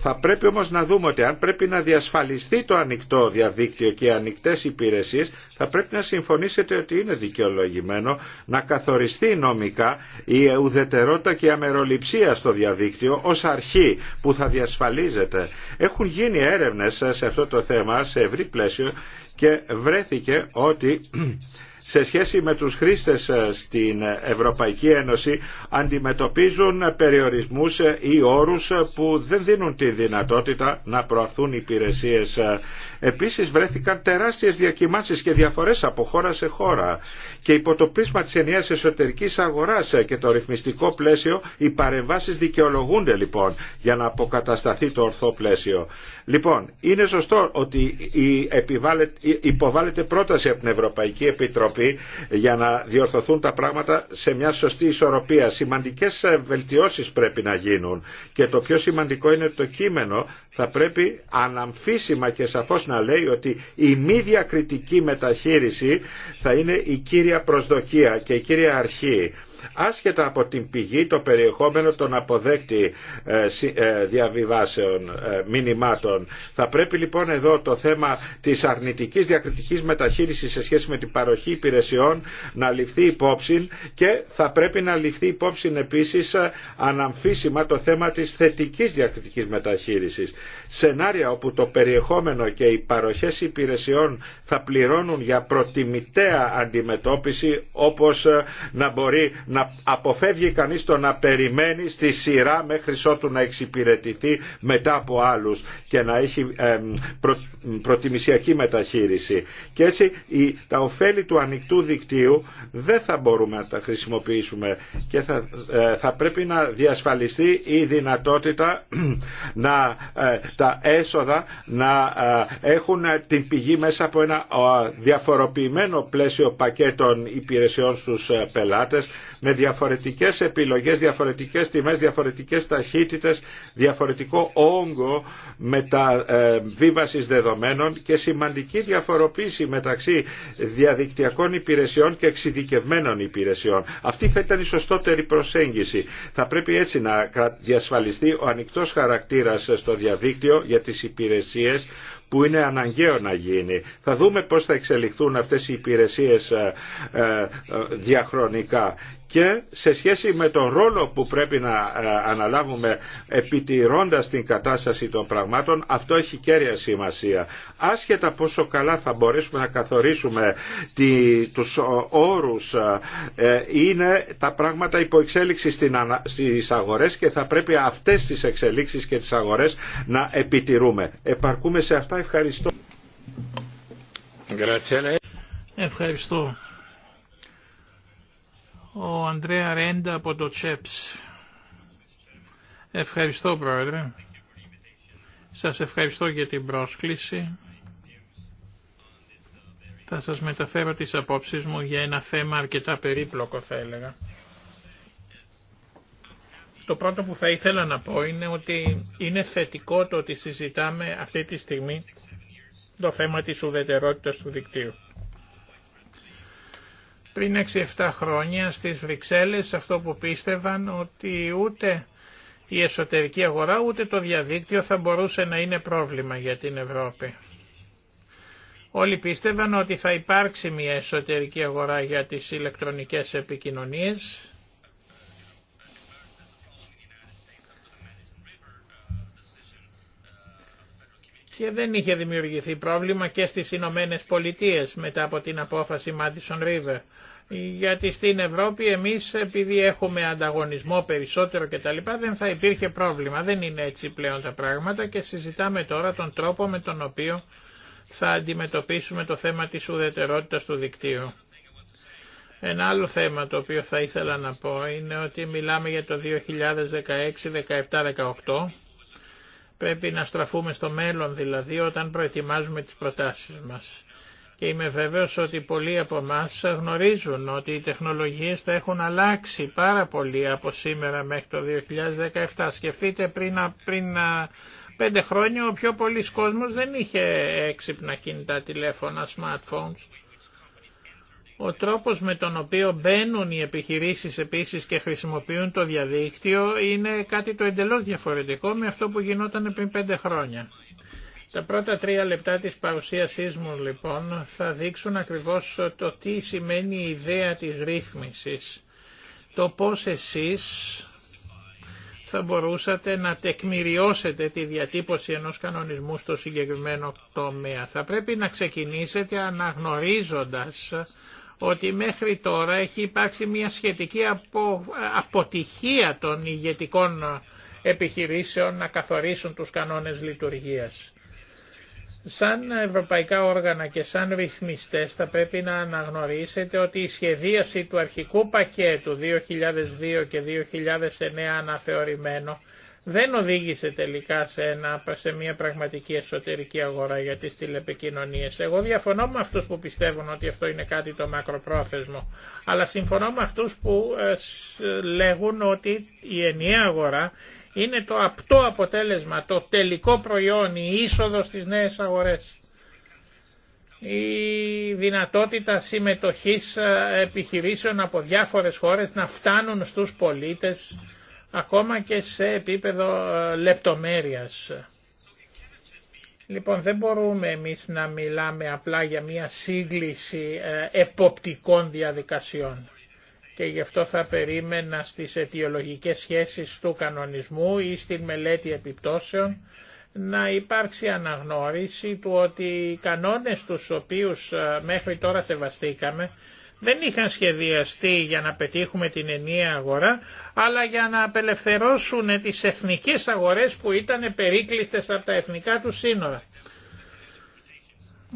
Θα πρέπει όμως να δούμε ότι αν πρέπει να διασφαλιστεί το ανοιχτό διαδίκτυο και οι ανοιχτές υπηρεσίες θα πρέπει να συμφωνήσετε ότι είναι δικαιολογημένο να καθοριστεί νομικά η ουδετερότητα και η αμεροληψία στο διαδίκτυο ως αρχή που θα διασφαλίζεται. Έχουν γίνει έρευνες σε αυτό το θέμα σε ευρύ πλαίσιο και βρέθηκε ότι σε σχέση με τους χρήστες ε, στην Ευρωπαϊκή Ένωση αντιμετωπίζουν περιορισμούς ε, ή όρους ε, που δεν δίνουν τη δυνατότητα να προαθούν υπηρεσίες. Επίσης βρέθηκαν τεράστιες διακοιμάνσεις και διαφορές από χώρα σε χώρα και υπό το πρίσμα της ενιαίας εσωτερικής αγοράς και το ρυθμιστικό πλαίσιο οι παρεμβάσεις δικαιολογούνται λοιπόν για να αποκατασταθεί το ορθό πλαίσιο. Λοιπόν, είναι σωστό ότι υποβάλλεται πρόταση από την Ευρωπαϊκή Επιτροπή για να διορθωθούν τα πράγματα σε μια σωστή ισορροπία. Σημαντικές βελτιώσεις πρέπει να γίνουν και το πιο σημαντικό είναι το κείμενο θα πρέπει αναμφίσιμα και σαφώς να λέει ότι η μη διακριτική μεταχείριση θα είναι η κύρια προσδοκία και η κύρια αρχή άσχετα από την πηγή, το περιεχόμενο των αποδέκτη ε, ε, διαβιβάσεων ε, μηνυμάτων. Θα πρέπει λοιπόν εδώ το θέμα της αρνητικής διακριτικής μεταχείρισης σε σχέση με την παροχή υπηρεσιών να ληφθεί υπόψη και θα πρέπει να ληφθεί υπόψη επίσης αναμφίσιμα το θέμα της θετικής διακριτικής μεταχείρισης. Σενάρια όπου το περιεχόμενο και οι παροχές υπηρεσιών θα πληρώνουν για προτιμητέα αντιμετώπιση όπως να μπορεί να αποφεύγει κανείς το να περιμένει στη σειρά μέχρι ότου να εξυπηρετηθεί μετά από άλλους και να έχει προ, προτιμησιακή μεταχείριση. Και έτσι τα ωφέλη του ανοιχτού δικτύου δεν θα μπορούμε να τα χρησιμοποιήσουμε και θα, ε, θα πρέπει να διασφαλιστεί η δυνατότητα (clears throat) να ε, τα έσοδα να ε, έχουν την πηγή μέσα από ένα διαφοροποιημένο πλαίσιο πακέτων υπηρεσιών στους πελάτες με διαφορετικές επιλογές, διαφορετικές τιμές, διαφορετικές ταχύτητες, διαφορετικό όγκο μεταβίβασης ε, δεδομένων και σημαντική διαφοροποίηση μεταξύ διαδικτυακών υπηρεσιών και εξειδικευμένων υπηρεσιών. Αυτή θα ήταν η σωστότερη προσέγγιση. Θα πρέπει έτσι να διασφαλιστεί ο ανοιχτός χαρακτήρας στο διαδίκτυο για τις υπηρεσίες που είναι αναγκαίο να γίνει. Θα δούμε πώς θα εξελιχθούν αυτές οι υπηρεσίες ε, ε, διαχρονικά και σε σχέση με τον ρόλο που πρέπει να ε, αναλάβουμε επιτηρώντας την κατάσταση των πραγμάτων αυτό έχει κέρια σημασία. Άσχετα πόσο καλά θα μπορέσουμε να καθορίσουμε τη, τους όρους ε, είναι τα πράγματα υποεξέλιξη στις αγορές και θα πρέπει αυτές τις εξελίξεις και τις αγορές να επιτηρούμε. Επαρκούμε σε αυτά. Ευχαριστώ. Ευχαριστώ. Ο Ανδρέα Ρέντα από το ΤΣΕΠΣ. Ευχαριστώ Πρόεδρε. Σας ευχαριστώ για την πρόσκληση. Θα σας μεταφέρω τις απόψεις μου για ένα θέμα αρκετά περίπλοκο θα έλεγα. Το πρώτο που θα ήθελα να πω είναι ότι είναι θετικό το ότι συζητάμε αυτή τη στιγμή το θέμα της ουδετερότητας του δικτύου. Πριν 6-7 χρόνια στις Βρυξέλλες αυτό που πίστευαν ότι ούτε η εσωτερική αγορά ούτε το διαδίκτυο θα μπορούσε να είναι πρόβλημα για την Ευρώπη. Όλοι πίστευαν ότι θα υπάρξει μια εσωτερική αγορά για τις ηλεκτρονικές επικοινωνίες και δεν είχε δημιουργηθεί πρόβλημα και στις Ηνωμένε Πολιτείε μετά από την απόφαση Madison River. Γιατί στην Ευρώπη εμείς επειδή έχουμε ανταγωνισμό περισσότερο τα λοιπά δεν θα υπήρχε πρόβλημα. Δεν είναι έτσι πλέον τα πράγματα και συζητάμε τώρα τον τρόπο με τον οποίο θα αντιμετωπίσουμε το θέμα της ουδετερότητας του δικτύου. Ένα άλλο θέμα το οποίο θα ήθελα να πω είναι ότι μιλάμε για το 2016, 17, 18 Πρέπει να στραφούμε στο μέλλον δηλαδή όταν προετοιμάζουμε τις προτάσεις μας. Και είμαι βέβαιος ότι πολλοί από εμά γνωρίζουν ότι οι τεχνολογίες θα έχουν αλλάξει πάρα πολύ από σήμερα μέχρι το 2017. Σκεφτείτε πριν, πριν πέντε χρόνια ο πιο πολλής κόσμος δεν είχε έξυπνα κινητά τηλέφωνα, smartphones. Ο τρόπος με τον οποίο μπαίνουν οι επιχειρήσεις επίσης και χρησιμοποιούν το διαδίκτυο είναι κάτι το εντελώς διαφορετικό με αυτό που γινόταν πριν πέντε χρόνια. Τα πρώτα τρία λεπτά της παρουσίασής μου λοιπόν θα δείξουν ακριβώς το τι σημαίνει η ιδέα της ρύθμισης. Το πώς εσείς θα μπορούσατε να τεκμηριώσετε τη διατύπωση ενός κανονισμού στο συγκεκριμένο τομέα. Θα πρέπει να ξεκινήσετε αναγνωρίζοντας ότι μέχρι τώρα έχει υπάρξει μια σχετική αποτυχία των ηγετικών επιχειρήσεων να καθορίσουν τους κανόνες λειτουργίας. Σαν ευρωπαϊκά όργανα και σαν ρυθμιστές θα πρέπει να αναγνωρίσετε ότι η σχεδίαση του αρχικού πακέτου 2002 και 2009 αναθεωρημένο δεν οδήγησε τελικά σε, μια πραγματική εσωτερική αγορά για τις τηλεπικοινωνίες. Εγώ διαφωνώ με αυτούς που πιστεύουν ότι αυτό είναι κάτι το μακροπρόθεσμο, αλλά συμφωνώ με αυτούς που ε, λέγουν ότι η ενιαία αγορά είναι το απτό αποτέλεσμα, το τελικό προϊόν, η είσοδος στις νέες αγορές. Η δυνατότητα συμμετοχής ε, επιχειρήσεων από διάφορες χώρες να φτάνουν στους πολίτες ακόμα και σε επίπεδο ε, λεπτομέρειας. Λοιπόν, δεν μπορούμε εμείς να μιλάμε απλά για μια σύγκληση ε, εποπτικών διαδικασιών. Και γι' αυτό θα περίμενα στις αιτιολογικές σχέσεις του κανονισμού ή στην μελέτη επιπτώσεων να υπάρξει αναγνώριση του ότι οι κανόνες τους οποίους ε, μέχρι τώρα σεβαστήκαμε δεν είχαν σχεδιαστεί για να πετύχουμε την ενιαία αγορά, αλλά για να απελευθερώσουν τις εθνικές αγορές που ήταν περίκλειστες από τα εθνικά του σύνορα.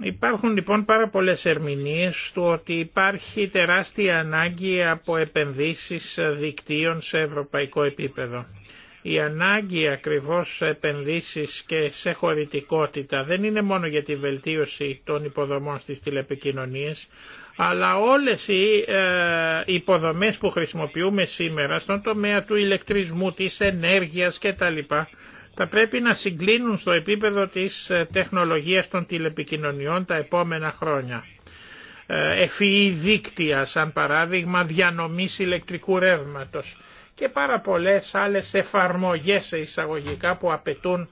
Υπάρχουν λοιπόν πάρα πολλές ερμηνείες του ότι υπάρχει τεράστια ανάγκη από επενδύσεις δικτύων σε ευρωπαϊκό επίπεδο. Η ανάγκη ακριβώς επενδύσεις και σε χωρητικότητα δεν είναι μόνο για τη βελτίωση των υποδομών στις τηλεπικοινωνίες, αλλά όλες οι ε, υποδομές που χρησιμοποιούμε σήμερα στον τομέα του ηλεκτρισμού, της ενέργειας κτλ. θα πρέπει να συγκλίνουν στο επίπεδο της ε, τεχνολογίας των τηλεπικοινωνιών τα επόμενα χρόνια. Ε, Εφηή δίκτυα, σαν παράδειγμα, διανομής ηλεκτρικού ρεύματος και πάρα πολλές άλλες εφαρμογές εισαγωγικά που απαιτούν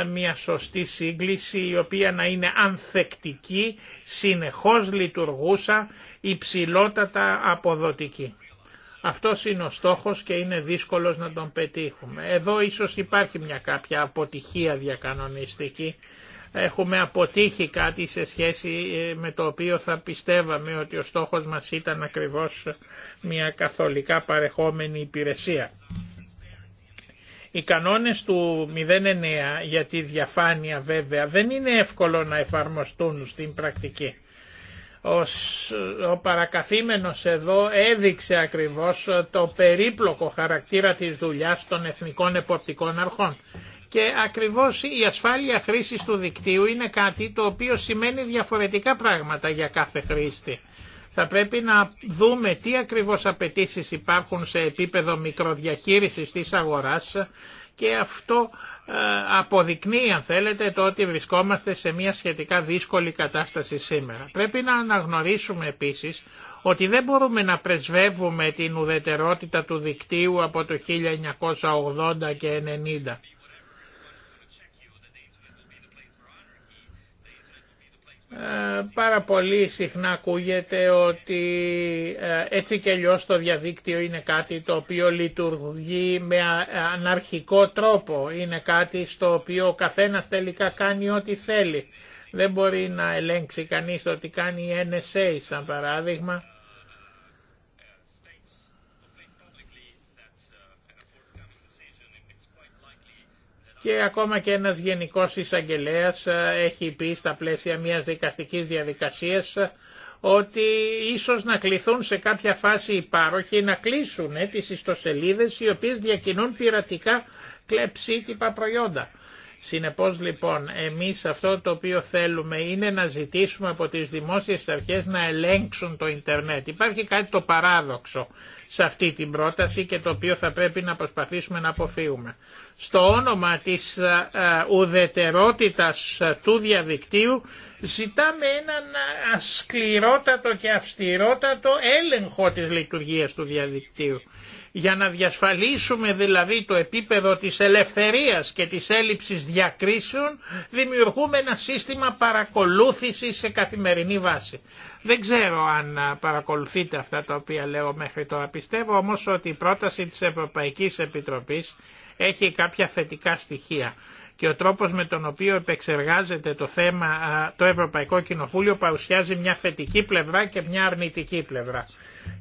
ε, μια σωστή σύγκληση η οποία να είναι ανθεκτική, συνεχώς λειτουργούσα, υψηλότατα αποδοτική. Αυτός είναι ο στόχος και είναι δύσκολος να τον πετύχουμε. Εδώ ίσως υπάρχει μια κάποια αποτυχία διακανονιστική έχουμε αποτύχει κάτι σε σχέση ε, με το οποίο θα πιστεύαμε ότι ο στόχος μας ήταν ακριβώς μια καθολικά παρεχόμενη υπηρεσία. Οι κανόνες του 09 για τη διαφάνεια βέβαια δεν είναι εύκολο να εφαρμοστούν στην πρακτική. Ο, ο παρακαθήμενος εδώ έδειξε ακριβώς το περίπλοκο χαρακτήρα της δουλειάς των εθνικών εποπτικών αρχών και ακριβώς η ασφάλεια χρήσης του δικτύου είναι κάτι το οποίο σημαίνει διαφορετικά πράγματα για κάθε χρήστη. Θα πρέπει να δούμε τι ακριβώς απαιτήσει υπάρχουν σε επίπεδο μικροδιαχείρισης της αγοράς και αυτό ε, αποδεικνύει αν θέλετε το ότι βρισκόμαστε σε μια σχετικά δύσκολη κατάσταση σήμερα. Πρέπει να αναγνωρίσουμε επίσης ότι δεν μπορούμε να πρεσβεύουμε την ουδετερότητα του δικτύου από το 1980 και 90. Ε, πάρα πολύ συχνά ακούγεται ότι ε, έτσι και αλλιώ το διαδίκτυο είναι κάτι το οποίο λειτουργεί με αναρχικό τρόπο. Είναι κάτι στο οποίο ο καθένας τελικά κάνει ό,τι θέλει. Δεν μπορεί να ελέγξει κανείς το ότι κάνει η NSA σαν παράδειγμα και ακόμα και ένας γενικός εισαγγελέας ε, έχει πει στα πλαίσια μιας δικαστικής διαδικασίας ε, ότι ίσως να κληθούν σε κάποια φάση οι πάροχοι να κλείσουν ε, τις ιστοσελίδες οι οποίες διακινούν πειρατικά κλεψίτυπα προϊόντα. Συνεπώς λοιπόν εμείς αυτό το οποίο θέλουμε είναι να ζητήσουμε από τις δημόσιες αρχές να ελέγξουν το ίντερνετ. Υπάρχει κάτι το παράδοξο σε αυτή την πρόταση και το οποίο θα πρέπει να προσπαθήσουμε να αποφύγουμε. Στο όνομα της ε, ε, ουδετερότητας ε, του διαδικτύου ζητάμε έναν σκληρότατο και αυστηρότατο έλεγχο της λειτουργίας του διαδικτύου. Για να διασφαλίσουμε δηλαδή το επίπεδο της ελευθερίας και της έλλειψης διακρίσεων δημιουργούμε ένα σύστημα παρακολούθησης σε καθημερινή βάση. Δεν ξέρω αν παρακολουθείτε αυτά τα οποία λέω μέχρι τώρα. Πιστεύω όμως ότι η πρόταση της Ευρωπαϊκής Επιτροπής έχει κάποια θετικά στοιχεία και ο τρόπος με τον οποίο επεξεργάζεται το θέμα το Ευρωπαϊκό Κοινοβούλιο παρουσιάζει μια θετική πλευρά και μια αρνητική πλευρά.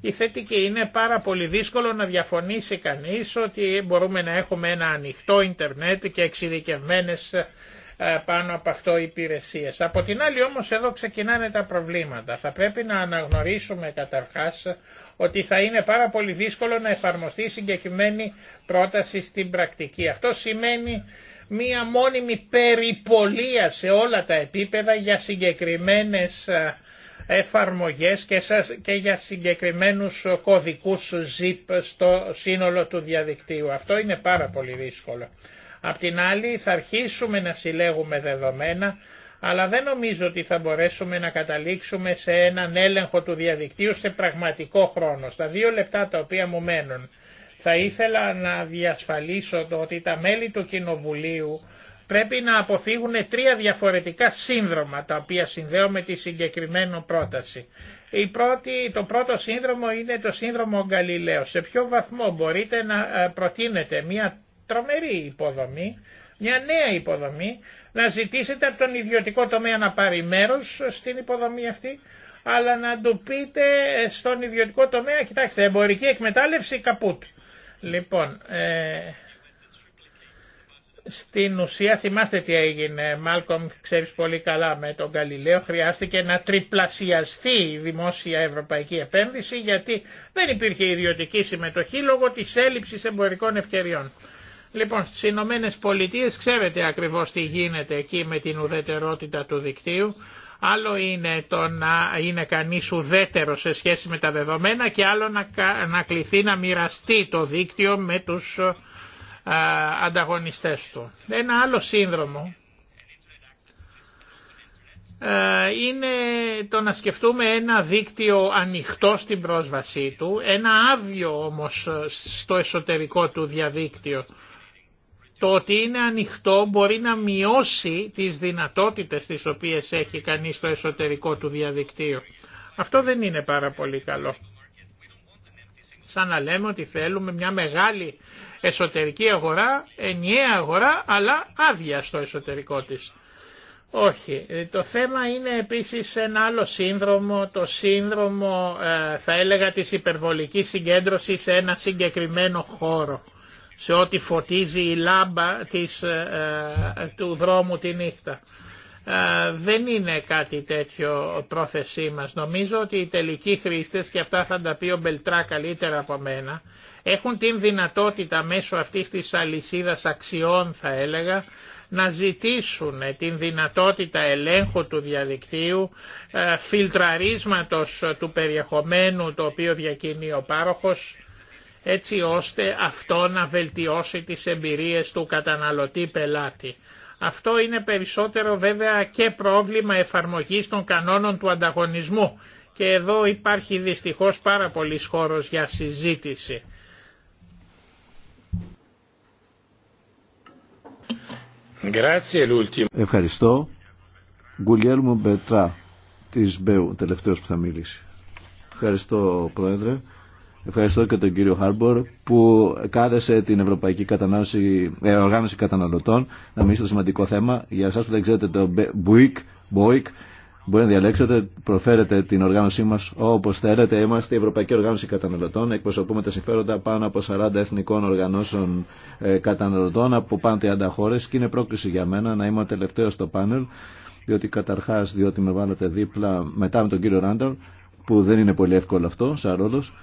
Η θετική είναι πάρα πολύ δύσκολο να διαφωνήσει κανείς ότι μπορούμε να έχουμε ένα ανοιχτό ίντερνετ και εξειδικευμένες ε, πάνω από αυτό υπηρεσίες. Από την άλλη όμως εδώ ξεκινάνε τα προβλήματα. Θα πρέπει να αναγνωρίσουμε καταρχάς ότι θα είναι πάρα πολύ δύσκολο να εφαρμοστεί συγκεκριμένη πρόταση στην πρακτική. Αυτό σημαίνει μία μόνιμη περιπολία σε όλα τα επίπεδα για συγκεκριμένες ε, εφαρμογές και, σας, και για συγκεκριμένους κωδικούς ZIP στο σύνολο του διαδικτύου. Αυτό είναι πάρα πολύ δύσκολο. Απ' την άλλη θα αρχίσουμε να συλλέγουμε δεδομένα, αλλά δεν νομίζω ότι θα μπορέσουμε να καταλήξουμε σε έναν έλεγχο του διαδικτύου σε πραγματικό χρόνο. Στα δύο λεπτά τα οποία μου μένουν θα ήθελα να διασφαλίσω ότι τα μέλη του Κοινοβουλίου πρέπει να αποφύγουν τρία διαφορετικά σύνδρομα τα οποία συνδέω με τη συγκεκριμένη πρόταση. Η το πρώτο σύνδρομο είναι το σύνδρομο Γκαλιλαίο. Σε ποιο βαθμό μπορείτε να ε, προτείνετε μια τρομερή υποδομή, μια νέα υποδομή, να ζητήσετε από τον ιδιωτικό τομέα να πάρει μέρο στην υποδομή αυτή, αλλά να του πείτε στον ιδιωτικό τομέα, κοιτάξτε, εμπορική εκμετάλλευση καπούτ. Λοιπόν, ε, στην ουσία θυμάστε τι έγινε, Μάλκομ ξέρεις πολύ καλά με τον Γαλιλαίο, χρειάστηκε να τριπλασιαστεί η δημόσια ευρωπαϊκή επένδυση γιατί δεν υπήρχε ιδιωτική συμμετοχή λόγω της έλλειψης εμπορικών ευκαιριών. Λοιπόν, στις Ηνωμένε Πολιτείε ξέρετε ακριβώς τι γίνεται εκεί με την ουδετερότητα του δικτύου. Άλλο είναι το να είναι κανείς ουδέτερο σε σχέση με τα δεδομένα και άλλο να, να κληθεί να μοιραστεί το δίκτυο με τους ανταγωνιστές του. Ένα άλλο σύνδρομο ε, είναι το να σκεφτούμε ένα δίκτυο ανοιχτό στην πρόσβασή του, ένα άδειο όμως στο εσωτερικό του διαδίκτυο. Το ότι είναι ανοιχτό μπορεί να μειώσει τις δυνατότητες τις οποίες έχει κανείς στο εσωτερικό του διαδικτύου. Αυτό δεν είναι πάρα πολύ καλό. Σαν να λέμε ότι θέλουμε μια μεγάλη εσωτερική αγορά, ενιαία αγορά, αλλά άδεια στο εσωτερικό της. Όχι. Ε, το θέμα είναι επίσης ένα άλλο σύνδρομο, το σύνδρομο ε, θα έλεγα της υπερβολικής συγκέντρωσης σε ένα συγκεκριμένο χώρο, σε ό,τι φωτίζει η λάμπα της, ε, του δρόμου τη νύχτα. Ε, δεν είναι κάτι τέτοιο πρόθεσή μας. Νομίζω ότι οι τελικοί χρήστες, και αυτά θα τα πει ο Μπελτρά καλύτερα από μένα, έχουν την δυνατότητα μέσω αυτής της αλυσίδας αξιών θα έλεγα, να ζητήσουν την δυνατότητα ελέγχου του διαδικτύου, ε, φιλτραρίσματος του περιεχομένου το οποίο διακινεί ο πάροχος, έτσι ώστε αυτό να βελτιώσει τις εμπειρίες του καταναλωτή πελάτη. Αυτό είναι περισσότερο βέβαια και πρόβλημα εφαρμογής των κανόνων του ανταγωνισμού και εδώ υπάρχει δυστυχώς πάρα πολύ χώρος για συζήτηση. Ευχαριστώ. Γκουλιέλμου Μπετρά της Μπέου, τελευταίος που θα μιλήσει. Ευχαριστώ Πρόεδρε. Ευχαριστώ και τον κύριο Χάρμπορ που κάλεσε την Ευρωπαϊκή κατανάλωση, ε, Οργάνωση Καταναλωτών να μιλήσει το σημαντικό θέμα. Για εσά που δεν ξέρετε το BUIC, BOIC, μπορεί να διαλέξετε, προφέρετε την οργάνωσή μα όπω θέλετε. Είμαστε η Ευρωπαϊκή Οργάνωση Καταναλωτών. Εκπροσωπούμε τα συμφέροντα πάνω από 40 εθνικών οργανώσεων ε, καταναλωτών από πάνω 30 χώρε και είναι πρόκληση για μένα να είμαι ο τελευταίο στο πάνελ. Διότι καταρχά, διότι με βάλατε δίπλα μετά με τον κύριο Ράνταλ, που δεν είναι πολύ εύκολο αυτό, σαν ρόλος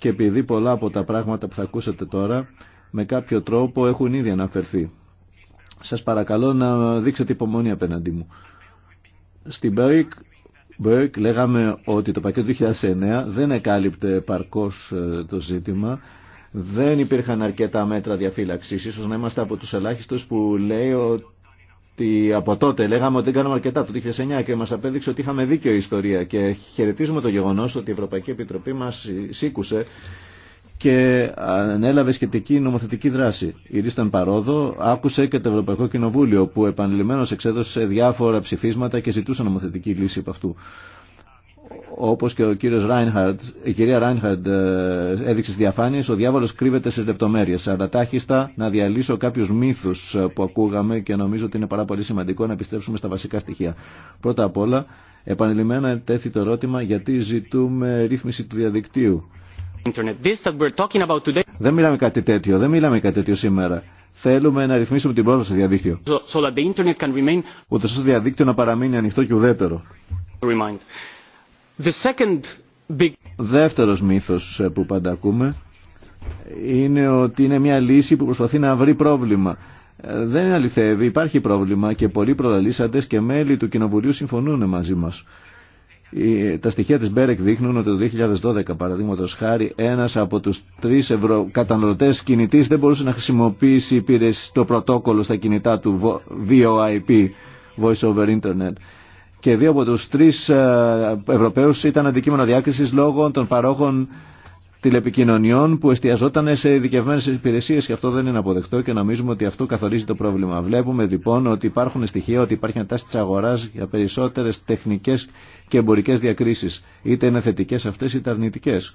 και επειδή πολλά από τα πράγματα που θα ακούσετε τώρα με κάποιο τρόπο έχουν ήδη αναφερθεί. Σας παρακαλώ να δείξετε υπομονή απέναντί μου. Στην Break Μπέικ λέγαμε ότι το πακέτο 2009 δεν εκάλυπτε παρκώς ε, το ζήτημα, δεν υπήρχαν αρκετά μέτρα διαφύλαξης, ίσως να είμαστε από τους ελάχιστους που λέει ότι ότι από τότε λέγαμε ότι δεν κάναμε αρκετά το 2009 και μας απέδειξε ότι είχαμε δίκιο η ιστορία και χαιρετίζουμε το γεγονός ότι η Ευρωπαϊκή Επιτροπή μας σήκουσε και ανέλαβε σχετική νομοθετική δράση. Η Ρίστον Παρόδο άκουσε και το Ευρωπαϊκό Κοινοβούλιο που επανειλημμένως εξέδωσε διάφορα ψηφίσματα και ζητούσε νομοθετική λύση από αυτού όπως και ο κύριος Ράινχαρντ, η κυρία Ράινχαρντ ε, έδειξε διαφάνειες, ο διάβολος κρύβεται στις λεπτομέρειες. Αλλά τάχιστα να διαλύσω κάποιους μύθους ε, που ακούγαμε και νομίζω ότι είναι πάρα πολύ σημαντικό να πιστέψουμε στα βασικά στοιχεία. Πρώτα απ' όλα, επανειλημμένα τέθη το ερώτημα γιατί ζητούμε ρύθμιση του διαδικτύου. Δεν μιλάμε κάτι τέτοιο, δεν μιλάμε κάτι τέτοιο σήμερα. Θέλουμε να ρυθμίσουμε την πρόσβαση στο διαδίκτυο. So, so remain... ώστε διαδίκτυο να παραμείνει ανοιχτό και ουδέτερο. Ο Δεύτερος μύθος ε, που πάντα ακούμε είναι ότι είναι μια λύση που προσπαθεί να βρει πρόβλημα. Ε, δεν είναι αληθεύει, υπάρχει πρόβλημα και πολλοί προλαλήσαντες και μέλη του Κοινοβουλίου συμφωνούν μαζί μας. Τα στοιχεία της Μπέρεκ δείχνουν ότι το 2012 παραδείγματο χάρη ένας από τους τρεις ευρω... κινητής δεν μπορούσε να χρησιμοποιήσει το πρωτόκολλο στα κινητά του VOIP, Voice over Internet και δύο από τους τρεις ε, Ευρωπαίους ήταν αντικείμενο διάκρισης λόγω των παρόχων τηλεπικοινωνιών που εστιαζόταν σε ειδικευμένε υπηρεσίες και αυτό δεν είναι αποδεκτό και νομίζουμε ότι αυτό καθορίζει το πρόβλημα. Βλέπουμε λοιπόν ότι υπάρχουν στοιχεία, ότι υπάρχει μια τάση τη αγορά για περισσότερες τεχνικές και εμπορικές διακρίσεις. Είτε είναι θετικέ αυτέ είτε αρνητικές.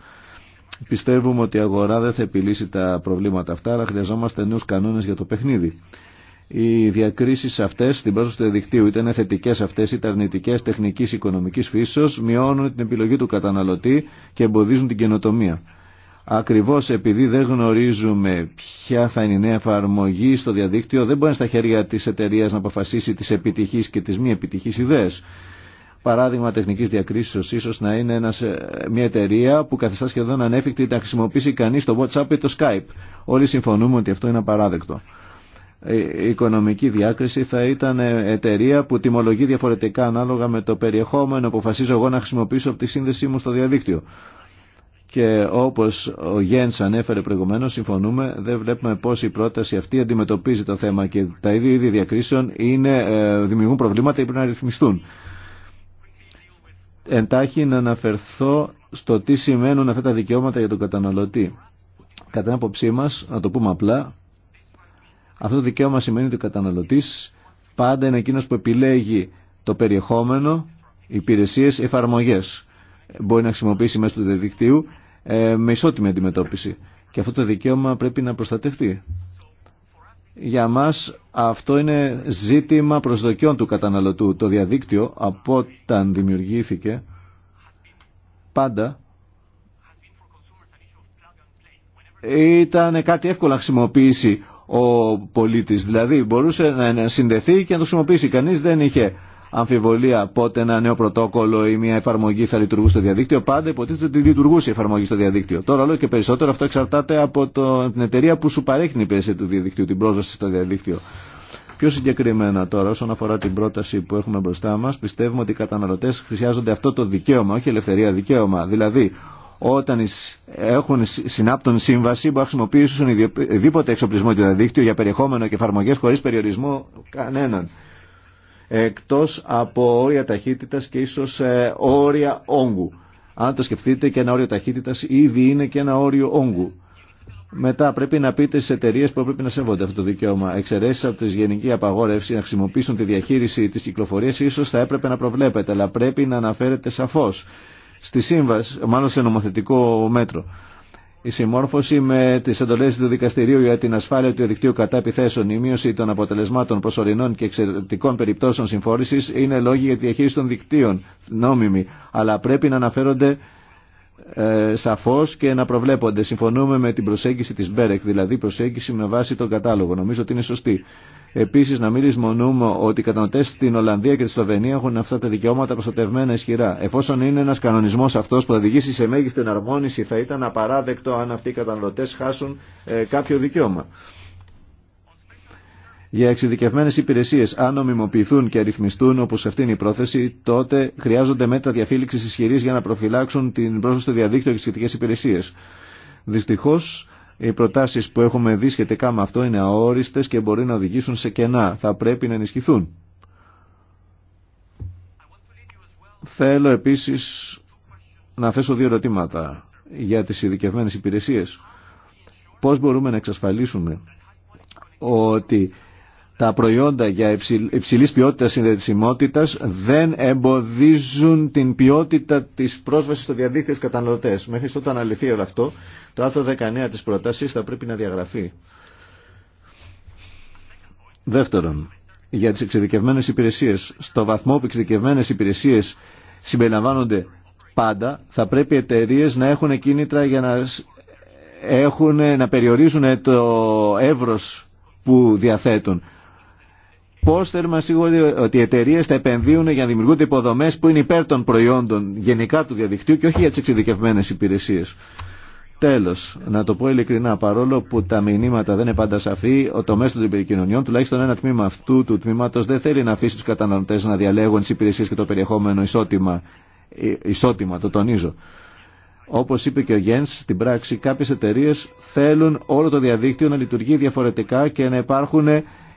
Πιστεύουμε ότι η αγορά δεν θα επιλύσει τα προβλήματα αυτά, αλλά χρειαζόμαστε νέους κανόνε για το παιχνίδι. Οι διακρίσει αυτέ στην πρόσβαση του διαδικτύου, είτε είναι θετικέ αυτέ είτε αρνητικέ τεχνική οικονομική φύσεω, μειώνουν την επιλογή του καταναλωτή και εμποδίζουν την καινοτομία. Ακριβώ επειδή δεν γνωρίζουμε ποια θα είναι η νέα εφαρμογή στο διαδίκτυο, δεν μπορεί στα χέρια τη εταιρεία να αποφασίσει τι επιτυχεί και τι μη επιτυχεί ιδέε. Παράδειγμα τεχνική διακρίση ίσω να είναι ένας, ε, μια εταιρεία που καθιστά σχεδόν ανέφικτη να χρησιμοποιήσει κανεί το WhatsApp ή το Skype. Όλοι συμφωνούμε ότι αυτό είναι απαράδεκτο. Ε, η οικονομική διάκριση θα ήταν εταιρεία που τιμολογεί διαφορετικά ανάλογα με το περιεχόμενο που αποφασίζω εγώ να χρησιμοποιήσω από τη σύνδεσή μου στο διαδίκτυο. Και όπω ο Γέν ανέφερε προηγουμένω, συμφωνούμε, δεν βλέπουμε πώ η πρόταση αυτή αντιμετωπίζει το θέμα και τα ίδια είδη διακρίσεων είναι, ε, δημιουργούν προβλήματα ή πρέπει να ρυθμιστούν. Εντάχει να αναφερθώ στο τι σημαίνουν αυτά τα δικαιώματα για τον καταναλωτή. Κατά την άποψή μα, να το πούμε απλά, αυτό το δικαίωμα σημαίνει ότι ο καταναλωτής πάντα είναι εκείνο που επιλέγει το περιεχόμενο, υπηρεσίε, εφαρμογέ Μπορεί να χρησιμοποιήσει μέσω του διαδικτύου ε, με ισότιμη αντιμετώπιση. Και αυτό το δικαίωμα πρέπει να προστατευτεί. Για μας αυτό είναι ζήτημα προσδοκιών του καταναλωτού. Το διαδίκτυο από όταν δημιουργήθηκε πάντα ήταν κάτι εύκολο να χρησιμοποιήσει ο πολίτης. Δηλαδή μπορούσε να συνδεθεί και να το χρησιμοποιήσει. Κανείς δεν είχε αμφιβολία πότε ένα νέο πρωτόκολλο ή μια εφαρμογή θα λειτουργούσε στο διαδίκτυο. Πάντα υποτίθεται ότι λειτουργούσε η εφαρμογή στο διαδίκτυο. Τώρα όλο και περισσότερο αυτό εξαρτάται από το, την εταιρεία που σου παρέχει την υπηρεσία του διαδικτύου, την πρόσβαση στο διαδίκτυο. Πιο συγκεκριμένα τώρα, όσον αφορά την πρόταση που έχουμε μπροστά μα, πιστεύουμε ότι οι καταναλωτέ χρειάζονται αυτό το δικαίωμα, όχι ελευθερία, δικαίωμα. Δηλαδή, όταν έχουν συνάπτων σύμβαση που χρησιμοποιήσουν οποιοδήποτε εξοπλισμό του διαδίκτυο για περιεχόμενο και εφαρμογέ χωρί περιορισμό κανέναν. Εκτό από όρια ταχύτητα και ίσω ε, όρια όγκου. Αν το σκεφτείτε και ένα όριο ταχύτητα ήδη είναι και ένα όριο όγκου. Μετά πρέπει να πείτε στι εταιρείε που πρέπει να σέβονται αυτό το δικαίωμα. Εξαιρέσει από τη γενική απαγόρευση να χρησιμοποιήσουν τη διαχείριση τη κυκλοφορία ίσω θα έπρεπε να προβλέπετε, αλλά πρέπει να αναφέρετε σαφώ στη σύμβαση, μάλλον σε νομοθετικό μέτρο. Η συμμόρφωση με τι εντολέ του Δικαστηρίου για την ασφάλεια του διαδικτύου κατά επιθέσεων, η μείωση των αποτελεσμάτων προσωρινών και εξαιρετικών περιπτώσεων συμφόρηση είναι λόγοι για τη διαχείριση των δικτύων, νόμιμοι, αλλά πρέπει να αναφέρονται ε, σαφώ και να προβλέπονται. Συμφωνούμε με την προσέγγιση τη Μπέρεκ, δηλαδή προσέγγιση με βάση τον κατάλογο. Νομίζω ότι είναι σωστή. Επίση, να μην λησμονούμε ότι οι κατανοτέ στην Ολλανδία και τη Σλοβενία έχουν αυτά τα δικαιώματα προστατευμένα ισχυρά. Εφόσον είναι ένα κανονισμό αυτό που θα οδηγήσει σε μέγιστη εναρμόνιση, θα ήταν απαράδεκτο αν αυτοί οι καταναλωτέ χάσουν ε, κάποιο δικαίωμα. Για εξειδικευμένε υπηρεσίε, αν νομιμοποιηθούν και αριθμιστούν όπω αυτή είναι η πρόθεση, τότε χρειάζονται μέτρα διαφύλαξη ισχυρή για να προφυλάξουν την πρόσβαση στο διαδίκτυο και τι σχετικέ υπηρεσίε. Δυστυχώ, οι προτάσει που έχουμε δει σχετικά με αυτό είναι αόριστες και μπορεί να οδηγήσουν σε κενά. Θα πρέπει να ενισχυθούν. Θέλω επίσης να θέσω δύο ερωτήματα για τις ειδικευμένε υπηρεσίες. Πώς μπορούμε να εξασφαλίσουμε ότι τα προϊόντα για υψηλής ποιότητας συνδετησιμότητας δεν εμποδίζουν την ποιότητα της πρόσβασης στο διαδίκτυο στους καταναλωτές. Μέχρι στο αναλυθεί όλο αυτό, το άρθρο 19 της πρότασης θα πρέπει να διαγραφεί. Δεύτερον, για τις εξειδικευμένες υπηρεσίες. Στο βαθμό που εξειδικευμένες υπηρεσίες συμπεριλαμβάνονται πάντα, θα πρέπει οι εταιρείε να έχουν κίνητρα για να, έχουν, να περιορίζουν το εύρος που διαθέτουν. Πώ θέλουμε να σίγουρα ότι οι εταιρείε θα επενδύουν για να δημιουργούνται υποδομέ που είναι υπέρ των προϊόντων γενικά του διαδικτύου και όχι για τι εξειδικευμένε υπηρεσίε. Τέλο, να το πω ειλικρινά, παρόλο που τα μηνύματα δεν είναι πάντα σαφή, ο τομέα των επικοινωνιών, τουλάχιστον ένα τμήμα αυτού του τμήματο, δεν θέλει να αφήσει του καταναλωτέ να διαλέγουν τι υπηρεσίε και το περιεχόμενο ισότιμα. Ε, ισότιμα, το τονίζω. Όπω είπε και ο Γιέν, στην πράξη κάποιε εταιρείε θέλουν όλο το διαδίκτυο να λειτουργεί διαφορετικά και να υπάρχουν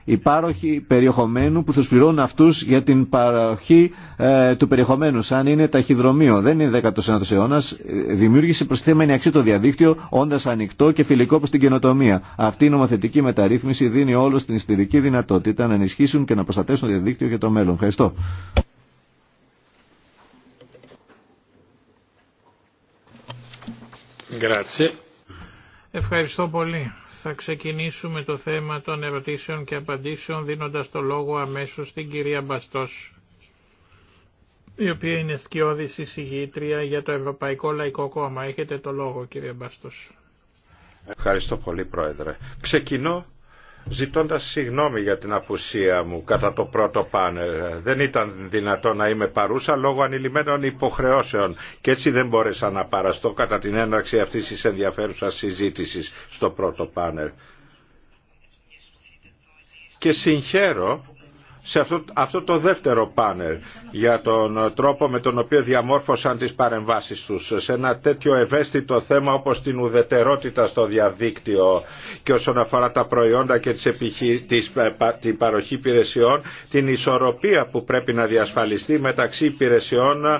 οι πάροχοι περιεχομένου που θα πληρώνουν αυτού για την παροχή ε, του περιεχομένου, σαν είναι ταχυδρομείο. Δεν είναι 19ο αιώνας, δημιούργησε προσθέμενη αξία το διαδίκτυο, όντα ανοιχτό και φιλικό προς την καινοτομία. Αυτή η νομοθετική μεταρρύθμιση δίνει όλο την ιστορική δυνατότητα να ενισχύσουν και να προστατέσουν το διαδίκτυο για το μέλλον. Ευχαριστώ. Ευχαριστώ πολύ. Θα ξεκινήσουμε το θέμα των ερωτήσεων και απαντήσεων δίνοντας το λόγο αμέσως στην κυρία Μπαστός, η οποία είναι σκιώδης εισηγήτρια για το Ευρωπαϊκό Λαϊκό Κόμμα. Έχετε το λόγο κύριε Μπαστός. Ευχαριστώ πολύ πρόεδρε. Ξεκινώ ζητώντας συγγνώμη για την απουσία μου κατά το πρώτο πάνελ. Δεν ήταν δυνατό να είμαι παρούσα λόγω ανηλυμένων υποχρεώσεων και έτσι δεν μπόρεσα να παραστώ κατά την έναρξη αυτής της ενδιαφέρουσας συζήτησης στο πρώτο πάνελ. Και συγχαίρω σε αυτό, το δεύτερο πάνελ για τον τρόπο με τον οποίο διαμόρφωσαν τις παρεμβάσεις τους σε ένα τέτοιο ευαίσθητο θέμα όπως την ουδετερότητα στο διαδίκτυο και όσον αφορά τα προϊόντα και τις επιχει... τις... Ε, την παροχή υπηρεσιών την ισορροπία που πρέπει να διασφαλιστεί μεταξύ υπηρεσιών ε,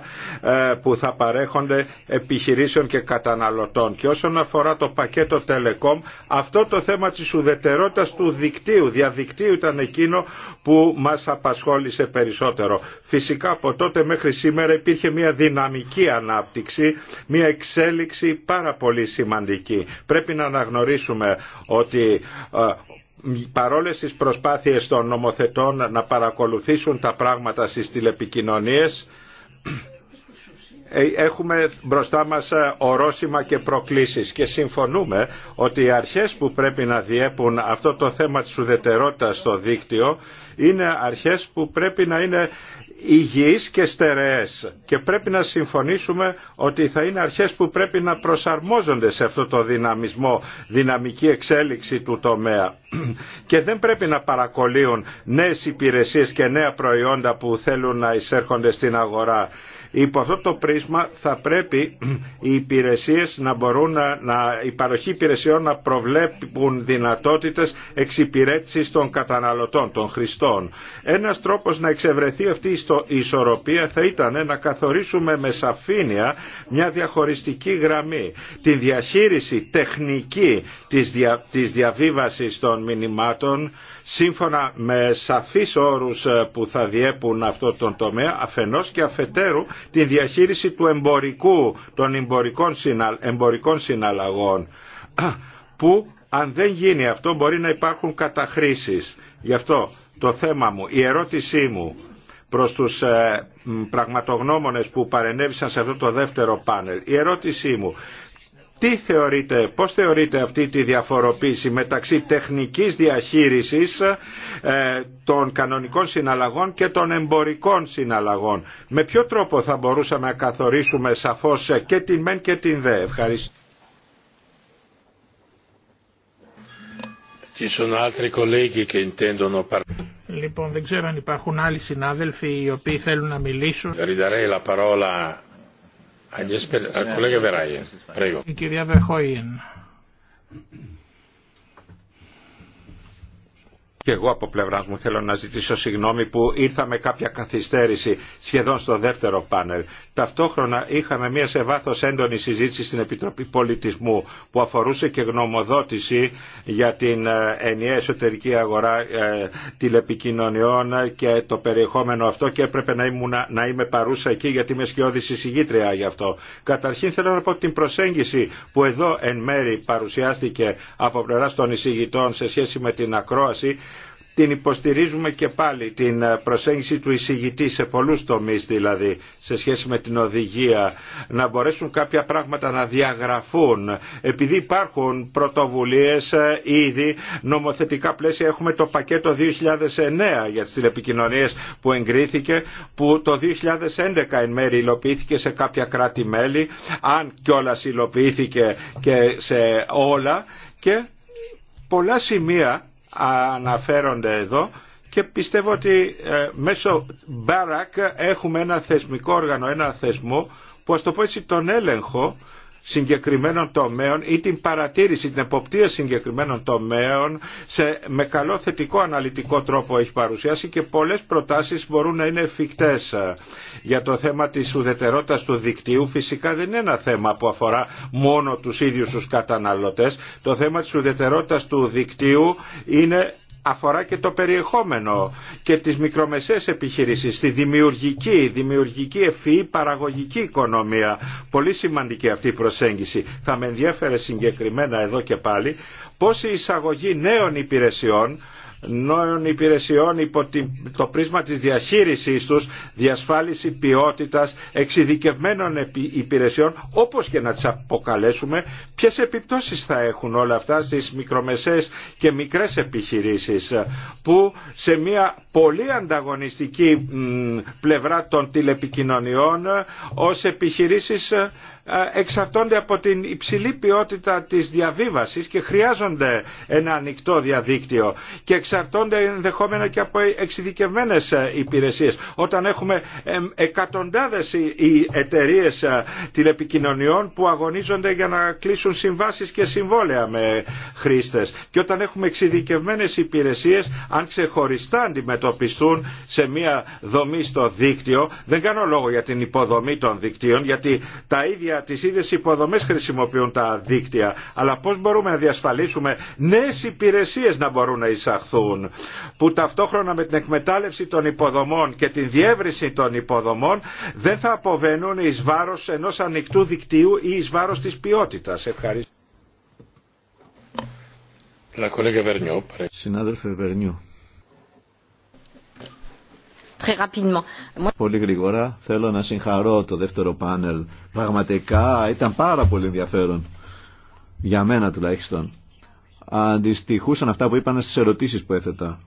που θα παρέχονται επιχειρήσεων και καταναλωτών και όσον αφορά το πακέτο Telecom αυτό το θέμα της ουδετερότητας του δικτύου διαδικτύου ήταν εκείνο που Σα απασχόλησε περισσότερο. Φυσικά από τότε μέχρι σήμερα υπήρχε μια δυναμική ανάπτυξη, μια εξέλιξη πάρα πολύ σημαντική. Πρέπει να αναγνωρίσουμε ότι παρόλες τις προσπάθειες των νομοθετών να παρακολουθήσουν τα πράγματα στις τηλεπικοινωνίες ε, έχουμε μπροστά μας ε, ορόσημα και προκλήσεις και συμφωνούμε ότι οι αρχές που πρέπει να διέπουν αυτό το θέμα της ουδετερότητας στο δίκτυο είναι αρχές που πρέπει να είναι υγιείς και στερεές και πρέπει να συμφωνήσουμε ότι θα είναι αρχές που πρέπει να προσαρμόζονται σε αυτό το δυναμισμό, δυναμική εξέλιξη του τομέα και δεν πρέπει να παρακολύουν νέες υπηρεσίες και νέα προϊόντα που θέλουν να εισέρχονται στην αγορά Υπό αυτό το πρίσμα θα πρέπει οι υπηρεσίες να μπορούν να, να η παροχή υπηρεσιών να προβλέπουν δυνατότητες εξυπηρέτησης των καταναλωτών, των χρηστών. Ένας τρόπος να εξευρεθεί αυτή η ισορροπία θα ήταν να καθορίσουμε με σαφήνεια μια διαχωριστική γραμμή, τη διαχείριση τεχνική της, δια, της των μηνυμάτων σύμφωνα με σαφείς όρους ε, που θα διέπουν αυτό τον τομέα αφενός και αφετέρου την διαχείριση του εμπορικού, των εμπορικών, εμπορικών συναλλαγών (clears throat) που αν δεν γίνει αυτό μπορεί να υπάρχουν καταχρήσεις. Γι' αυτό το θέμα μου, η ερώτησή μου προς τους ε, πραγματογνώμονες που παρενέβησαν σε αυτό το δεύτερο πάνελ. Η ερώτησή μου, τι θεωρείτε, πώς θεωρείτε αυτή τη διαφοροποίηση μεταξύ τεχνικής διαχείρισης ε, των κανονικών συναλλαγών και των εμπορικών συναλλαγών. Με ποιο τρόπο θα μπορούσαμε να καθορίσουμε σαφώς και την μεν και την δε. Ευχαριστώ. Λοιπόν, δεν ξέρω αν υπάρχουν άλλοι συνάδελφοι οι οποίοι θέλουν να μιλήσουν. Κυρία Βερχόιεν. Και εγώ από πλευράς μου θέλω να ζητήσω συγγνώμη που ήρθα με κάποια καθυστέρηση σχεδόν στο δεύτερο πάνελ. Ταυτόχρονα είχαμε μια σε βάθος έντονη συζήτηση στην Επιτροπή Πολιτισμού που αφορούσε και γνωμοδότηση για την ε, ενιαία εσωτερική αγορά ε, τηλεπικοινωνιών και το περιεχόμενο αυτό και έπρεπε να, ήμουν, να είμαι παρούσα εκεί γιατί είμαι σκιώδη εισηγήτρια γι' αυτό. Καταρχήν θέλω να πω την προσέγγιση που εδώ εν μέρη παρουσιάστηκε από πλευρά των εισηγητών σε σχέση με την ακρόαση την υποστηρίζουμε και πάλι την ε, προσέγγιση του εισηγητή σε πολλούς τομείς δηλαδή σε σχέση με την οδηγία να μπορέσουν κάποια πράγματα να διαγραφούν επειδή υπάρχουν πρωτοβουλίες ε, ήδη νομοθετικά πλαίσια έχουμε το πακέτο 2009 για τις τηλεπικοινωνίες που εγκρίθηκε που το 2011 εν μέρη υλοποιήθηκε σε κάποια κράτη-μέλη αν κιόλα υλοποιήθηκε και σε όλα και πολλά σημεία αναφέρονται εδώ και πιστεύω ότι ε, μέσω Μπάρακ έχουμε ένα θεσμικό όργανο, ένα θεσμό που ας το πω έτσι τον έλεγχο συγκεκριμένων τομέων ή την παρατήρηση, την εποπτεία συγκεκριμένων τομέων σε, με καλό θετικό αναλυτικό τρόπο έχει παρουσιάσει και πολλές προτάσεις μπορούν να είναι εφικτές. Για το θέμα της ουδετερότητας του δικτύου φυσικά δεν είναι ένα θέμα που αφορά μόνο τους ίδιους τους καταναλωτές. Το θέμα της ουδετερότητας του δικτύου είναι αφορά και το περιεχόμενο και τις μικρομεσαίες επιχειρήσεις, τη δημιουργική, δημιουργική ευφυή παραγωγική οικονομία. Πολύ σημαντική αυτή η προσέγγιση. Θα με ενδιαφέρε συγκεκριμένα εδώ και πάλι πώς η εισαγωγή νέων υπηρεσιών νέων υπηρεσιών υπό το πρίσμα της διαχείρισής τους, διασφάλιση ποιότητας, εξειδικευμένων υπηρεσιών, όπως και να τις αποκαλέσουμε, ποιες επιπτώσεις θα έχουν όλα αυτά στις μικρομεσαίες και μικρές επιχειρήσεις, που σε μια πολύ ανταγωνιστική πλευρά των τηλεπικοινωνιών, ως επιχειρήσεις ε, εξαρτώνται από την υψηλή ποιότητα της διαβίβασης και χρειάζονται ένα ανοιχτό διαδίκτυο και εξαρτώνται ενδεχόμενα και από εξειδικευμένες ε, υπηρεσίες. Όταν έχουμε εκατοντάδες ε, οι εταιρείες τηλεπικοινωνιών που αγωνίζονται για να κλείσουν συμβάσεις και συμβόλαια με χρήστες και όταν έχουμε εξειδικευμένες υπηρεσίες αν ξεχωριστά αντιμετωπιστούν σε μια δομή στο δίκτυο δεν κάνω λόγο για την υποδομή των δικτύων γιατί τα ίδια τι τις ίδιες υποδομές χρησιμοποιούν τα δίκτυα, αλλά πώς μπορούμε να διασφαλίσουμε νέες υπηρεσίες να μπορούν να εισαχθούν, που ταυτόχρονα με την εκμετάλλευση των υποδομών και την διεύρυνση των υποδομών δεν θα αποβαίνουν εις βάρος ενός ανοιχτού δικτύου ή εις βάρος της ποιότητας. Ευχαριστώ. Συνάδελφε Βερνιού. Πολύ γρήγορα θέλω να συγχαρώ το δεύτερο πάνελ. Πραγματικά ήταν πάρα πολύ ενδιαφέρον. Για μένα τουλάχιστον. Αντιστοιχούσαν αυτά που είπαν στις ερωτήσεις που έθετα.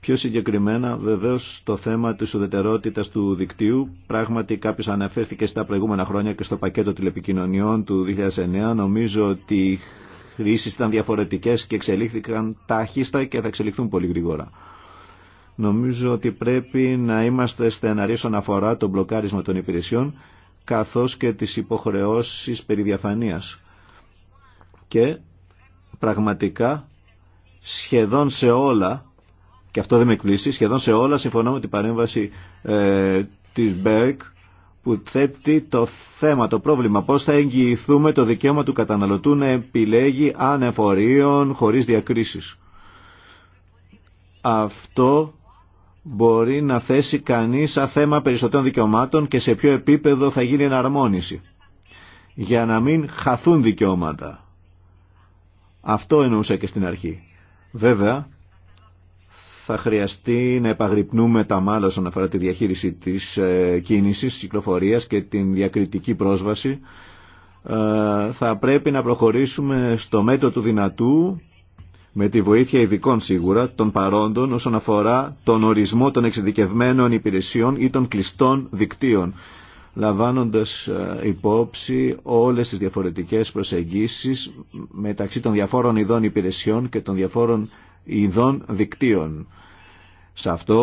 Πιο συγκεκριμένα βεβαίως το θέμα της ουδετερότητας του δικτύου. Πράγματι κάποιος αναφέρθηκε στα προηγούμενα χρόνια και στο πακέτο τηλεπικοινωνιών του 2009. Νομίζω ότι οι χρήσεις ήταν διαφορετικές και εξελίχθηκαν ταχύστα και θα εξελιχθούν πολύ γρήγορα. Νομίζω ότι πρέπει να είμαστε στεναροί όσον αφορά το μπλοκάρισμα των υπηρεσιών καθώς και τις υποχρεώσεις περί διαφανείας. Και πραγματικά σχεδόν σε όλα, και αυτό δεν με εκπλήσει, σχεδόν σε όλα συμφωνώ με την παρέμβαση ε, της Μπέρκ που θέτει το θέμα, το πρόβλημα. Πώς θα εγγυηθούμε το δικαίωμα του καταναλωτού να επιλέγει ανεφορείων χωρίς διακρίσεις. Αυτό μπορεί να θέσει κανείς σαν θέμα περισσότερων δικαιωμάτων και σε ποιο επίπεδο θα γίνει εναρμόνιση για να μην χαθούν δικαιώματα. Αυτό εννοούσα και στην αρχή. Βέβαια, θα χρειαστεί να επαγρυπνούμε τα μάλλα όσον αφορά τη διαχείριση της ε, κίνησης, της και την διακριτική πρόσβαση. Ε, θα πρέπει να προχωρήσουμε στο μέτρο του δυνατού με τη βοήθεια ειδικών σίγουρα των παρόντων όσον αφορά τον ορισμό των εξειδικευμένων υπηρεσιών ή των κλειστών δικτύων λαμβάνοντας ε, υπόψη όλες τις διαφορετικές προσεγγίσεις μεταξύ των διαφόρων ειδών υπηρεσιών και των διαφόρων ειδών δικτύων. Σε αυτό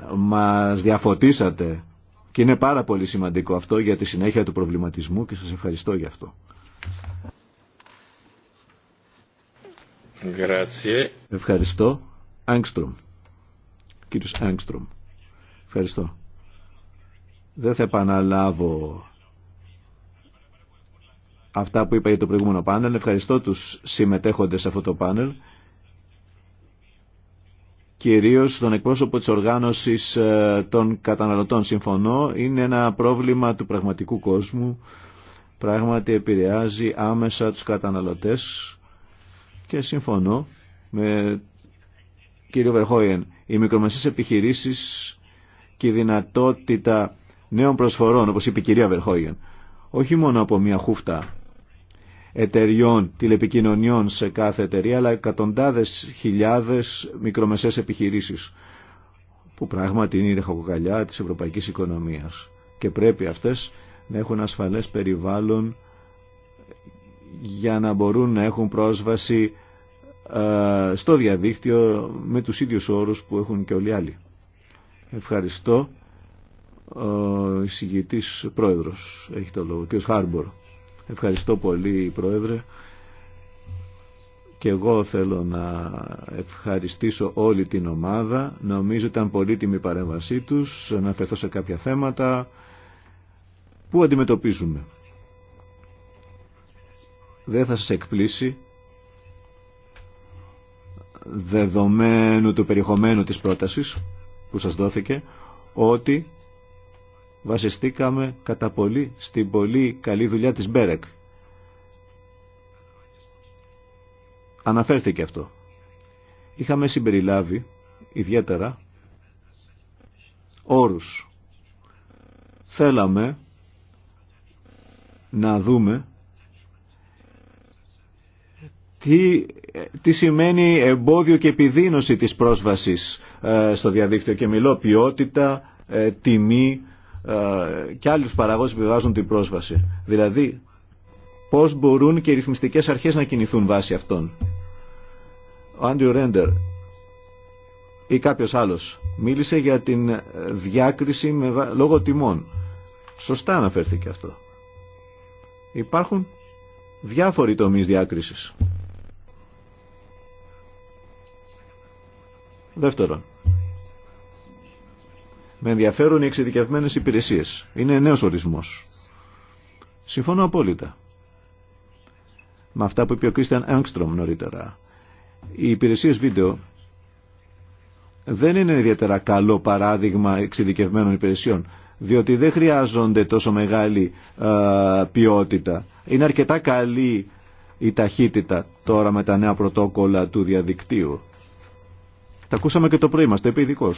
ε, μας διαφωτίσατε και είναι πάρα πολύ σημαντικό αυτό για τη συνέχεια του προβληματισμού και σας ευχαριστώ για αυτό. Ευχαριστώ. Άγκστρομ. Κύριος Άγκστρομ. Ευχαριστώ. Δεν θα επαναλάβω αυτά που είπα για το προηγούμενο πάνελ. Ευχαριστώ τους συμμετέχοντες σε αυτό το πάνελ. Κυρίως τον εκπρόσωπο της οργάνωσης ε, των καταναλωτών. Συμφωνώ, είναι ένα πρόβλημα του πραγματικού κόσμου. Πράγματι επηρεάζει άμεσα τους καταναλωτές και συμφωνώ με κύριο Βερχόιεν, οι μικρομεσαίες επιχειρήσεις και η δυνατότητα νέων προσφορών, όπως είπε η κυρία Βερχόγεν, όχι μόνο από μια χούφτα εταιριών τηλεπικοινωνιών σε κάθε εταιρεία, αλλά εκατοντάδες χιλιάδες μικρομεσαίες επιχειρήσεις, που πράγματι είναι η ρεχοκοκαλιά της ευρωπαϊκή οικονομίας. Και πρέπει αυτές να έχουν ασφαλές περιβάλλον για να μπορούν να έχουν πρόσβαση ε, στο διαδίκτυο με τους ίδιους όρους που έχουν και όλοι οι άλλοι. Ευχαριστώ. Ο εισηγητής πρόεδρος έχει το λόγο, κ. Χάρμπορ. Ευχαριστώ πολύ πρόεδρε. Και εγώ θέλω να ευχαριστήσω όλη την ομάδα. Νομίζω ήταν πολύτιμη η παρέμβασή τους. αφαιθώ σε κάποια θέματα που αντιμετωπίζουμε. Δεν θα σας εκπλήσει δεδομένου του περιεχομένου της πρότασης που σας δόθηκε ότι βασιστήκαμε κατά πολύ στην πολύ καλή δουλειά της Μπέρεκ. Αναφέρθηκε αυτό. Είχαμε συμπεριλάβει ιδιαίτερα όρους. Θέλαμε να δούμε τι τι σημαίνει εμπόδιο και επιδείνωση της πρόσβασης ε, στο διαδίκτυο και μιλώ ποιότητα, ε, τιμή ε, και άλλους παραγόντες που βάζουν την πρόσβαση. Δηλαδή, πώς μπορούν και οι ρυθμιστικές αρχές να κινηθούν βάσει αυτών. Ο Άντριου Ρέντερ ή κάποιος άλλος μίλησε για την διάκριση με, λόγω τιμών. Σωστά αναφέρθηκε αυτό. Υπάρχουν διάφοροι τομείς διάκρισης. Δεύτερον, με ενδιαφέρουν οι εξειδικευμένε υπηρεσίε. Είναι νέο ορισμό. Συμφωνώ απόλυτα με αυτά που είπε ο Κρίστιαν Έγκστρομ νωρίτερα. Οι υπηρεσίε βίντεο δεν είναι ιδιαίτερα καλό παράδειγμα εξειδικευμένων υπηρεσιών, διότι δεν χρειάζονται τόσο μεγάλη ε, ποιότητα. Είναι αρκετά καλή η ταχύτητα τώρα με τα νέα πρωτόκολλα του διαδικτύου. Τα ακούσαμε και το πρωί μα, το είπε ειδικό.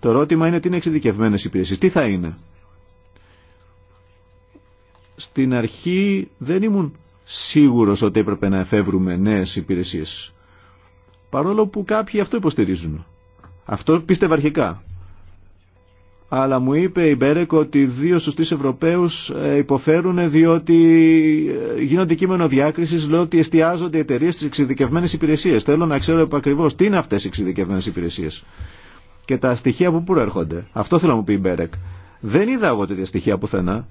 Το ερώτημα είναι τι είναι εξειδικευμένε υπηρεσίε. Τι θα είναι. Στην αρχή δεν ήμουν σίγουρος ότι έπρεπε να εφεύρουμε νέες υπηρεσίε. Παρόλο που κάποιοι αυτό υποστηρίζουν. Αυτό πίστευα αρχικά αλλά μου είπε η Μπέρεκ ότι δύο στους τρεις Ευρωπαίους ε, υποφέρουν διότι ε, γίνονται κείμενο διάκρισης λέω ότι εστιάζονται οι εταιρείε στις εξειδικευμένες υπηρεσίες. Θέλω να ξέρω ακριβώς τι είναι αυτές οι εξειδικευμένες υπηρεσίες και τα στοιχεία που προέρχονται. Αυτό θέλω να μου πει η Μπέρεκ. Δεν είδα εγώ τέτοια στοιχεία πουθενά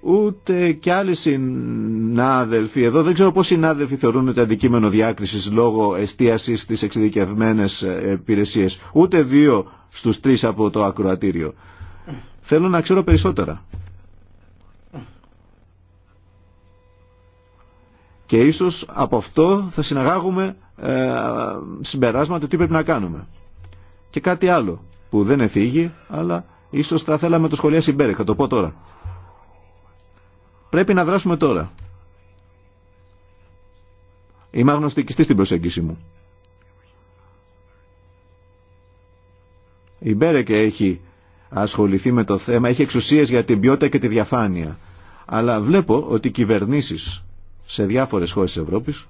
ούτε κι άλλοι συνάδελφοι εδώ δεν ξέρω πως συνάδελφοι θεωρούν ότι αντικείμενο διάκρισης λόγω εστίασης στις εξειδικευμένες υπηρεσίε. ούτε δύο στους τρεις από το ακροατήριο θέλω να ξέρω περισσότερα και ίσως από αυτό θα συναγάγουμε ε, συμπεράσματα τι πρέπει να κάνουμε και κάτι άλλο που δεν εφήγει αλλά ίσως θα θέλαμε το σχολείο συμπέρι θα το πω τώρα Πρέπει να δράσουμε τώρα. Είμαι αγνωστικιστή στην προσέγγιση μου. Η Μπέρεκε έχει ασχοληθεί με το θέμα, έχει εξουσίες για την ποιότητα και τη διαφάνεια. Αλλά βλέπω ότι οι κυβερνήσεις σε διάφορες χώρες της Ευρώπης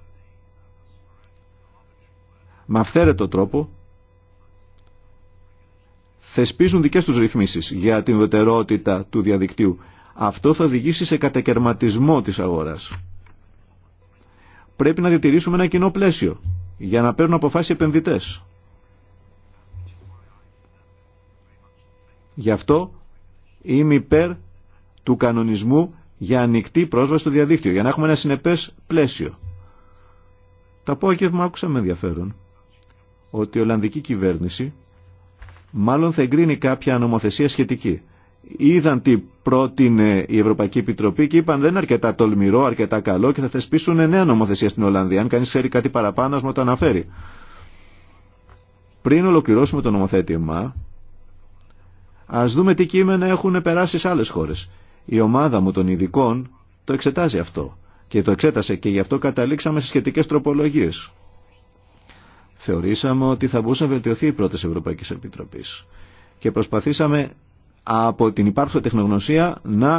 με αυθαίρετο τρόπο θεσπίζουν δικές τους ρυθμίσεις για την ουδετερότητα του διαδικτύου αυτό θα οδηγήσει σε κατακαιρματισμό της αγοράς. Πρέπει να διατηρήσουμε ένα κοινό πλαίσιο για να παίρνουν αποφάσεις επενδυτές. Γι' αυτό είμαι υπέρ του κανονισμού για ανοιχτή πρόσβαση στο διαδίκτυο, για να έχουμε ένα συνεπές πλαίσιο. Τα απόγευμα άκουσα με ενδιαφέρον ότι η Ολλανδική κυβέρνηση μάλλον θα εγκρίνει κάποια νομοθεσία σχετική είδαν τι πρότεινε η Ευρωπαϊκή Επιτροπή και είπαν δεν είναι αρκετά τολμηρό, αρκετά καλό και θα θεσπίσουν νέα νομοθεσία στην Ολλανδία. Αν κανεί ξέρει κάτι παραπάνω, α το αναφέρει. Πριν ολοκληρώσουμε το νομοθέτημα, α δούμε τι κείμενα έχουν περάσει σε άλλε χώρε. Η ομάδα μου των ειδικών το εξετάζει αυτό και το εξέτασε και γι' αυτό καταλήξαμε σε σχετικέ τροπολογίε. Θεωρήσαμε ότι θα μπορούσε να βελτιωθεί η πρόταση Ευρωπαϊκή Επιτροπή. και προσπαθήσαμε από την υπάρχουσα τεχνογνωσία να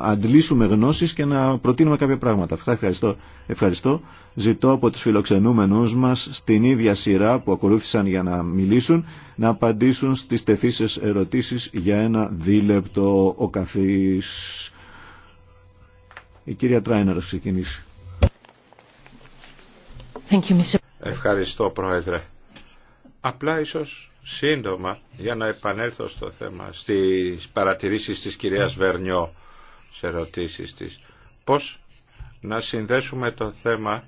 αντλήσουμε γνώσεις και να προτείνουμε κάποια πράγματα. Αυτά ευχαριστώ. ευχαριστώ. Ζητώ από τους φιλοξενούμενους μας στην ίδια σειρά που ακολούθησαν για να μιλήσουν να απαντήσουν στις τεθήσεις ερωτήσεις για ένα δίλεπτο ο καθής. Η κυρία Τράινερ ξεκινήσει. Ευχαριστώ Πρόεδρε. Απλά ίσως σύντομα για να επανέλθω στο θέμα, στις παρατηρήσεις της κυρίας Βερνιό, σε ερωτήσεις της. Πώς να συνδέσουμε το θέμα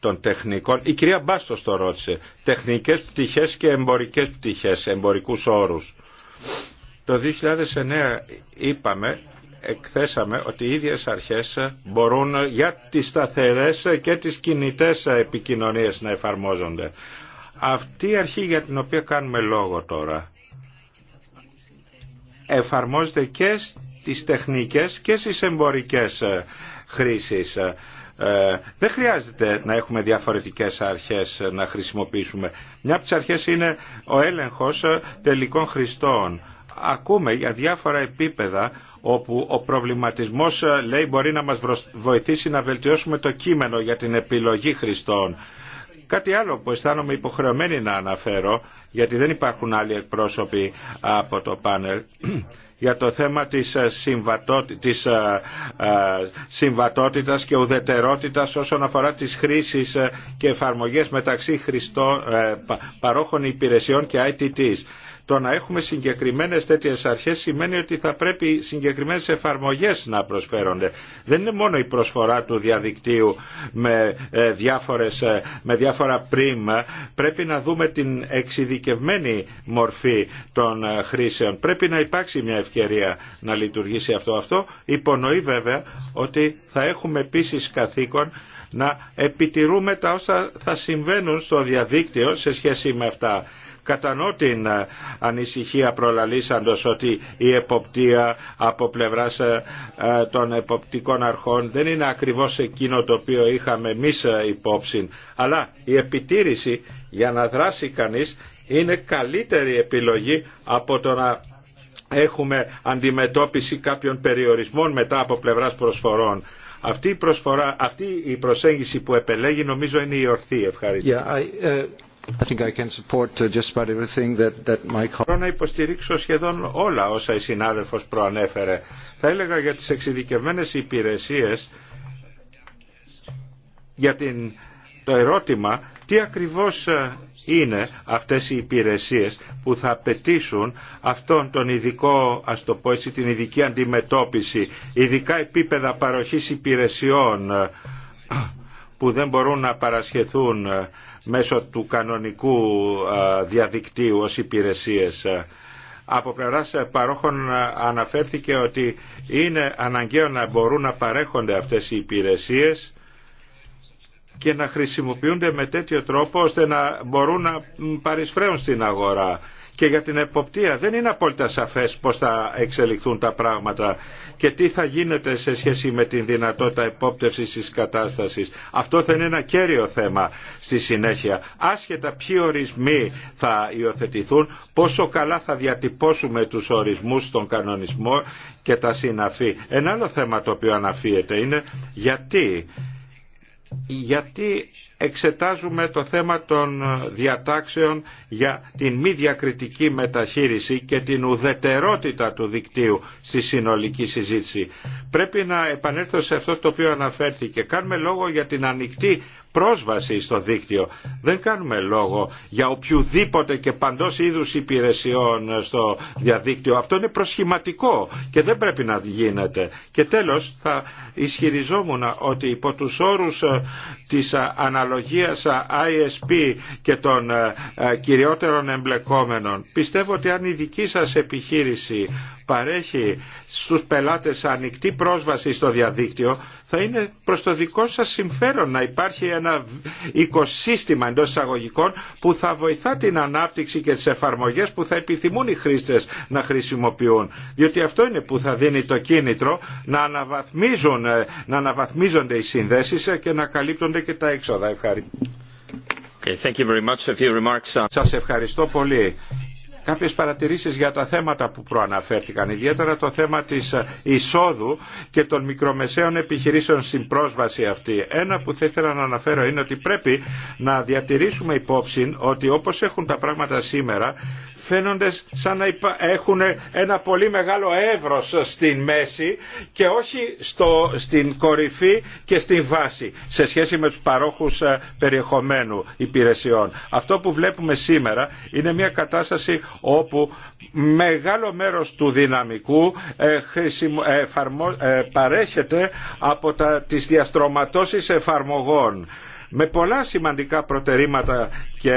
των τεχνικών. Η κυρία Μπάστος το ρώτησε. Τεχνικές πτυχές και εμπορικές πτυχές, εμπορικούς όρους. Το 2009 είπαμε, εκθέσαμε ότι οι ίδιες αρχές μπορούν για τις σταθερές και τις κινητές επικοινωνίες να εφαρμόζονται. Αυτή η αρχή για την οποία κάνουμε λόγο τώρα εφαρμόζεται και στις τεχνικές και στις εμπορικές ε, χρήσεις. Ε, ε, δεν χρειάζεται να έχουμε διαφορετικές αρχές να χρησιμοποιήσουμε. Μια από τις αρχές είναι ο έλεγχος ε, τελικών χρηστών. Ακούμε για διάφορα επίπεδα όπου ο προβληματισμός λέει μπορεί να μας βοηθήσει να βελτιώσουμε το κείμενο για την επιλογή χρηστών. Κάτι άλλο που αισθάνομαι υποχρεωμένη να αναφέρω, γιατί δεν υπάρχουν άλλοι εκπρόσωποι από το πάνελ, (clears throat) για το θέμα της, ε, συμβατότη, ε, ε, συμβατότητας και ουδετερότητας όσον αφορά τις χρήσεις και εφαρμογές μεταξύ χρηστών, παρόχων υπηρεσιών και ITTs το να έχουμε συγκεκριμένες τέτοιες αρχές σημαίνει ότι θα πρέπει συγκεκριμένες εφαρμογές να προσφέρονται. Δεν είναι μόνο η προσφορά του διαδικτύου με, ε, διάφορες, ε, με διάφορα πριμ. Πρέπει να δούμε την εξειδικευμένη μορφή των ε, χρήσεων. Πρέπει να υπάρξει μια ευκαιρία να λειτουργήσει αυτό. Αυτό υπονοεί βέβαια ότι θα έχουμε επίσης καθήκον να επιτηρούμε τα όσα θα συμβαίνουν στο διαδίκτυο σε σχέση με αυτά Κατανοώ την ε, ανησυχία προλαλήσαντος ότι η εποπτεία από πλευράς ε, ε, των εποπτικών αρχών δεν είναι ακριβώς εκείνο το οποίο είχαμε εμεί υπόψη. Αλλά η επιτήρηση για να δράσει κανείς είναι καλύτερη επιλογή από το να έχουμε αντιμετώπιση κάποιων περιορισμών μετά από πλευράς προσφορών. Αυτή η, αυτή η προσέγγιση που επελέγει νομίζω είναι η ορθή. Ευχαριστώ. Uh, I Μπορώ uh, να υποστηρίξω σχεδόν όλα όσα η συνάδελφος προανέφερε. Θα έλεγα για τις εξειδικευμένες υπηρεσίες για την, το ερώτημα τι ακριβώς ε, είναι αυτές οι υπηρεσίες που θα απαιτήσουν αυτόν τον ειδικό, ας το πω έτσι, την ειδική αντιμετώπιση, ειδικά επίπεδα παροχής υπηρεσιών ε, που δεν μπορούν να παρασχεθούν ε, μέσω του κανονικού διαδικτύου ως υπηρεσίες. Από πλευράς παρόχων αναφέρθηκε ότι είναι αναγκαίο να μπορούν να παρέχονται αυτές οι υπηρεσίες και να χρησιμοποιούνται με τέτοιο τρόπο ώστε να μπορούν να παρισφρέουν στην αγορά και για την εποπτεία δεν είναι απόλυτα σαφές πώς θα εξελιχθούν τα πράγματα και τι θα γίνεται σε σχέση με την δυνατότητα επόπτευσης της κατάστασης. Αυτό θα είναι ένα κέριο θέμα στη συνέχεια. Άσχετα ποιοι ορισμοί θα υιοθετηθούν, πόσο καλά θα διατυπώσουμε τους ορισμούς στον κανονισμό και τα συναφή. Ένα άλλο θέμα το οποίο αναφύεται είναι γιατί γιατί εξετάζουμε το θέμα των διατάξεων για την μη διακριτική μεταχείριση και την ουδετερότητα του δικτύου στη συνολική συζήτηση. Πρέπει να επανέλθω σε αυτό το οποίο αναφέρθηκε. Κάνουμε λόγο για την ανοιχτή πρόσβαση στο δίκτυο. Δεν κάνουμε λόγο για οποιοδήποτε και παντός είδους υπηρεσιών στο διαδίκτυο. Αυτό είναι προσχηματικό και δεν πρέπει να γίνεται. Και τέλος θα ισχυριζόμουν ότι υπό τους όρους ε, της ε, αναλογία ISP ε, και των κυριότερων εμπλεκόμενων πιστεύω ότι αν η δική σας επιχείρηση παρέχει στους πελάτες ανοιχτή πρόσβαση στο διαδίκτυο θα είναι προς το δικό σας συμφέρον να υπάρχει ένα οικοσύστημα εντός εισαγωγικών που θα βοηθά την ανάπτυξη και τις εφαρμογές που θα επιθυμούν οι χρήστες να χρησιμοποιούν. Διότι αυτό είναι που θα δίνει το κίνητρο να, αναβαθμίζουν, ε, να αναβαθμίζονται οι συνδέσεις ε, και να καλύπτονται και τα έξοδα. Ευχαριστώ. Okay, thank you very much. Remarks... Σας ευχαριστώ πολύ κάποιες παρατηρήσεις για τα θέματα που προαναφέρθηκαν, ιδιαίτερα το θέμα της ε, εισόδου και των μικρομεσαίων επιχειρήσεων στην πρόσβαση αυτή. Ένα που θα ήθελα να αναφέρω είναι ότι πρέπει να διατηρήσουμε υπόψη ότι όπως έχουν τα πράγματα σήμερα, φαίνονται σαν να έχουν ένα πολύ μεγάλο εύρος στην μέση και όχι στο, στην κορυφή και στην βάση σε σχέση με τους παρόχους ε, περιεχομένου υπηρεσιών. Αυτό που βλέπουμε σήμερα είναι μια κατάσταση όπου μεγάλο μέρος του δυναμικού ε, ε, παρέχεται από τα, τις διαστρωματώσεις εφαρμογών με πολλά σημαντικά προτερήματα και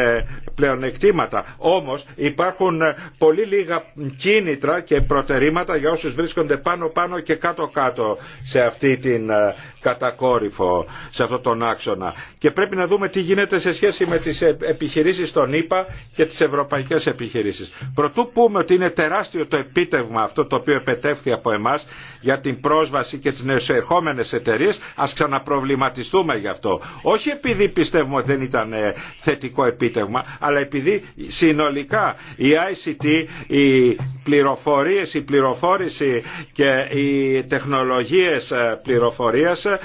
πλεονεκτήματα. Όμως υπάρχουν πολύ λίγα κίνητρα και προτερήματα για όσους βρίσκονται πάνω-πάνω και κάτω-κάτω σε αυτή την ε, κατακόρυφο, σε αυτόν τον άξονα. Και πρέπει να δούμε τι γίνεται σε σχέση με τις ε, επιχειρήσεις των ΗΠΑ και τις ευρωπαϊκές επιχειρήσεις. Προτού πούμε ότι είναι τεράστιο το επίτευγμα αυτό το οποίο επετεύχθη από εμάς για την πρόσβαση και τις νεοσερχόμενες εταιρείες, ας ξαναπροβληματιστούμε γι' αυτό. Όχι επειδή πιστεύουμε ότι δεν ήταν ε, θετικό επίτευγμα, αλλά επειδή συνολικά η ICT, οι πληροφορίες, η πληροφόρηση και οι τεχνολογίες ε, πληροφορίας ε,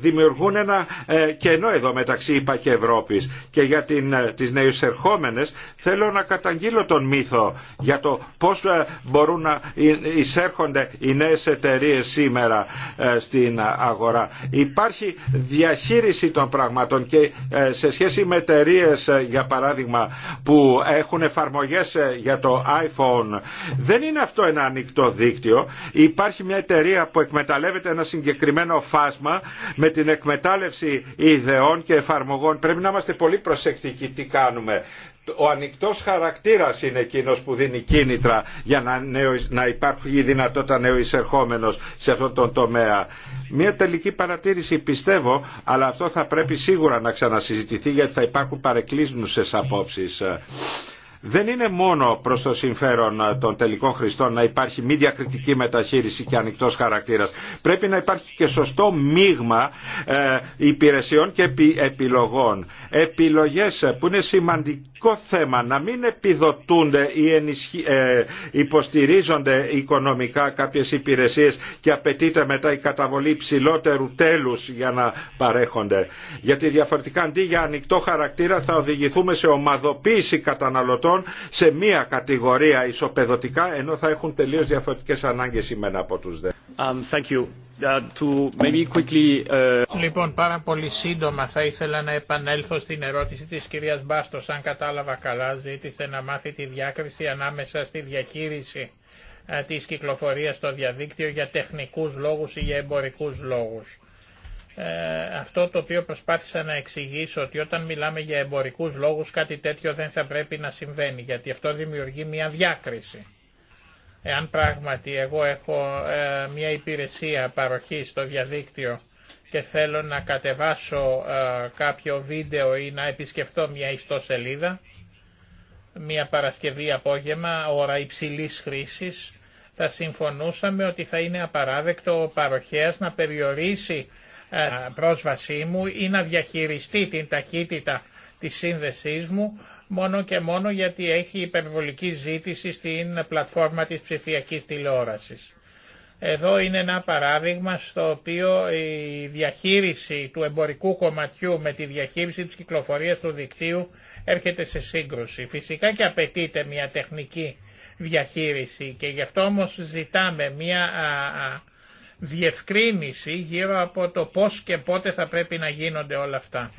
δημιουργούν ένα κενό εδώ μεταξύ ΙΠΑ και Ευρώπης. Και για την, τις νέους ερχόμενες θέλω να καταγγείλω τον μύθο για το πώς μπορούν να εισέρχονται οι νέες εταιρείε σήμερα στην αγορά. Υπάρχει διαχείριση των πραγμάτων και ε, σε σχέση με εταιρείε, ε, για παράδειγμα, που έχουν εφαρμογέ ε, για το iPhone, δεν είναι αυτό ένα ανοιχτό δίκτυο. Υπάρχει μια εταιρεία που εκμεταλλεύεται ένα συγκεκριμένο φάσμα με την εκμετάλλευση ιδεών και εφαρμογών. Πρέπει να είμαστε πολύ προσεκτικοί τι κάνουμε ο ανοιχτός χαρακτήρας είναι εκείνος που δίνει κίνητρα για να, νέο, να υπάρχει η δυνατότητα νέου εισερχόμενος σε αυτόν τον τομέα. Μία τελική παρατήρηση πιστεύω, αλλά αυτό θα πρέπει σίγουρα να ξανασυζητηθεί γιατί θα υπάρχουν παρεκκλείσμουσες απόψεις. Δεν είναι μόνο προς το συμφέρον των τελικών χρηστών να υπάρχει μη διακριτική μεταχείριση και ανοιχτό χαρακτήρας. Πρέπει να υπάρχει και σωστό μείγμα ε, υπηρεσιών και επιλογών. Επιλογές που είναι σημαντικές βασικό θέμα να μην επιδοτούνται ή ενισχύ, ε, υποστηρίζονται οικονομικά κάποιες υπηρεσίες και απαιτείται μετά η υποστηριζονται οικονομικα καποιες ψηλότερου τέλους για να παρέχονται. Γιατί διαφορετικά αντί για ανοιχτό χαρακτήρα θα οδηγηθούμε σε ομαδοποίηση καταναλωτών σε μία κατηγορία ισοπεδωτικά ενώ θα έχουν τελείως διαφορετικές ανάγκες ημένα από τους δε. Um, Uh, λοιπόν, πάρα πολύ σύντομα θα ήθελα να επανέλθω στην ερώτηση της κυρίας Μπάστος. Αν κατάλαβα καλά, ζήτησε να μάθει τη διάκριση ανάμεσα στη διαχείριση ε, της κυκλοφορίας στο διαδίκτυο για τεχνικούς λόγους ή για εμπορικούς λόγους. Ε, αυτό το οποίο προσπάθησα να εξηγήσω ότι όταν μιλάμε για εμπορικούς λόγους κάτι τέτοιο δεν θα πρέπει να συμβαίνει γιατί αυτό δημιουργεί μια διάκριση. Εάν πράγματι εγώ έχω ε, μια υπηρεσία παροχή στο διαδίκτυο και θέλω να κατεβάσω ε, κάποιο βίντεο ή να επισκεφτώ μια ιστοσελίδα, μια Παρασκευή απόγευμα, ώρα υψηλής χρήσης, θα συμφωνούσαμε ότι θα είναι απαράδεκτο ο παροχέας να περιορίσει ε, πρόσβασή μου ή να διαχειριστεί την ταχύτητα της σύνδεσής μου μόνο και μόνο γιατί έχει υπερβολική ζήτηση στην πλατφόρμα της ψηφιακής τηλεόρασης. Εδώ είναι ένα παράδειγμα στο οποίο η διαχείριση του εμπορικού κομματιού με τη διαχείριση της κυκλοφορίας του δικτύου έρχεται σε σύγκρουση. Φυσικά και απαιτείται μια τεχνική διαχείριση και γι' αυτό όμως ζητάμε μια διευκρίνηση γύρω από το πώς και πότε θα πρέπει να γίνονται όλα αυτά.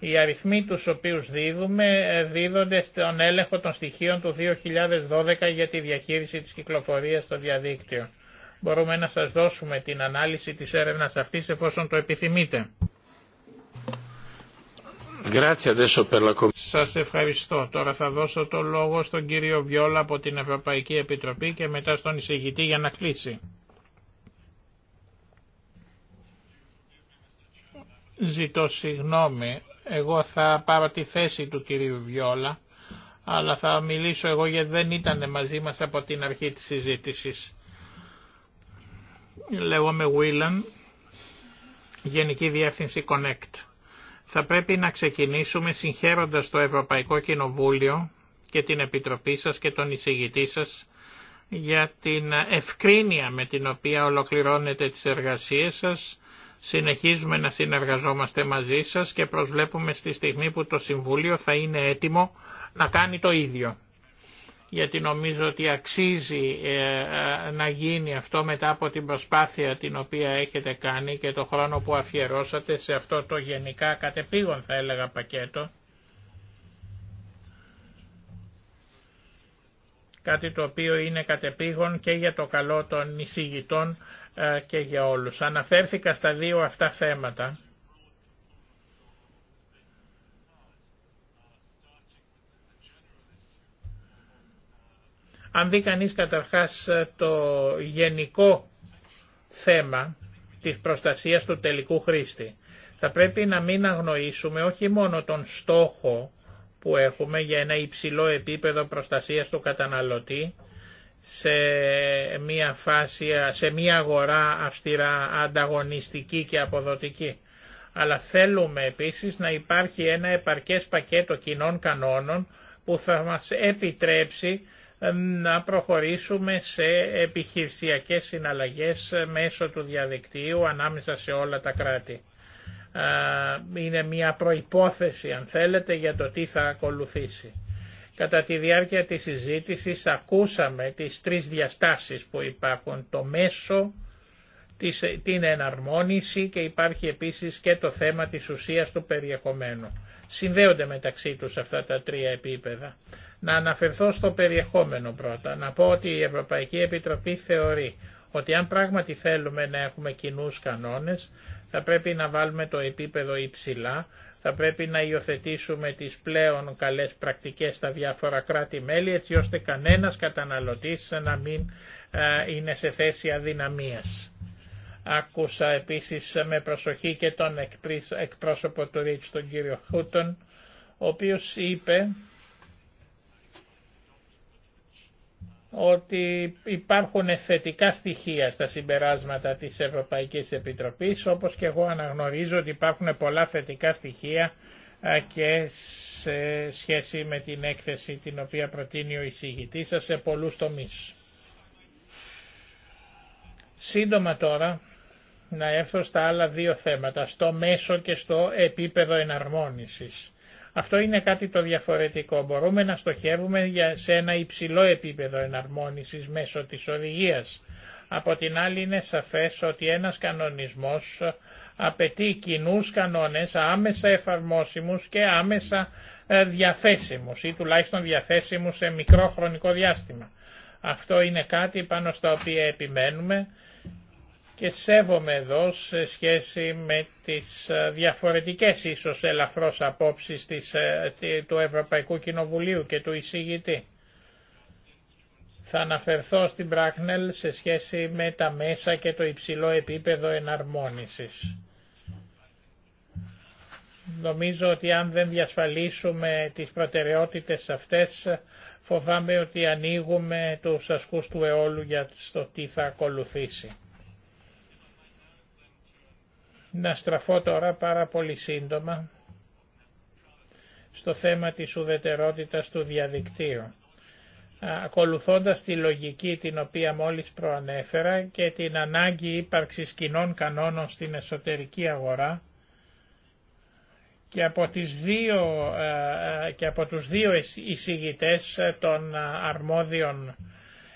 Οι αριθμοί τους οποίους δίδουμε ε, δίδονται στον έλεγχο των στοιχείων του 2012 για τη διαχείριση της κυκλοφορίας στο διαδίκτυο. Μπορούμε να σας δώσουμε την ανάλυση της έρευνας αυτής εφόσον το επιθυμείτε. Σας ευχαριστώ. Τώρα θα δώσω το λόγο στον κύριο Βιόλα από την Ευρωπαϊκή Επιτροπή και μετά στον εισηγητή για να κλείσει. Ζητώ συγγνώμη εγώ θα πάρω τη θέση του κυρίου Βιόλα, αλλά θα μιλήσω εγώ γιατί δεν ήταν μαζί μας από την αρχή της συζήτησης. Λέγομαι Βίλαν, Γενική Διεύθυνση Connect. Θα πρέπει να ξεκινήσουμε συγχαίροντας το Ευρωπαϊκό Κοινοβούλιο και την Επιτροπή σας και τον εισηγητή σας για την ευκρίνεια με την οποία ολοκληρώνετε τις εργασίες σας Συνεχίζουμε να συνεργαζόμαστε μαζί σας και προσβλέπουμε στη στιγμή που το Συμβούλιο θα είναι έτοιμο να κάνει το ίδιο. Γιατί νομίζω ότι αξίζει ε, ε, να γίνει αυτό μετά από την προσπάθεια την οποία έχετε κάνει και το χρόνο που αφιερώσατε σε αυτό το γενικά κατεπήγον θα έλεγα πακέτο. κάτι το οποίο είναι κατεπήγον και για το καλό των εισηγητών ε, και για όλους. Αναφέρθηκα στα δύο αυτά θέματα. Αν δει κανείς καταρχάς ε, το γενικό θέμα της προστασίας του τελικού χρήστη, θα πρέπει να μην αγνοήσουμε όχι μόνο τον στόχο που έχουμε για ένα υψηλό επίπεδο προστασίας του καταναλωτή σε μια, φάση, σε μια αγορά αυστηρά ανταγωνιστική και αποδοτική. Αλλά θέλουμε επίσης να υπάρχει ένα επαρκές πακέτο κοινών κανόνων που θα μας επιτρέψει να προχωρήσουμε σε επιχειρησιακές συναλλαγές μέσω του διαδικτύου ανάμεσα σε όλα τα κράτη. Ε, είναι μια προϋπόθεση αν θέλετε για το τι θα ακολουθήσει. Κατά τη διάρκεια της συζήτησης ακούσαμε τις τρεις διαστάσεις που υπάρχουν, το μέσο, την εναρμόνιση και υπάρχει επίσης και το θέμα της ουσίας του περιεχομένου. Συνδέονται μεταξύ τους αυτά τα τρία επίπεδα. Να αναφερθώ στο περιεχόμενο πρώτα. Να πω ότι η Ευρωπαϊκή Επιτροπή θεωρεί ότι αν πράγματι θέλουμε να έχουμε κοινού κανόνες θα πρέπει να βάλουμε το επίπεδο υψηλά, θα πρέπει να υιοθετήσουμε τις πλέον καλές πρακτικές στα διάφορα κράτη-μέλη έτσι ώστε κανένας καταναλωτής να μην είναι σε θέση αδυναμίας. Άκουσα επίσης με προσοχή και τον εκπρόσωπο του Ρίτς, τον κύριο Χούτον, ο οποίος είπε ότι υπάρχουν θετικά στοιχεία στα συμπεράσματα της Ευρωπαϊκής Επιτροπής, όπως και εγώ αναγνωρίζω ότι υπάρχουν πολλά θετικά στοιχεία και σε σχέση με την έκθεση την οποία προτείνει ο εισηγητής σας σε πολλούς τομείς. Σύντομα τώρα να έρθω στα άλλα δύο θέματα, στο μέσο και στο επίπεδο εναρμόνισης. Αυτό είναι κάτι το διαφορετικό. Μπορούμε να στοχεύουμε για, σε ένα υψηλό επίπεδο εναρμόνισης μέσω της οδηγίας. Από την άλλη είναι σαφές ότι ένας κανονισμός απαιτεί κοινού κανόνες άμεσα εφαρμόσιμους και άμεσα ε, διαθέσιμους ή τουλάχιστον διαθέσιμους σε μικρό χρονικό διάστημα. Αυτό είναι κάτι πάνω στα οποία επιμένουμε και σέβομαι εδώ σε σχέση με τις ε, διαφορετικές ίσως ελαφρώς απόψεις της, ε, του Ευρωπαϊκού Κοινοβουλίου και του εισηγητή. Θα αναφερθώ στην Πράκνελ σε σχέση με τα μέσα και το υψηλό επίπεδο εναρμόνισης. Νομίζω ότι αν δεν διασφαλίσουμε τις προτεραιότητες αυτές, φοβάμαι ότι ανοίγουμε τους ασκούς του αιώλου για το τι θα ακολουθήσει. Να στραφώ τώρα πάρα πολύ σύντομα στο θέμα της ουδετερότητας του διαδικτύου. Ακολουθώντας τη λογική την οποία μόλις προανέφερα και την ανάγκη ύπαρξης κοινών κανόνων στην εσωτερική αγορά και από, τις δύο, και από τους δύο εισηγητές των αρμόδιων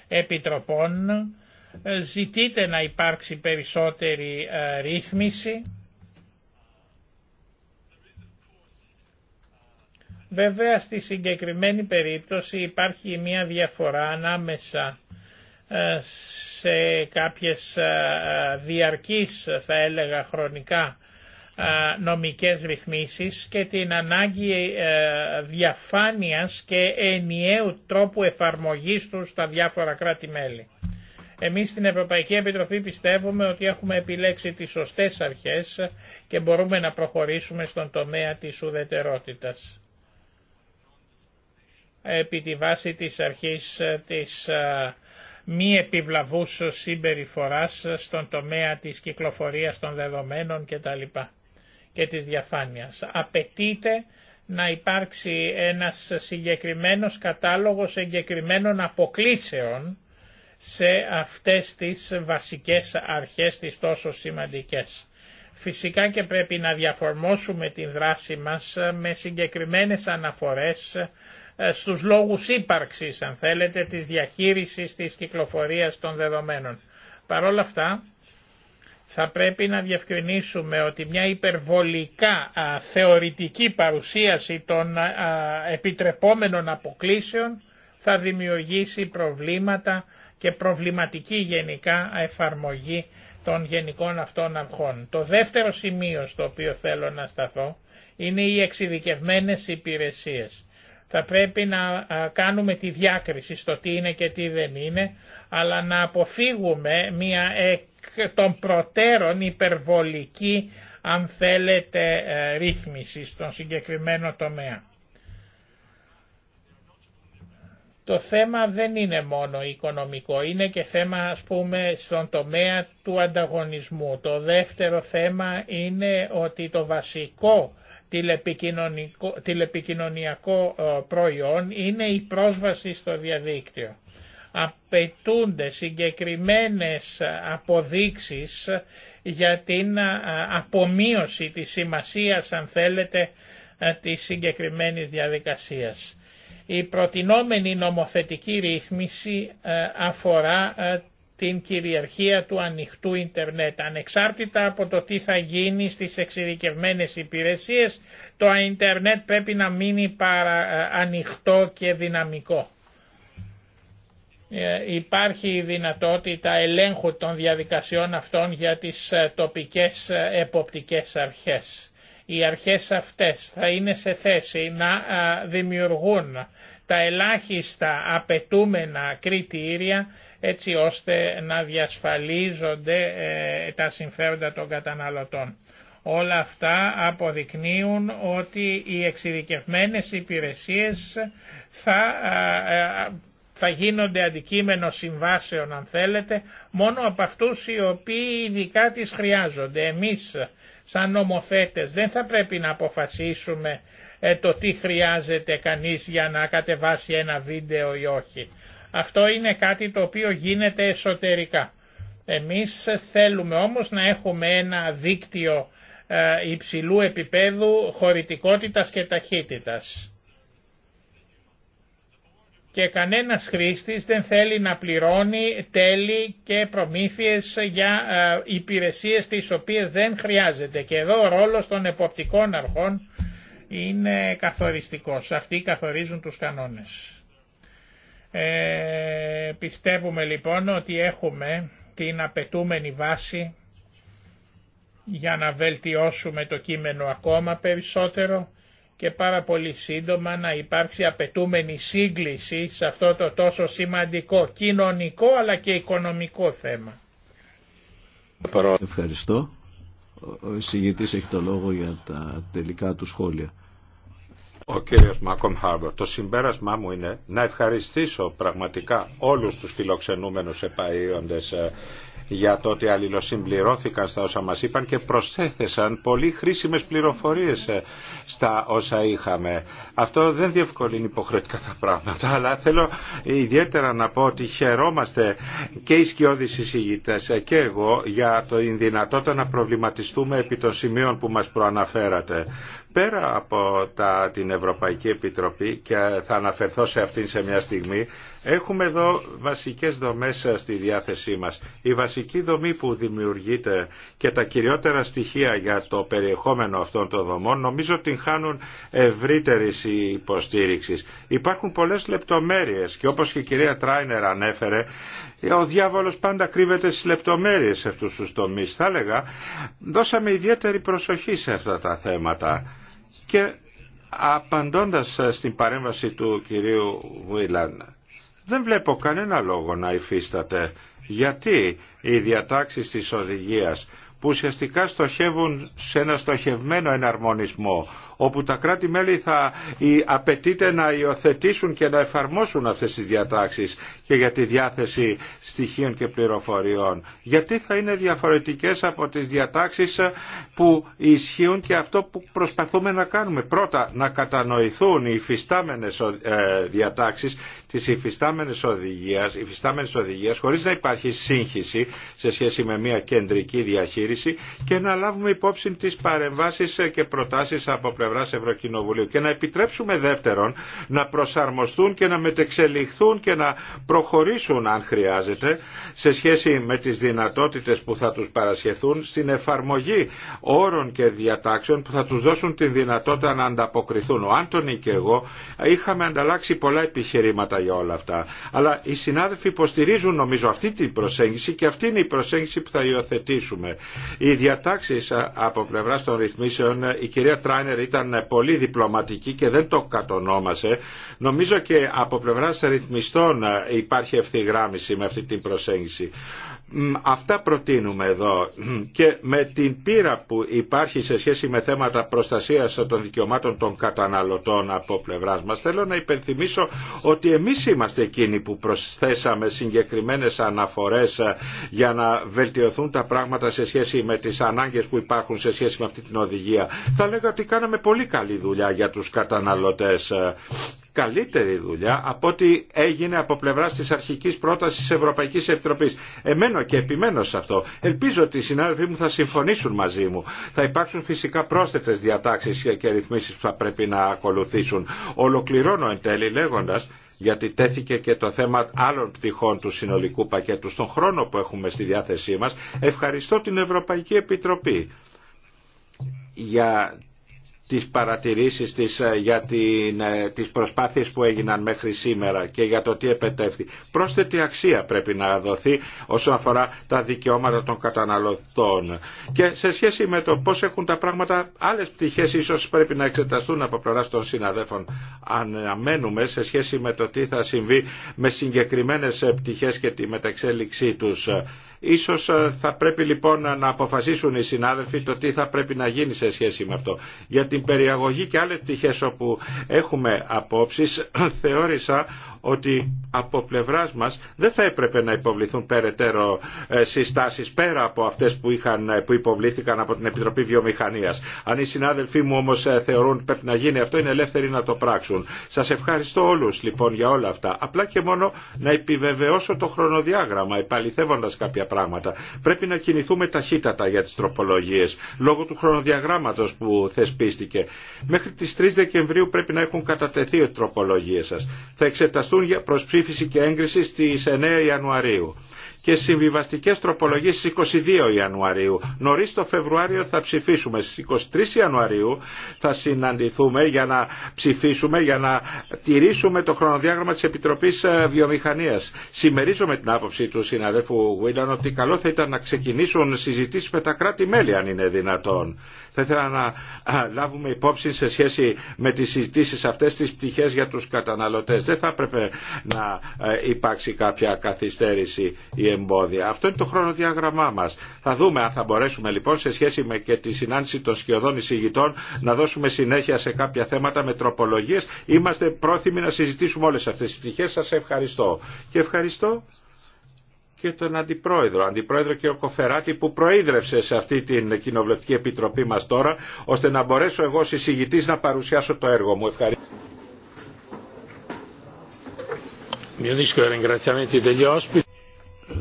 επιτροπών ε, ζητείτε να υπάρξει περισσότερη ε, ρύθμιση. Βέβαια στη συγκεκριμένη περίπτωση υπάρχει μια διαφορά ανάμεσα ε, σε κάποιες διαρκείς θα έλεγα χρονικά νομικές ρυθμίσεις και την ανάγκη διαφάνειας και ενιαίου τρόπου εφαρμογής τους στα διάφορα κράτη-μέλη. Εμείς στην Ευρωπαϊκή Επιτροπή πιστεύουμε ότι έχουμε επιλέξει τις σωστές αρχές και μπορούμε να προχωρήσουμε στον τομέα της ουδετερότητας. Επί τη βάση της αρχής της μη επιβλαβούς συμπεριφοράς στον τομέα της κυκλοφορίας των δεδομένων κτλ. και της διαφάνειας. Απαιτείται να υπάρξει ένας συγκεκριμένος κατάλογος εγκεκριμένων αποκλήσεων σε αυτές τις βασικές αρχές τις τόσο σημαντικές. Φυσικά και πρέπει να διαφορμόσουμε την δράση μας με συγκεκριμένες αναφορές ε, στους λόγους ύπαρξης, αν θέλετε, της διαχείρισης της κυκλοφορίας των δεδομένων. Παρ' όλα αυτά, θα πρέπει να διευκρινίσουμε ότι μια υπερβολικά θεωρητική παρουσίαση των α, επιτρεπόμενων αποκλήσεων θα δημιουργήσει προβλήματα και προβληματική γενικά εφαρμογή των γενικών αυτών αρχών. Το δεύτερο σημείο στο οποίο θέλω να σταθώ είναι οι εξειδικευμένες υπηρεσίες. Θα πρέπει να κάνουμε τη διάκριση στο τι είναι και τι δεν είναι, αλλά να αποφύγουμε μια εκ των προτέρων υπερβολική, αν θέλετε, ε, ρύθμιση στον συγκεκριμένο τομέα. το θέμα δεν είναι μόνο οικονομικό, είναι και θέμα ας πούμε στον τομέα του ανταγωνισμού. Το δεύτερο θέμα είναι ότι το βασικό τηλεπικοινωνιακό ε, προϊόν είναι η πρόσβαση στο διαδίκτυο. Απαιτούνται συγκεκριμένες αποδείξεις για την ε, απομείωση της σημασίας αν θέλετε ε, της συγκεκριμένης διαδικασίας. Η προτινόμενη νομοθετική ρύθμιση ε, αφορά ε, την κυριαρχία του ανοιχτού ίντερνετ. Ανεξάρτητα από το τι θα γίνει στις εξειδικευμένες υπηρεσίες, το ίντερνετ πρέπει να μείνει παρα, ε, ανοιχτό και δυναμικό. Υπάρχει η δυνατότητα ελέγχου των διαδικασιών αυτών για τις τοπικές εποπτικές αρχές οι αρχές αυτές θα είναι σε θέση να δημιουργούν τα ελάχιστα απαιτούμενα κριτήρια έτσι ώστε να διασφαλίζονται ε, τα συμφέροντα των καταναλωτών. Όλα αυτά αποδεικνύουν ότι οι εξειδικευμένες υπηρεσίες θα θα γίνονται αντικείμενο συμβάσεων αν θέλετε μόνο από αυτούς οι οποίοι ειδικά τις χρειάζονται. Εμείς σαν νομοθέτες δεν θα πρέπει να αποφασίσουμε ε, το τι χρειάζεται κανείς για να κατεβάσει ένα βίντεο ή όχι. Αυτό είναι κάτι το οποίο γίνεται εσωτερικά. Εμείς θέλουμε όμως να έχουμε ένα δίκτυο ε, υψηλού επίπεδου χωρητικότητας και ταχύτητας και κανένας χρήστης δεν θέλει να πληρώνει τέλη και προμήθειες για ε, υπηρεσίες τις οποίες δεν χρειάζεται. Και εδώ ο ρόλος των εποπτικών αρχών είναι καθοριστικός. Αυτοί καθορίζουν τους κανόνες. Ε, πιστεύουμε λοιπόν ότι έχουμε την απαιτούμενη βάση για να βελτιώσουμε το κείμενο ακόμα περισσότερο και πάρα πολύ σύντομα να υπάρξει απαιτούμενη σύγκληση σε αυτό το τόσο σημαντικό κοινωνικό αλλά και οικονομικό θέμα. Ευχαριστώ. Ο συγγητής έχει το λόγο για τα τελικά του σχόλια. Ο κύριος Μάκομ Χάρμπορ, το συμπέρασμά μου είναι να ευχαριστήσω πραγματικά όλους τους φιλοξενούμενους επαΐοντες ε, για το ότι αλληλοσυμπληρώθηκαν στα όσα μας είπαν και προσθέθεσαν πολύ χρήσιμες πληροφορίες ε, στα όσα είχαμε. Αυτό δεν διευκολύνει υποχρεωτικά τα πράγματα, αλλά θέλω ιδιαίτερα να πω ότι χαιρόμαστε και οι σκιώδεις εισηγητές ε, και εγώ για το δυνατότητα να προβληματιστούμε επί των σημείων που μας προαναφέρατε. Πέρα από την Ευρωπαϊκή Επιτροπή και θα αναφερθώ σε αυτήν σε μια στιγμή, έχουμε εδώ βασικές δομές στη διάθεσή μας. Η βασική δομή που δημιουργείται και τα κυριότερα στοιχεία για το περιεχόμενο αυτών των δομών νομίζω την χάνουν ευρύτερη υποστήριξη. Υπάρχουν πολλές λεπτομέρειες και όπως και η κυρία Τράινερ ανέφερε ε, ο διάβολος πάντα κρύβεται στις λεπτομέρειες σε αυτούς τους τομείς. Θα έλεγα, δώσαμε ιδιαίτερη προσοχή σε αυτά τα θέματα. Και απαντώντας στην παρέμβαση του κυρίου Βουίλαν, δεν βλέπω κανένα λόγο να υφίσταται. Γιατί οι διατάξεις της οδηγίας που ουσιαστικά στοχεύουν σε ένα στοχευμένο εναρμονισμό όπου τα κράτη-μέλη θα απαιτείται να υιοθετήσουν και να εφαρμόσουν αυτές τις διατάξεις και για τη διάθεση στοιχείων και πληροφοριών. Γιατί θα είναι διαφορετικές από τις διατάξεις που ισχύουν και αυτό που προσπαθούμε να κάνουμε. Πρώτα, να κατανοηθούν οι υφιστάμενες ε, διατάξεις της υφιστάμενης οδηγίας, υφιστάμενης οδηγίας χωρίς να υπάρχει σύγχυση σε σχέση με μια κεντρική διαχείριση και να λάβουμε υπόψη τις παρεμβάσεις και προτάσεις από πλευρά πλευρά Ευρωκοινοβουλίου και να επιτρέψουμε δεύτερον να προσαρμοστούν και να μετεξελιχθούν και να προχωρήσουν αν χρειάζεται σε σχέση με τις δυνατότητες που θα τους παρασχεθούν στην εφαρμογή όρων και διατάξεων που θα τους δώσουν τη δυνατότητα να ανταποκριθούν. Ο Άντωνη και εγώ είχαμε ανταλλάξει πολλά επιχειρήματα για όλα αυτά. Αλλά οι συνάδελφοι υποστηρίζουν νομίζω αυτή την προσέγγιση και αυτή είναι η προσέγγιση που θα υιοθετήσουμε. Οι διατάξεις από πλευρά των ρυθμίσεων, η κυρία Τράινερ ήταν ήταν πολύ διπλωματική και δεν το κατονόμασε. Νομίζω και από πλευράς ρυθμιστών ε, υπάρχει ευθυγράμμιση με αυτή την προσέγγιση. Αυτά προτείνουμε εδώ και με την πείρα που υπάρχει σε σχέση με θέματα προστασίας των δικαιωμάτων των καταναλωτών από πλευράς μας θέλω να υπενθυμίσω ότι εμείς είμαστε εκείνοι που προσθέσαμε συγκεκριμένες αναφορές ε, για να βελτιωθούν τα πράγματα σε σχέση με τις ανάγκες που υπάρχουν σε σχέση με αυτή την οδηγία. Θα λέγα ότι κάναμε πολύ καλή δουλειά για τους καταναλωτές ε, καλύτερη δουλειά από ό,τι έγινε από πλευρά τη αρχική πρόταση τη Ευρωπαϊκή Επιτροπή. Εμένω και επιμένω σε αυτό. Ελπίζω ότι οι συνάδελφοί μου θα συμφωνήσουν μαζί μου. Θα υπάρξουν φυσικά πρόσθετε διατάξει και ρυθμίσει που θα πρέπει να ακολουθήσουν. Ολοκληρώνω εν τέλει λέγοντα γιατί τέθηκε και το θέμα άλλων πτυχών του συνολικού πακέτου στον χρόνο που έχουμε στη διάθεσή μας. Ευχαριστώ την Ευρωπαϊκή Επιτροπή για τις παρατηρήσεις της ε, για την, ε, τις προσπάθειες που έγιναν μέχρι σήμερα και για το τι επετεύχθη. Πρόσθετη αξία πρέπει να δοθεί όσον αφορά τα δικαιώματα των καταναλωτών. Και σε σχέση με το πώς έχουν τα πράγματα, άλλες πτυχές ίσως πρέπει να εξεταστούν από πλευρά των Αν αμένουμε σε σχέση με το τι θα συμβεί με συγκεκριμένες ε, πτυχές και τη μεταξέλιξή τους. Ίσως ε, θα πρέπει λοιπόν να αποφασίσουν οι συνάδελφοι το τι θα πρέπει να γίνει σε σχέση με αυτό. Για την περιαγωγή και άλλες πτυχές όπου έχουμε απόψεις (clears throat) θεώρησα ότι από πλευρά μα δεν θα έπρεπε να υποβληθούν περαιτέρω ε, συστάσει πέρα από αυτέ που, ε, που υποβλήθηκαν από την Επιτροπή Βιομηχανία. Αν οι συνάδελφοί μου όμω ε, θεωρούν πρέπει να γίνει αυτό είναι ελεύθεροι να το πράξουν. Σα ευχαριστώ όλου λοιπόν για όλα αυτά. Απλά και μόνο να επιβεβαιώσω το χρονοδιάγραμμα επαληθεύοντας κάποια πράγματα. Πρέπει να κινηθούμε ταχύτατα για τι τροπολογίε λόγω του χρονοδιαγράμματο που θεσπίστηκε. Μέχρι τι 3 Δεκεμβρίου πρέπει να έχουν κατατεθεί οι τροπολογίες σα. Θα εξεταστούν προ ψήφιση και έγκριση στι 9 Ιανουαρίου και συμβιβαστικές τροπολογίες στις 22 Ιανουαρίου. Νωρίς το Φεβρουάριο θα ψηφίσουμε. Στις 23 Ιανουαρίου θα συναντηθούμε για να ψηφίσουμε, για να τηρήσουμε το χρονοδιάγραμμα της Επιτροπής ε, Βιομηχανίας. Συμμερίζομαι την άποψη του συναδέλφου Γουίλαν ότι καλό θα ήταν να ξεκινήσουν συζητήσεις με τα κράτη-μέλη αν είναι δυνατόν θα ήθελα να λάβουμε υπόψη σε σχέση με τις συζητήσεις αυτές τις πτυχές για τους καταναλωτές. Δεν θα έπρεπε να ε, υπάρξει κάποια καθυστέρηση ή εμπόδια. Αυτό είναι το χρονοδιάγραμμά μας. Θα δούμε αν θα μπορέσουμε λοιπόν σε σχέση με και τη συνάντηση των σκιωδών εισηγητών να δώσουμε συνέχεια σε κάποια θέματα με τροπολογίες. Είμαστε πρόθυμοι να συζητήσουμε όλες αυτές τις πτυχές. Σας ευχαριστώ. Και ευχαριστώ και τον Αντιπρόεδρο, Αντιπρόεδρο και ο Κοφεράτη που προείδρευσε σε αυτή την κοινοβουλευτική επιτροπή μας τώρα, ώστε να μπορέσω εγώ εισηγητής να παρουσιάσω το έργο μου. Ευχαριστώ.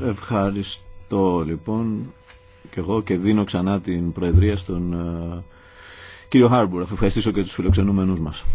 Ευχαριστώ λοιπόν και εγώ και δίνω ξανά την Προεδρία στον uh, κύριο Χάρμπουρ. Αφού ευχαριστήσω και τους φιλοξενούμενους μας.